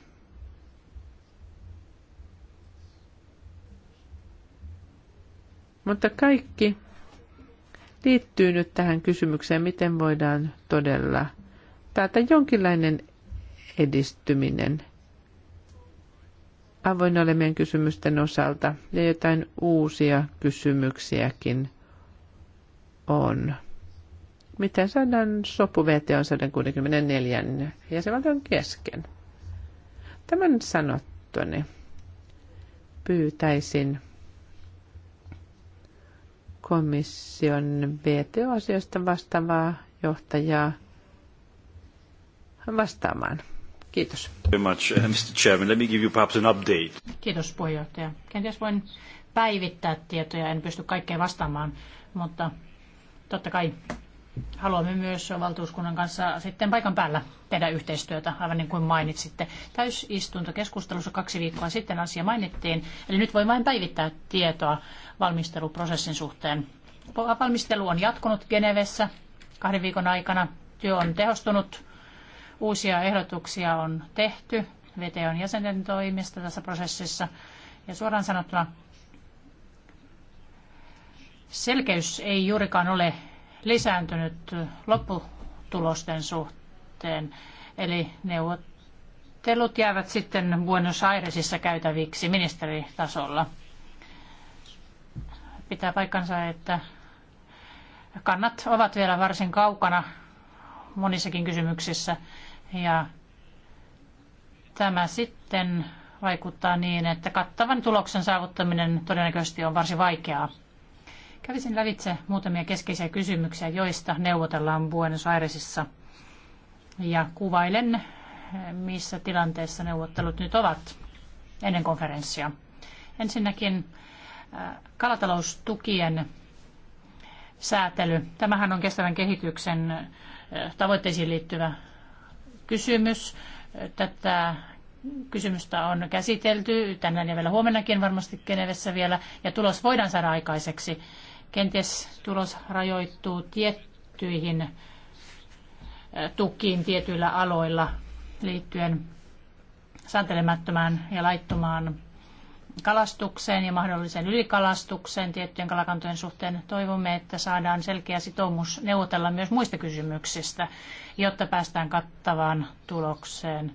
Mutta kaikki liittyy nyt tähän kysymykseen, miten voidaan todella taata jonkinlainen edistyminen avoin olemien kysymysten osalta ja jotain uusia kysymyksiäkin on. Miten saadaan sopu VTO 164 jäsenvaltion kesken? Tämän sanottuani pyytäisin komission VTO-asioista vastaavaa johtajaa vastaamaan. Kiitos. Very much, uh, Mr. Chairman. Let me give you perhaps an update. Kiitos puheenjohtaja. Kenties voin päivittää tietoja, en pysty kaikkeen vastaamaan, mutta totta kai Haluamme myös valtuuskunnan kanssa sitten paikan päällä tehdä yhteistyötä, aivan niin kuin mainitsitte. Täysistuntokeskustelussa kaksi viikkoa sitten asia mainittiin, eli nyt voi vain päivittää tietoa valmisteluprosessin suhteen. Valmistelu on jatkunut Genevessä kahden viikon aikana. Työ on tehostunut, uusia ehdotuksia on tehty VTOn jäsenten toimista tässä prosessissa. Ja suoraan sanottuna selkeys ei juurikaan ole lisääntynyt lopputulosten suhteen, eli neuvottelut jäävät sitten Buenos Airesissa käytäviksi ministeritasolla. Pitää paikkansa, että kannat ovat vielä varsin kaukana monissakin kysymyksissä ja tämä sitten vaikuttaa niin, että kattavan tuloksen saavuttaminen todennäköisesti on varsin vaikeaa. Kävisin lävitse muutamia keskeisiä kysymyksiä, joista neuvotellaan Buenos Airesissa. Ja kuvailen, missä tilanteessa neuvottelut nyt ovat ennen konferenssia. Ensinnäkin äh, kalataloustukien säätely. Tämähän on kestävän kehityksen äh, tavoitteisiin liittyvä kysymys. Tätä kysymystä on käsitelty tänään ja vielä huomennakin varmasti Genevessä vielä, ja tulos voidaan saada aikaiseksi Kenties tulos rajoittuu tiettyihin äh, tukiin tietyillä aloilla liittyen santelemättömään ja laittomaan kalastukseen ja mahdolliseen ylikalastukseen tiettyjen kalakantojen suhteen. Toivomme, että saadaan selkeä sitoumus neuvotella myös muista kysymyksistä, jotta päästään kattavaan tulokseen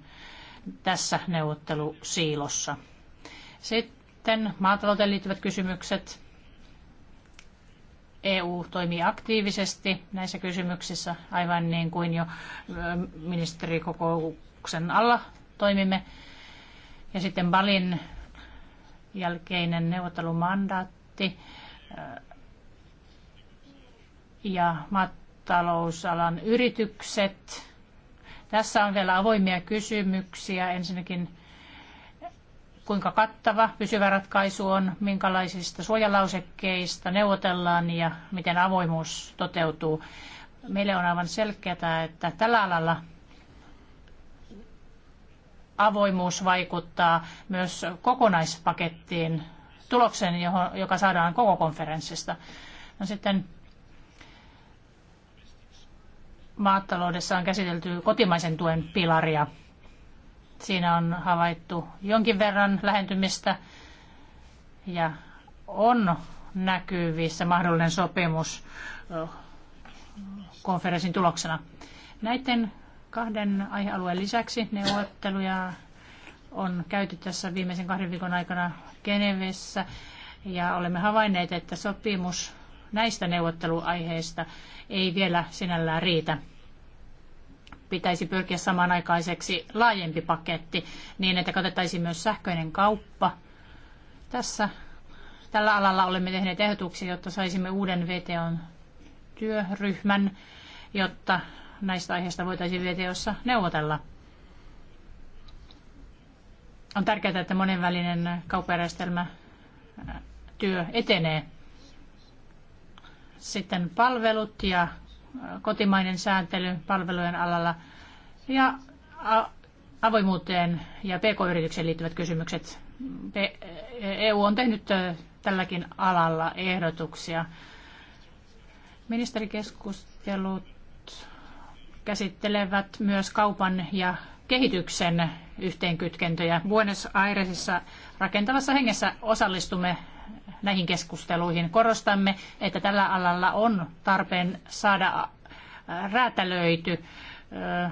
tässä neuvottelusiilossa. Sitten maatalouteen liittyvät kysymykset. EU toimii aktiivisesti näissä kysymyksissä, aivan niin kuin jo ministerikokouksen alla toimimme. Ja sitten Balin jälkeinen neuvottelumandaatti ja maatalousalan yritykset. Tässä on vielä avoimia kysymyksiä. Ensinnäkin kuinka kattava pysyvä ratkaisu on, minkälaisista suojalausekkeista neuvotellaan ja miten avoimuus toteutuu. Meille on aivan selkeää, että tällä alalla avoimuus vaikuttaa myös kokonaispakettiin, tulokseen, joka saadaan koko konferenssista. No sitten maataloudessa on käsitelty kotimaisen tuen pilaria – Siinä on havaittu jonkin verran lähentymistä ja on näkyvissä mahdollinen sopimus konferenssin tuloksena. Näiden kahden aihealueen lisäksi neuvotteluja on käyty tässä viimeisen kahden viikon aikana Genevessä ja olemme havainneet, että sopimus näistä neuvotteluaiheista ei vielä sinällään riitä pitäisi pyrkiä samanaikaiseksi laajempi paketti niin, että katettaisiin myös sähköinen kauppa. Tässä tällä alalla olemme tehneet ehdotuksia, jotta saisimme uuden VTOn työryhmän, jotta näistä aiheista voitaisiin VTOssa neuvotella. On tärkeää, että monenvälinen kauppajärjestelmä työ etenee. Sitten palvelut ja kotimainen sääntely palvelujen alalla ja avoimuuteen ja pk-yritykseen liittyvät kysymykset. EU e on tehnyt tälläkin alalla ehdotuksia. Ministerikeskustelut käsittelevät myös kaupan ja kehityksen yhteenkytkentöjä. Buenos Airesissa rakentavassa hengessä osallistumme näihin keskusteluihin. Korostamme, että tällä alalla on tarpeen saada äh, räätälöity äh,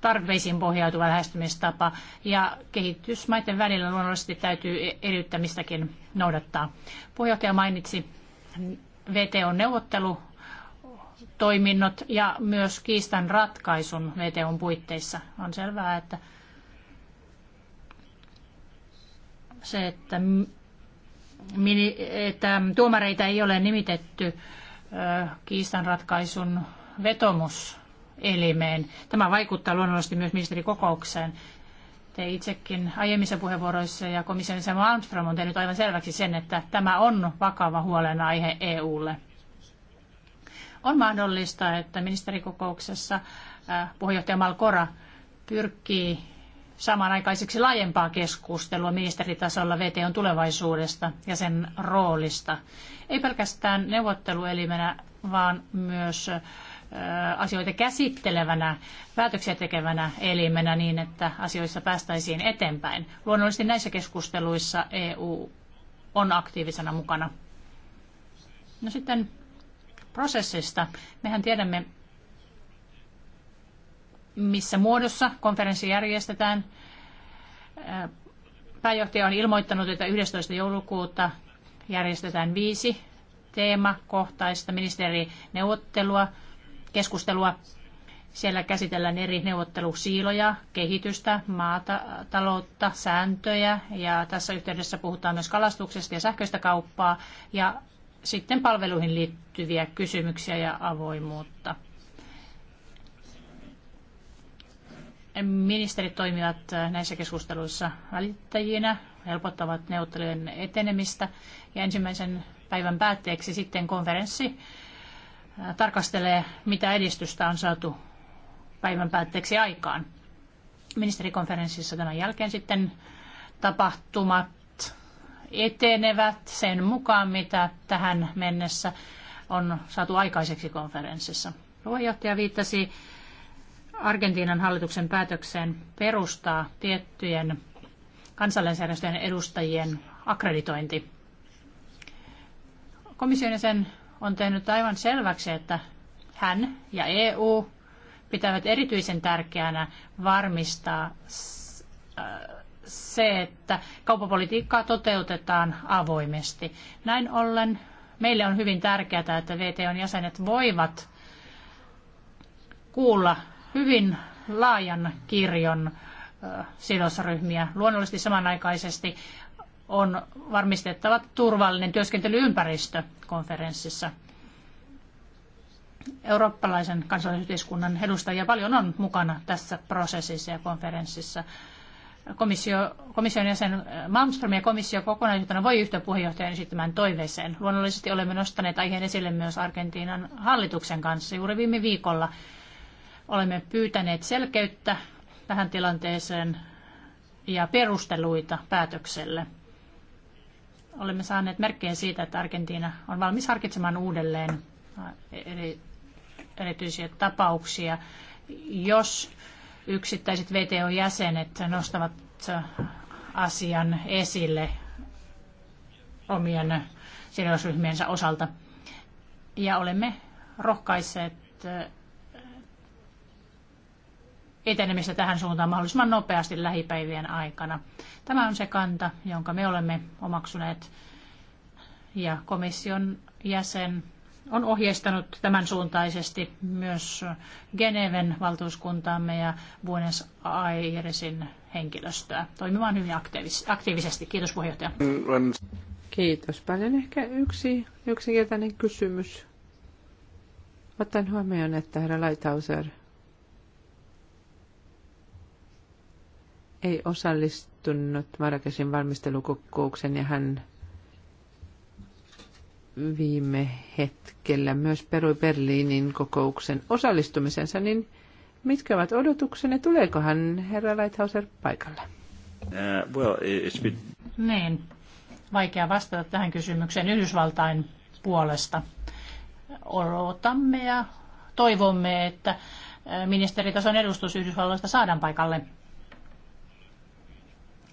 tarpeisiin pohjautuva lähestymistapa ja kehitysmaiden välillä luonnollisesti täytyy e- eriyttämistäkin noudattaa. Puheenjohtaja mainitsi vto neuvottelu toiminnot ja myös kiistan ratkaisun VTOn puitteissa. On selvää, että se, että että tuomareita ei ole nimitetty kiistanratkaisun vetomuselimeen. Tämä vaikuttaa luonnollisesti myös ministerikokoukseen. Te itsekin aiemmissa puheenvuoroissa ja komission Sam Armstrong on tehnyt aivan selväksi sen, että tämä on vakava huolenaihe EUlle. On mahdollista, että ministerikokouksessa puheenjohtaja Malkora pyrkii samanaikaiseksi laajempaa keskustelua ministeritasolla VTOn tulevaisuudesta ja sen roolista. Ei pelkästään neuvotteluelimenä, vaan myös asioita käsittelevänä, päätöksiä tekevänä elimenä niin, että asioissa päästäisiin eteenpäin. Luonnollisesti näissä keskusteluissa EU on aktiivisena mukana. No sitten prosessista. Mehän tiedämme, missä muodossa konferenssi järjestetään. Pääjohtaja on ilmoittanut, että 11. joulukuuta järjestetään viisi teemakohtaista ministerineuvottelua, keskustelua. Siellä käsitellään eri neuvottelusiiloja, kehitystä, maataloutta, sääntöjä ja tässä yhteydessä puhutaan myös kalastuksesta ja sähköistä kauppaa ja sitten palveluihin liittyviä kysymyksiä ja avoimuutta. Ministerit toimivat äh, näissä keskusteluissa välittäjinä, helpottavat neuvottelujen etenemistä ja ensimmäisen päivän päätteeksi sitten konferenssi äh, tarkastelee, mitä edistystä on saatu päivän päätteeksi aikaan. Ministerikonferenssissa tämän jälkeen sitten tapahtumat etenevät sen mukaan, mitä tähän mennessä on saatu aikaiseksi konferenssissa. Puheenjohtaja viittasi Argentiinan hallituksen päätökseen perustaa tiettyjen kansalaisjärjestöjen edustajien akkreditointi. Komission sen on tehnyt aivan selväksi, että hän ja EU pitävät erityisen tärkeänä varmistaa se, että kauppapolitiikkaa toteutetaan avoimesti. Näin ollen meille on hyvin tärkeää, että VTOn jäsenet voivat kuulla hyvin laajan kirjon sidosryhmiä. Luonnollisesti samanaikaisesti on varmistettava turvallinen työskentelyympäristö konferenssissa. Eurooppalaisen kansalaisyhteiskunnan edustajia paljon on mukana tässä prosessissa ja konferenssissa. Komissio, komission jäsen Malmström ja komissio kokonaisuutena voi yhtä puheenjohtajan esittämään toiveeseen. Luonnollisesti olemme nostaneet aiheen esille myös Argentiinan hallituksen kanssa juuri viime viikolla Olemme pyytäneet selkeyttä tähän tilanteeseen ja perusteluita päätökselle. Olemme saaneet merkkejä siitä, että Argentiina on valmis harkitsemaan uudelleen eri, erityisiä tapauksia, jos yksittäiset VTO-jäsenet nostavat asian esille omien sidosryhmiensä osalta. Ja olemme rohkaisseet etenemistä tähän suuntaan mahdollisimman nopeasti lähipäivien aikana. Tämä on se kanta, jonka me olemme omaksuneet ja komission jäsen on ohjeistanut tämän suuntaisesti myös Geneven valtuuskuntaamme ja Buenos Airesin henkilöstöä toimimaan hyvin aktiivisesti. Kiitos puheenjohtaja. Kiitos paljon. Ehkä yksi yksinkertainen kysymys. Otan huomioon, että herra Laitauser ei osallistunut Marrakesin valmistelukokouksen ja hän viime hetkellä myös perui Berliinin kokouksen osallistumisensa, niin mitkä ovat odotuksenne? Tuleekohan herra Lighthouser paikalle? Uh, well, it's been... Niin, vaikea vastata tähän kysymykseen Yhdysvaltain puolesta. Odotamme ja toivomme, että eh, ministeritason edustus Yhdysvalloista saadaan paikalle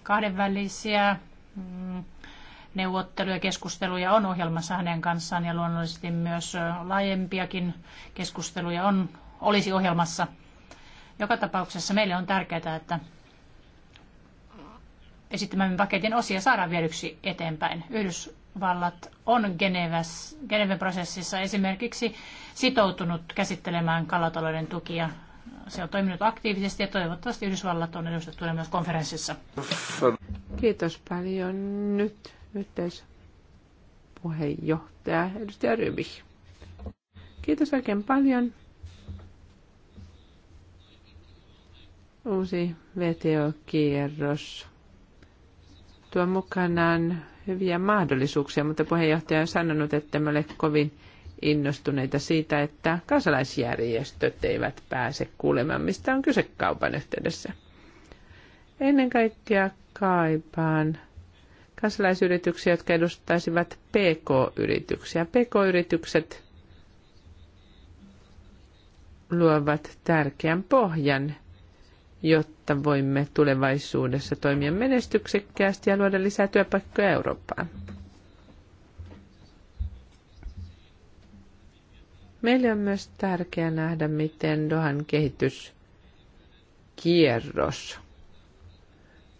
kahdenvälisiä mm, neuvotteluja, keskusteluja on ohjelmassa hänen kanssaan ja luonnollisesti myös laajempiakin keskusteluja on, olisi ohjelmassa. Joka tapauksessa meille on tärkeää, että esittämämme paketin osia saadaan viedyksi eteenpäin. Yhdysvallat on Geneven prosessissa esimerkiksi sitoutunut käsittelemään kalatalouden tukia se on toiminut aktiivisesti ja toivottavasti Yhdysvallat on edustettuna myös konferenssissa. Kiitos paljon. Nyt yhteispuheenjohtaja edustaja Ryby. Kiitos oikein paljon. Uusi VTO-kierros tuo mukanaan hyviä mahdollisuuksia, mutta puheenjohtaja on sanonut, että me ole kovin innostuneita siitä, että kansalaisjärjestöt eivät pääse kuulemaan, mistä on kyse kaupan yhteydessä. Ennen kaikkea kaipaan kansalaisyrityksiä, jotka edustaisivat PK-yrityksiä. PK-yritykset luovat tärkeän pohjan, jotta voimme tulevaisuudessa toimia menestyksekkäästi ja luoda lisää työpaikkoja Eurooppaan. Meille on myös tärkeää nähdä, miten Dohan kehityskierros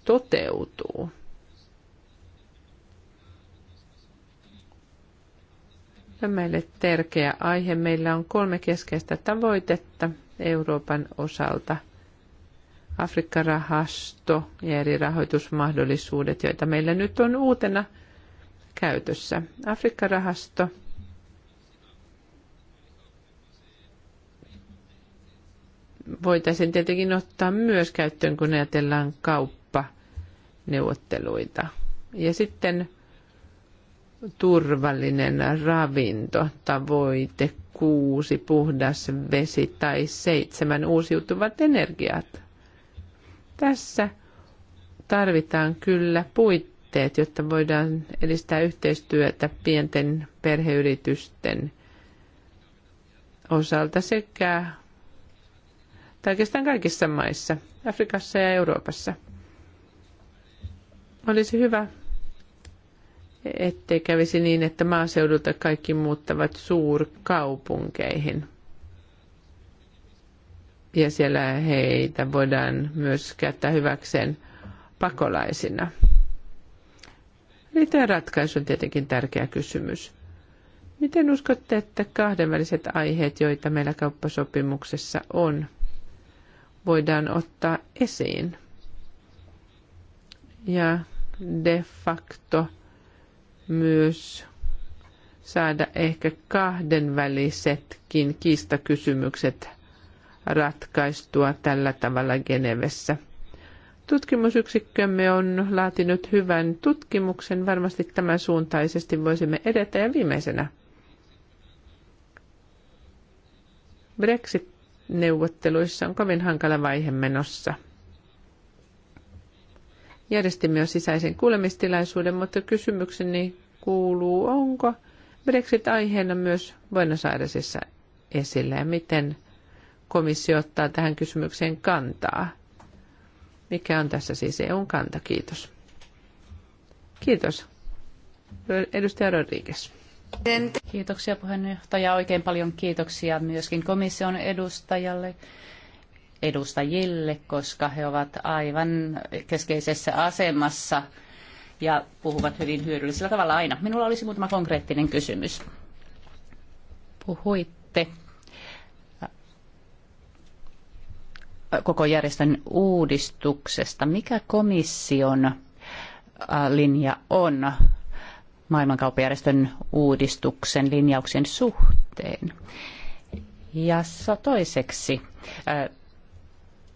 toteutuu. on meille tärkeä aihe. Meillä on kolme keskeistä tavoitetta Euroopan osalta. Afrikkarahasto ja eri rahoitusmahdollisuudet, joita meillä nyt on uutena käytössä. Afrikkarahasto voitaisiin tietenkin ottaa myös käyttöön, kun ajatellaan kauppaneuvotteluita. Ja sitten turvallinen ravinto, tavoite kuusi, puhdas vesi tai seitsemän uusiutuvat energiat. Tässä tarvitaan kyllä puitteet, jotta voidaan edistää yhteistyötä pienten perheyritysten osalta sekä tai oikeastaan kaikissa maissa, Afrikassa ja Euroopassa. Olisi hyvä, ettei kävisi niin, että maaseudulta kaikki muuttavat suurkaupunkeihin. Ja siellä heitä voidaan myös käyttää hyväkseen pakolaisina. Eli tämä ratkaisu on tietenkin tärkeä kysymys. Miten uskotte, että kahdenväliset aiheet, joita meillä kauppasopimuksessa on, voidaan ottaa esiin. Ja de facto myös saada ehkä kahdenvälisetkin kiistakysymykset ratkaistua tällä tavalla Genevessä. Tutkimusyksikkömme on laatinut hyvän tutkimuksen. Varmasti tämän suuntaisesti voisimme edetä. Ja viimeisenä Brexit neuvotteluissa on kovin hankala vaihe menossa. Järjestimme jo sisäisen kuulemistilaisuuden, mutta kysymykseni kuuluu, onko Brexit aiheena myös Buenos Airesissa esillä ja miten komissio ottaa tähän kysymykseen kantaa. Mikä on tässä siis EUn kanta? Kiitos. Kiitos. Edustaja Rodriguez. Kiitoksia puheenjohtaja. Oikein paljon kiitoksia myöskin komission edustajalle edustajille, koska he ovat aivan keskeisessä asemassa ja puhuvat hyvin hyödyllisellä tavalla aina. Minulla olisi muutama konkreettinen kysymys. Puhuitte koko järjestön uudistuksesta. Mikä komission linja on maailmankauppajärjestön uudistuksen linjauksen suhteen. Ja toiseksi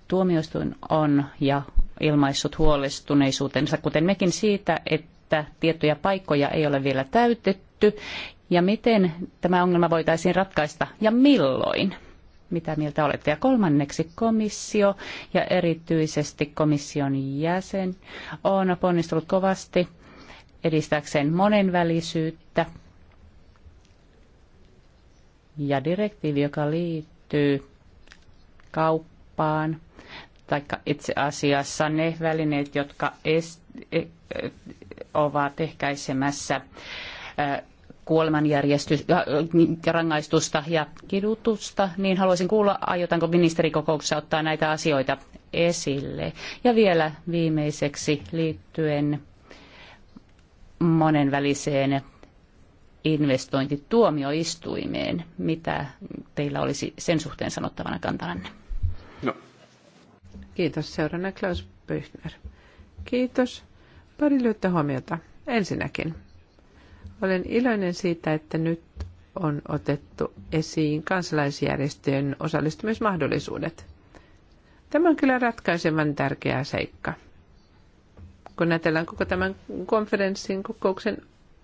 tuomioistuin on ja ilmaissut huolestuneisuutensa, kuten mekin siitä, että tiettyjä paikkoja ei ole vielä täytetty ja miten tämä ongelma voitaisiin ratkaista ja milloin. Mitä mieltä olette? Ja kolmanneksi komissio ja erityisesti komission jäsen on ponnistellut kovasti edistääkseen monenvälisyyttä. Ja direktiivi, joka liittyy kauppaan, tai itse asiassa ne välineet, jotka e- ovat ehkäisemässä ja rangaistusta ja kidutusta, niin haluaisin kuulla, aiotaanko ministerikokouksessa ottaa näitä asioita esille. Ja vielä viimeiseksi liittyen monenväliseen investointituomioistuimeen. Mitä teillä olisi sen suhteen sanottavana kantananne? No. Kiitos. Seuraavana Klaus Büchner. Kiitos. Pari lyhyttä huomiota. Ensinnäkin, olen iloinen siitä, että nyt on otettu esiin kansalaisjärjestöjen osallistumismahdollisuudet. Tämä on kyllä ratkaisevan tärkeä seikka – kun ajatellaan koko tämän konferenssin kokouksen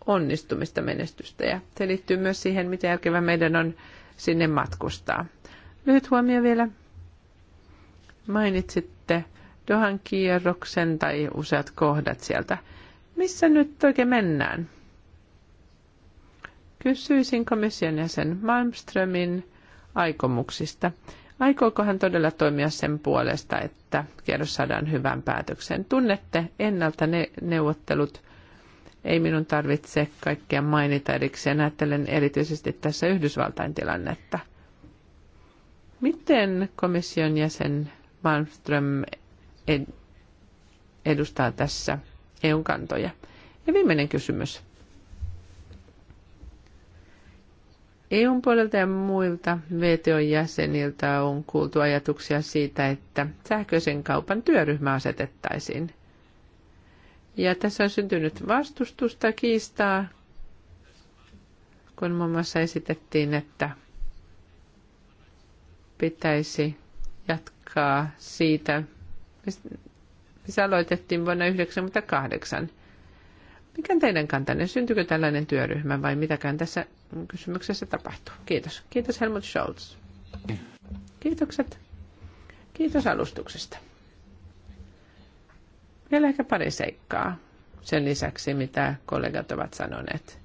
onnistumista menestystä. Ja se liittyy myös siihen, miten järkevä meidän on sinne matkustaa. Lyhyt huomio vielä. Mainitsitte Dohan kierroksen tai useat kohdat sieltä. Missä nyt oikein mennään? Kysyisin komission jäsen Malmströmin aikomuksista. Aikooko hän todella toimia sen puolesta, että kierros saadaan hyvän päätöksen? Tunnette ennalta ne neuvottelut. Ei minun tarvitse kaikkia mainita erikseen. Ajattelen erityisesti tässä Yhdysvaltain tilannetta. Miten komission jäsen Malmström edustaa tässä eu kantoja? Ja viimeinen kysymys. EUn puolelta ja muilta VTOn jäseniltä on kuultu ajatuksia siitä, että sähköisen kaupan työryhmä asetettaisiin. Ja tässä on syntynyt vastustusta kiistaa, kun muun muassa esitettiin, että pitäisi jatkaa siitä, missä aloitettiin vuonna 1998. Mikä teidän kantanne? Syntyykö tällainen työryhmä vai mitäkään tässä kysymyksessä tapahtuu? Kiitos. Kiitos Helmut Scholz. Kiitokset. Kiitos alustuksesta. Vielä ehkä pari seikkaa sen lisäksi, mitä kollegat ovat sanoneet.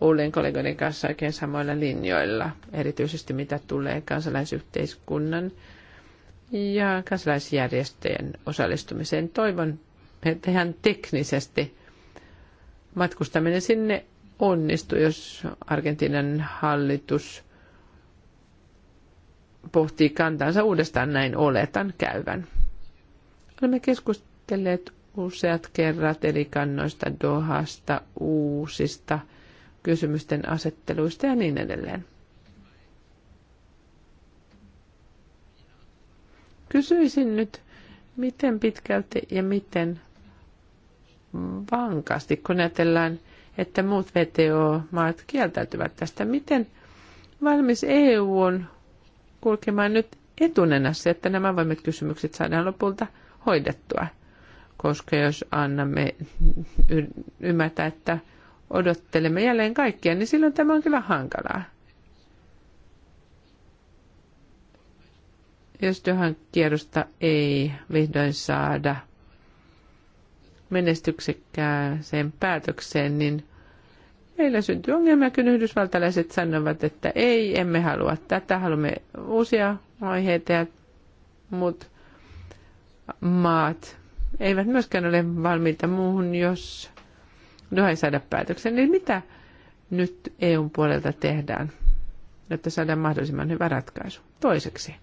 Olen kollegoiden kanssa oikein samoilla linjoilla, erityisesti mitä tulee kansalaisyhteiskunnan ja kansalaisjärjestöjen osallistumiseen. Toivon, että ihan teknisesti – matkustaminen sinne onnistu, jos Argentiinan hallitus pohtii kantansa uudestaan näin oletan käyvän. Olemme keskustelleet useat kerrat eri kannoista, Dohasta, uusista kysymysten asetteluista ja niin edelleen. Kysyisin nyt, miten pitkälti ja miten vankasti, kun ajatellaan, että muut VTO-maat kieltäytyvät tästä. Miten valmis EU on kulkemaan nyt etunenässä, että nämä avoimet kysymykset saadaan lopulta hoidettua? Koska jos annamme ymmärtää, että odottelemme jälleen kaikkia, niin silloin tämä on kyllä hankalaa. Jos johon kierrosta ei vihdoin saada – menestyksekkääseen päätökseen, niin meillä syntyy ongelmia, kun yhdysvaltalaiset sanovat, että ei, emme halua tätä, haluamme uusia aiheita ja muut maat eivät myöskään ole valmiita muuhun, jos no ei saada päätöksen. Niin mitä nyt EUn puolelta tehdään, että saadaan mahdollisimman hyvä ratkaisu? Toiseksi.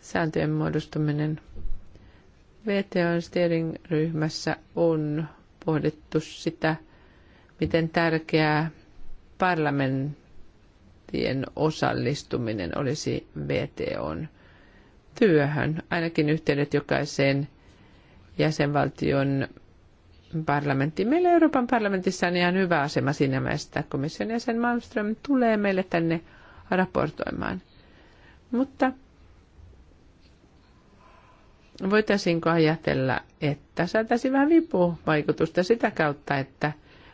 Sääntöjen muodostuminen VTOn steering-ryhmässä on pohdittu sitä, miten tärkeää parlamenttien osallistuminen olisi VTOn työhön. Ainakin yhteydet jokaiseen jäsenvaltion parlamenttiin. Meillä Euroopan parlamentissa on ihan hyvä asema siinä mielessä, että komission jäsen Malmström tulee meille tänne raportoimaan. Mutta voitaisiinko ajatella, että saataisiin vähän vipuvaikutusta sitä kautta, että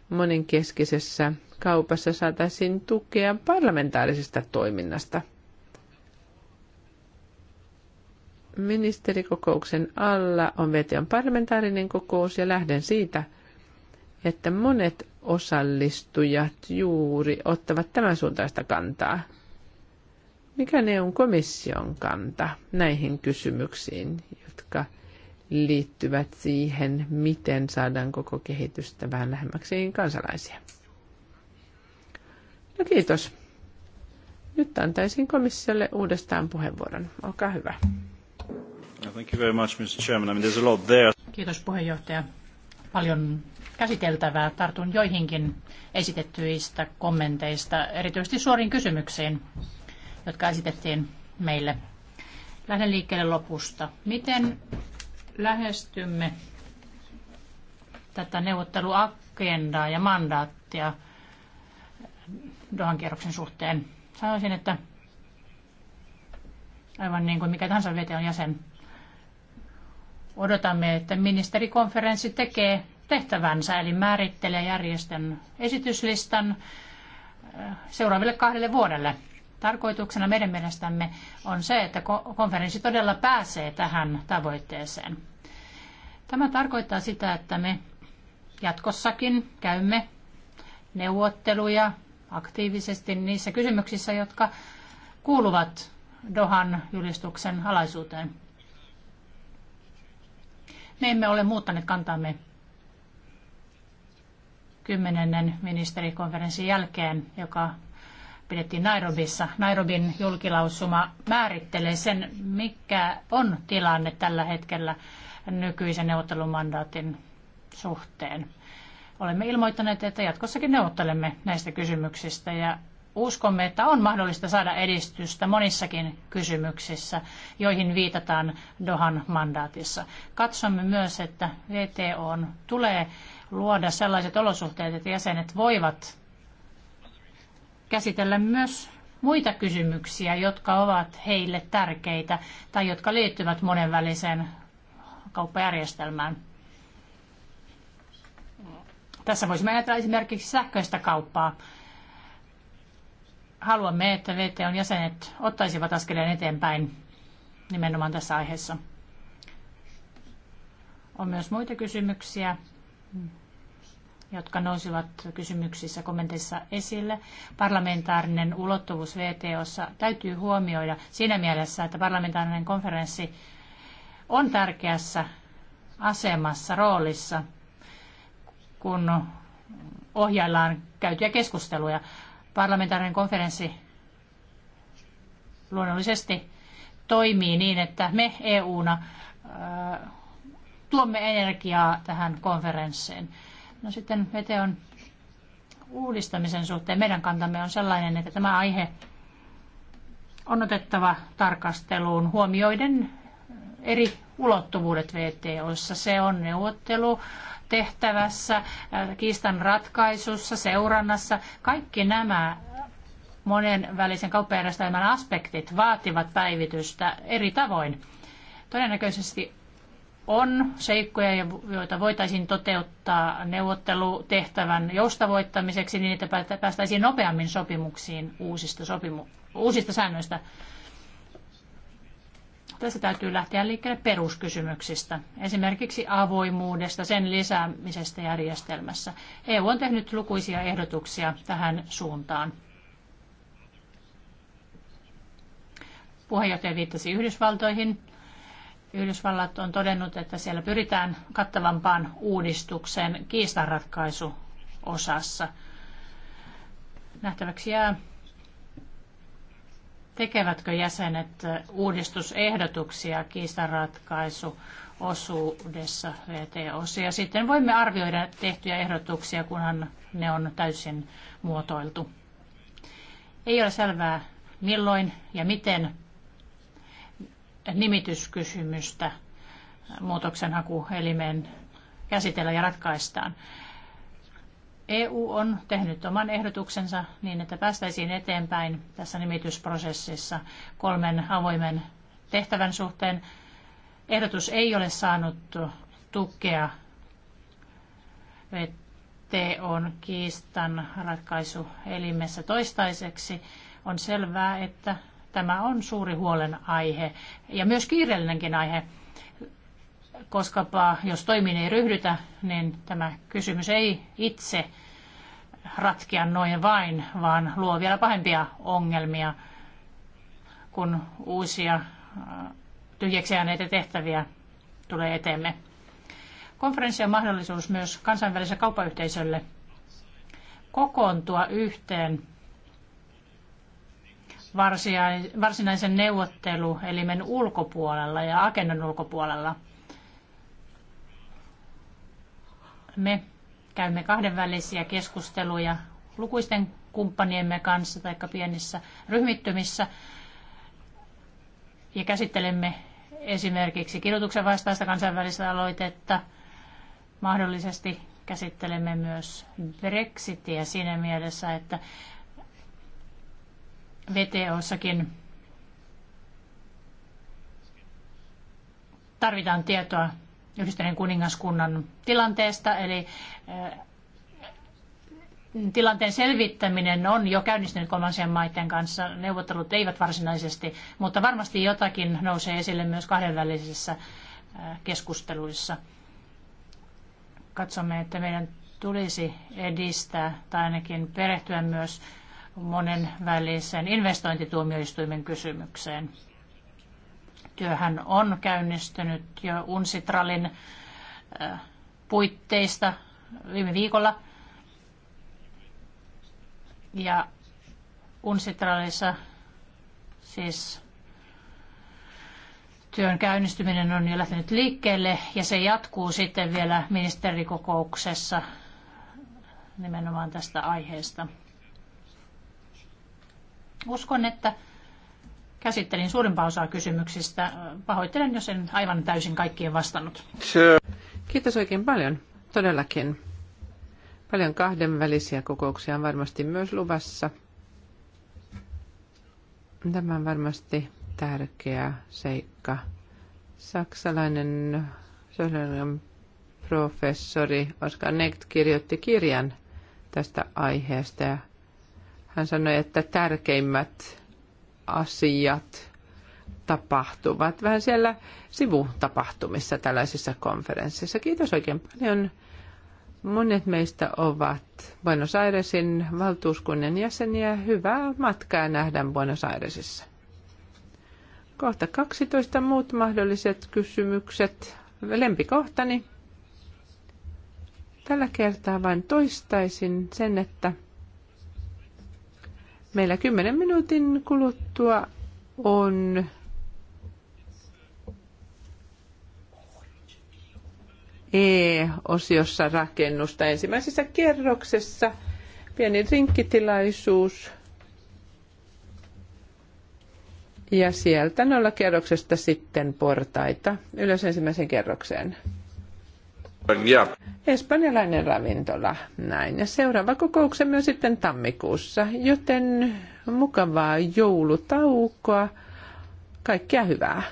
monenkeskisessä kaupassa saataisiin tukea parlamentaarisesta toiminnasta. Ministerikokouksen alla on VTOn parlamentaarinen kokous ja lähden siitä, että monet osallistujat juuri ottavat tämän suuntaista kantaa. Mikä ne on komission kanta näihin kysymyksiin, jotka liittyvät siihen, miten saadaan koko kehitystä vähän lähemmäksi kansalaisia? No kiitos. Nyt antaisin komissiolle uudestaan puheenvuoron. Olkaa hyvä. Thank you very much, Mr. Chairman. I mean, there's a lot there. Kiitos puheenjohtaja. Paljon käsiteltävää. Tartun joihinkin esitettyistä kommenteista, erityisesti suoriin kysymyksiin jotka esitettiin meille. Lähden liikkeelle lopusta. Miten lähestymme tätä neuvotteluagendaa ja mandaattia Dohan kierroksen suhteen? Sanoisin, että aivan niin kuin mikä tahansa on jäsen, odotamme, että ministerikonferenssi tekee tehtävänsä, eli määrittelee järjestön esityslistan äh, seuraaville kahdelle vuodelle tarkoituksena meidän mielestämme on se, että konferenssi todella pääsee tähän tavoitteeseen. Tämä tarkoittaa sitä, että me jatkossakin käymme neuvotteluja aktiivisesti niissä kysymyksissä, jotka kuuluvat Dohan julistuksen alaisuuteen. Me emme ole muuttaneet kantamme kymmenennen ministerikonferenssin jälkeen, joka pidettiin Nairobissa. Nairobin julkilausuma määrittelee sen, mikä on tilanne tällä hetkellä nykyisen neuvottelumandaatin suhteen. Olemme ilmoittaneet, että jatkossakin neuvottelemme näistä kysymyksistä ja uskomme, että on mahdollista saada edistystä monissakin kysymyksissä, joihin viitataan Dohan mandaatissa. Katsomme myös, että VTO tulee luoda sellaiset olosuhteet, että jäsenet voivat käsitellä myös muita kysymyksiä, jotka ovat heille tärkeitä tai jotka liittyvät monenväliseen kauppajärjestelmään. Tässä voisi mennä esimerkiksi sähköistä kauppaa. Haluamme, että VTOn jäsenet ottaisivat askeleen eteenpäin nimenomaan tässä aiheessa. On myös muita kysymyksiä, jotka nousivat kysymyksissä kommenteissa esille. Parlamentaarinen ulottuvuus VTOssa täytyy huomioida siinä mielessä, että parlamentaarinen konferenssi on tärkeässä asemassa, roolissa, kun ohjaillaan käytyjä keskusteluja. Parlamentaarinen konferenssi luonnollisesti toimii niin, että me EU-na tuomme energiaa tähän konferenssiin. No sitten on uudistamisen suhteen meidän kantamme on sellainen, että tämä aihe on otettava tarkasteluun huomioiden eri ulottuvuudet VTOissa. Se on neuvottelu tehtävässä, äh, kiistan ratkaisussa, seurannassa. Kaikki nämä monen välisen kauppajärjestelmän aspektit vaativat päivitystä eri tavoin. Todennäköisesti on seikkoja, joita voitaisiin toteuttaa neuvottelutehtävän joustavoittamiseksi niin, että päästäisiin nopeammin sopimuksiin uusista, sopimu- uusista säännöistä. Tässä täytyy lähteä liikkeelle peruskysymyksistä, esimerkiksi avoimuudesta, sen lisäämisestä järjestelmässä. EU on tehnyt lukuisia ehdotuksia tähän suuntaan. Puheenjohtaja viittasi Yhdysvaltoihin Yhdysvallat on todennut, että siellä pyritään kattavampaan uudistukseen kiistanratkaisuosassa. Nähtäväksi jää, tekevätkö jäsenet uudistusehdotuksia kiistanratkaisuosuudessa VTOssa. Ja sitten voimme arvioida tehtyjä ehdotuksia, kunhan ne on täysin muotoiltu. Ei ole selvää, milloin ja miten nimityskysymystä muutoksenhakuelimeen käsitellä ja ratkaistaan. EU on tehnyt oman ehdotuksensa niin, että päästäisiin eteenpäin tässä nimitysprosessissa kolmen avoimen tehtävän suhteen. Ehdotus ei ole saanut tukea VTOn kiistan ratkaisuelimessä toistaiseksi. On selvää, että Tämä on suuri huolenaihe ja myös kiireellinenkin aihe, koska jos toimiin ei ryhdytä, niin tämä kysymys ei itse ratkea noin vain, vaan luo vielä pahempia ongelmia, kun uusia äh, tyhjäksi jääneitä tehtäviä tulee eteemme. Konferenssi on mahdollisuus myös kansainväliselle kauppayhteisölle kokoontua yhteen varsinaisen neuvotteluelimen ulkopuolella ja agendan ulkopuolella. Me käymme kahdenvälisiä keskusteluja lukuisten kumppaniemme kanssa tai pienissä ryhmittymissä ja käsittelemme esimerkiksi kidutuksen vastaista kansainvälistä aloitetta. Mahdollisesti käsittelemme myös Brexitiä siinä mielessä, että VTOssakin tarvitaan tietoa yhdistyneen kuningaskunnan tilanteesta, eli eh, tilanteen selvittäminen on jo käynnistynyt kolmansien maiden kanssa. Neuvottelut eivät varsinaisesti, mutta varmasti jotakin nousee esille myös kahdenvälisissä eh, keskusteluissa. Katsomme, että meidän tulisi edistää tai ainakin perehtyä myös monen välisen investointituomioistuimen kysymykseen. Työhän on käynnistynyt jo UNSITRALin äh, puitteista viime viikolla. Ja UNSITRALissa siis työn käynnistyminen on jo lähtenyt liikkeelle ja se jatkuu sitten vielä ministerikokouksessa nimenomaan tästä aiheesta. Uskon, että käsittelin suurimpaa osaa kysymyksistä. Pahoittelen, jos en aivan täysin kaikkien vastannut. Kiitos oikein paljon. Todellakin. Paljon kahdenvälisiä kokouksia on varmasti myös luvassa. Tämä on varmasti tärkeä seikka. Saksalainen sosiaalinen professori Oskar Necht kirjoitti kirjan tästä aiheesta ja hän sanoi, että tärkeimmät asiat tapahtuvat vähän siellä sivutapahtumissa tällaisissa konferensseissa. Kiitos oikein paljon. Monet meistä ovat Buenos Airesin valtuuskunnan jäseniä. Hyvää matkaa nähdään Buenos Airesissa. Kohta 12 muut mahdolliset kysymykset. Lempikohtani. Tällä kertaa vain toistaisin sen, että Meillä 10 minuutin kuluttua on E-osiossa rakennusta ensimmäisessä kerroksessa. Pieni rinkkitilaisuus. Ja sieltä nolla kerroksesta sitten portaita ylös ensimmäiseen kerrokseen. Espanjalainen ravintola, näin. Ja seuraava kokouksemme on sitten tammikuussa, joten mukavaa joulutaukoa, kaikkea hyvää.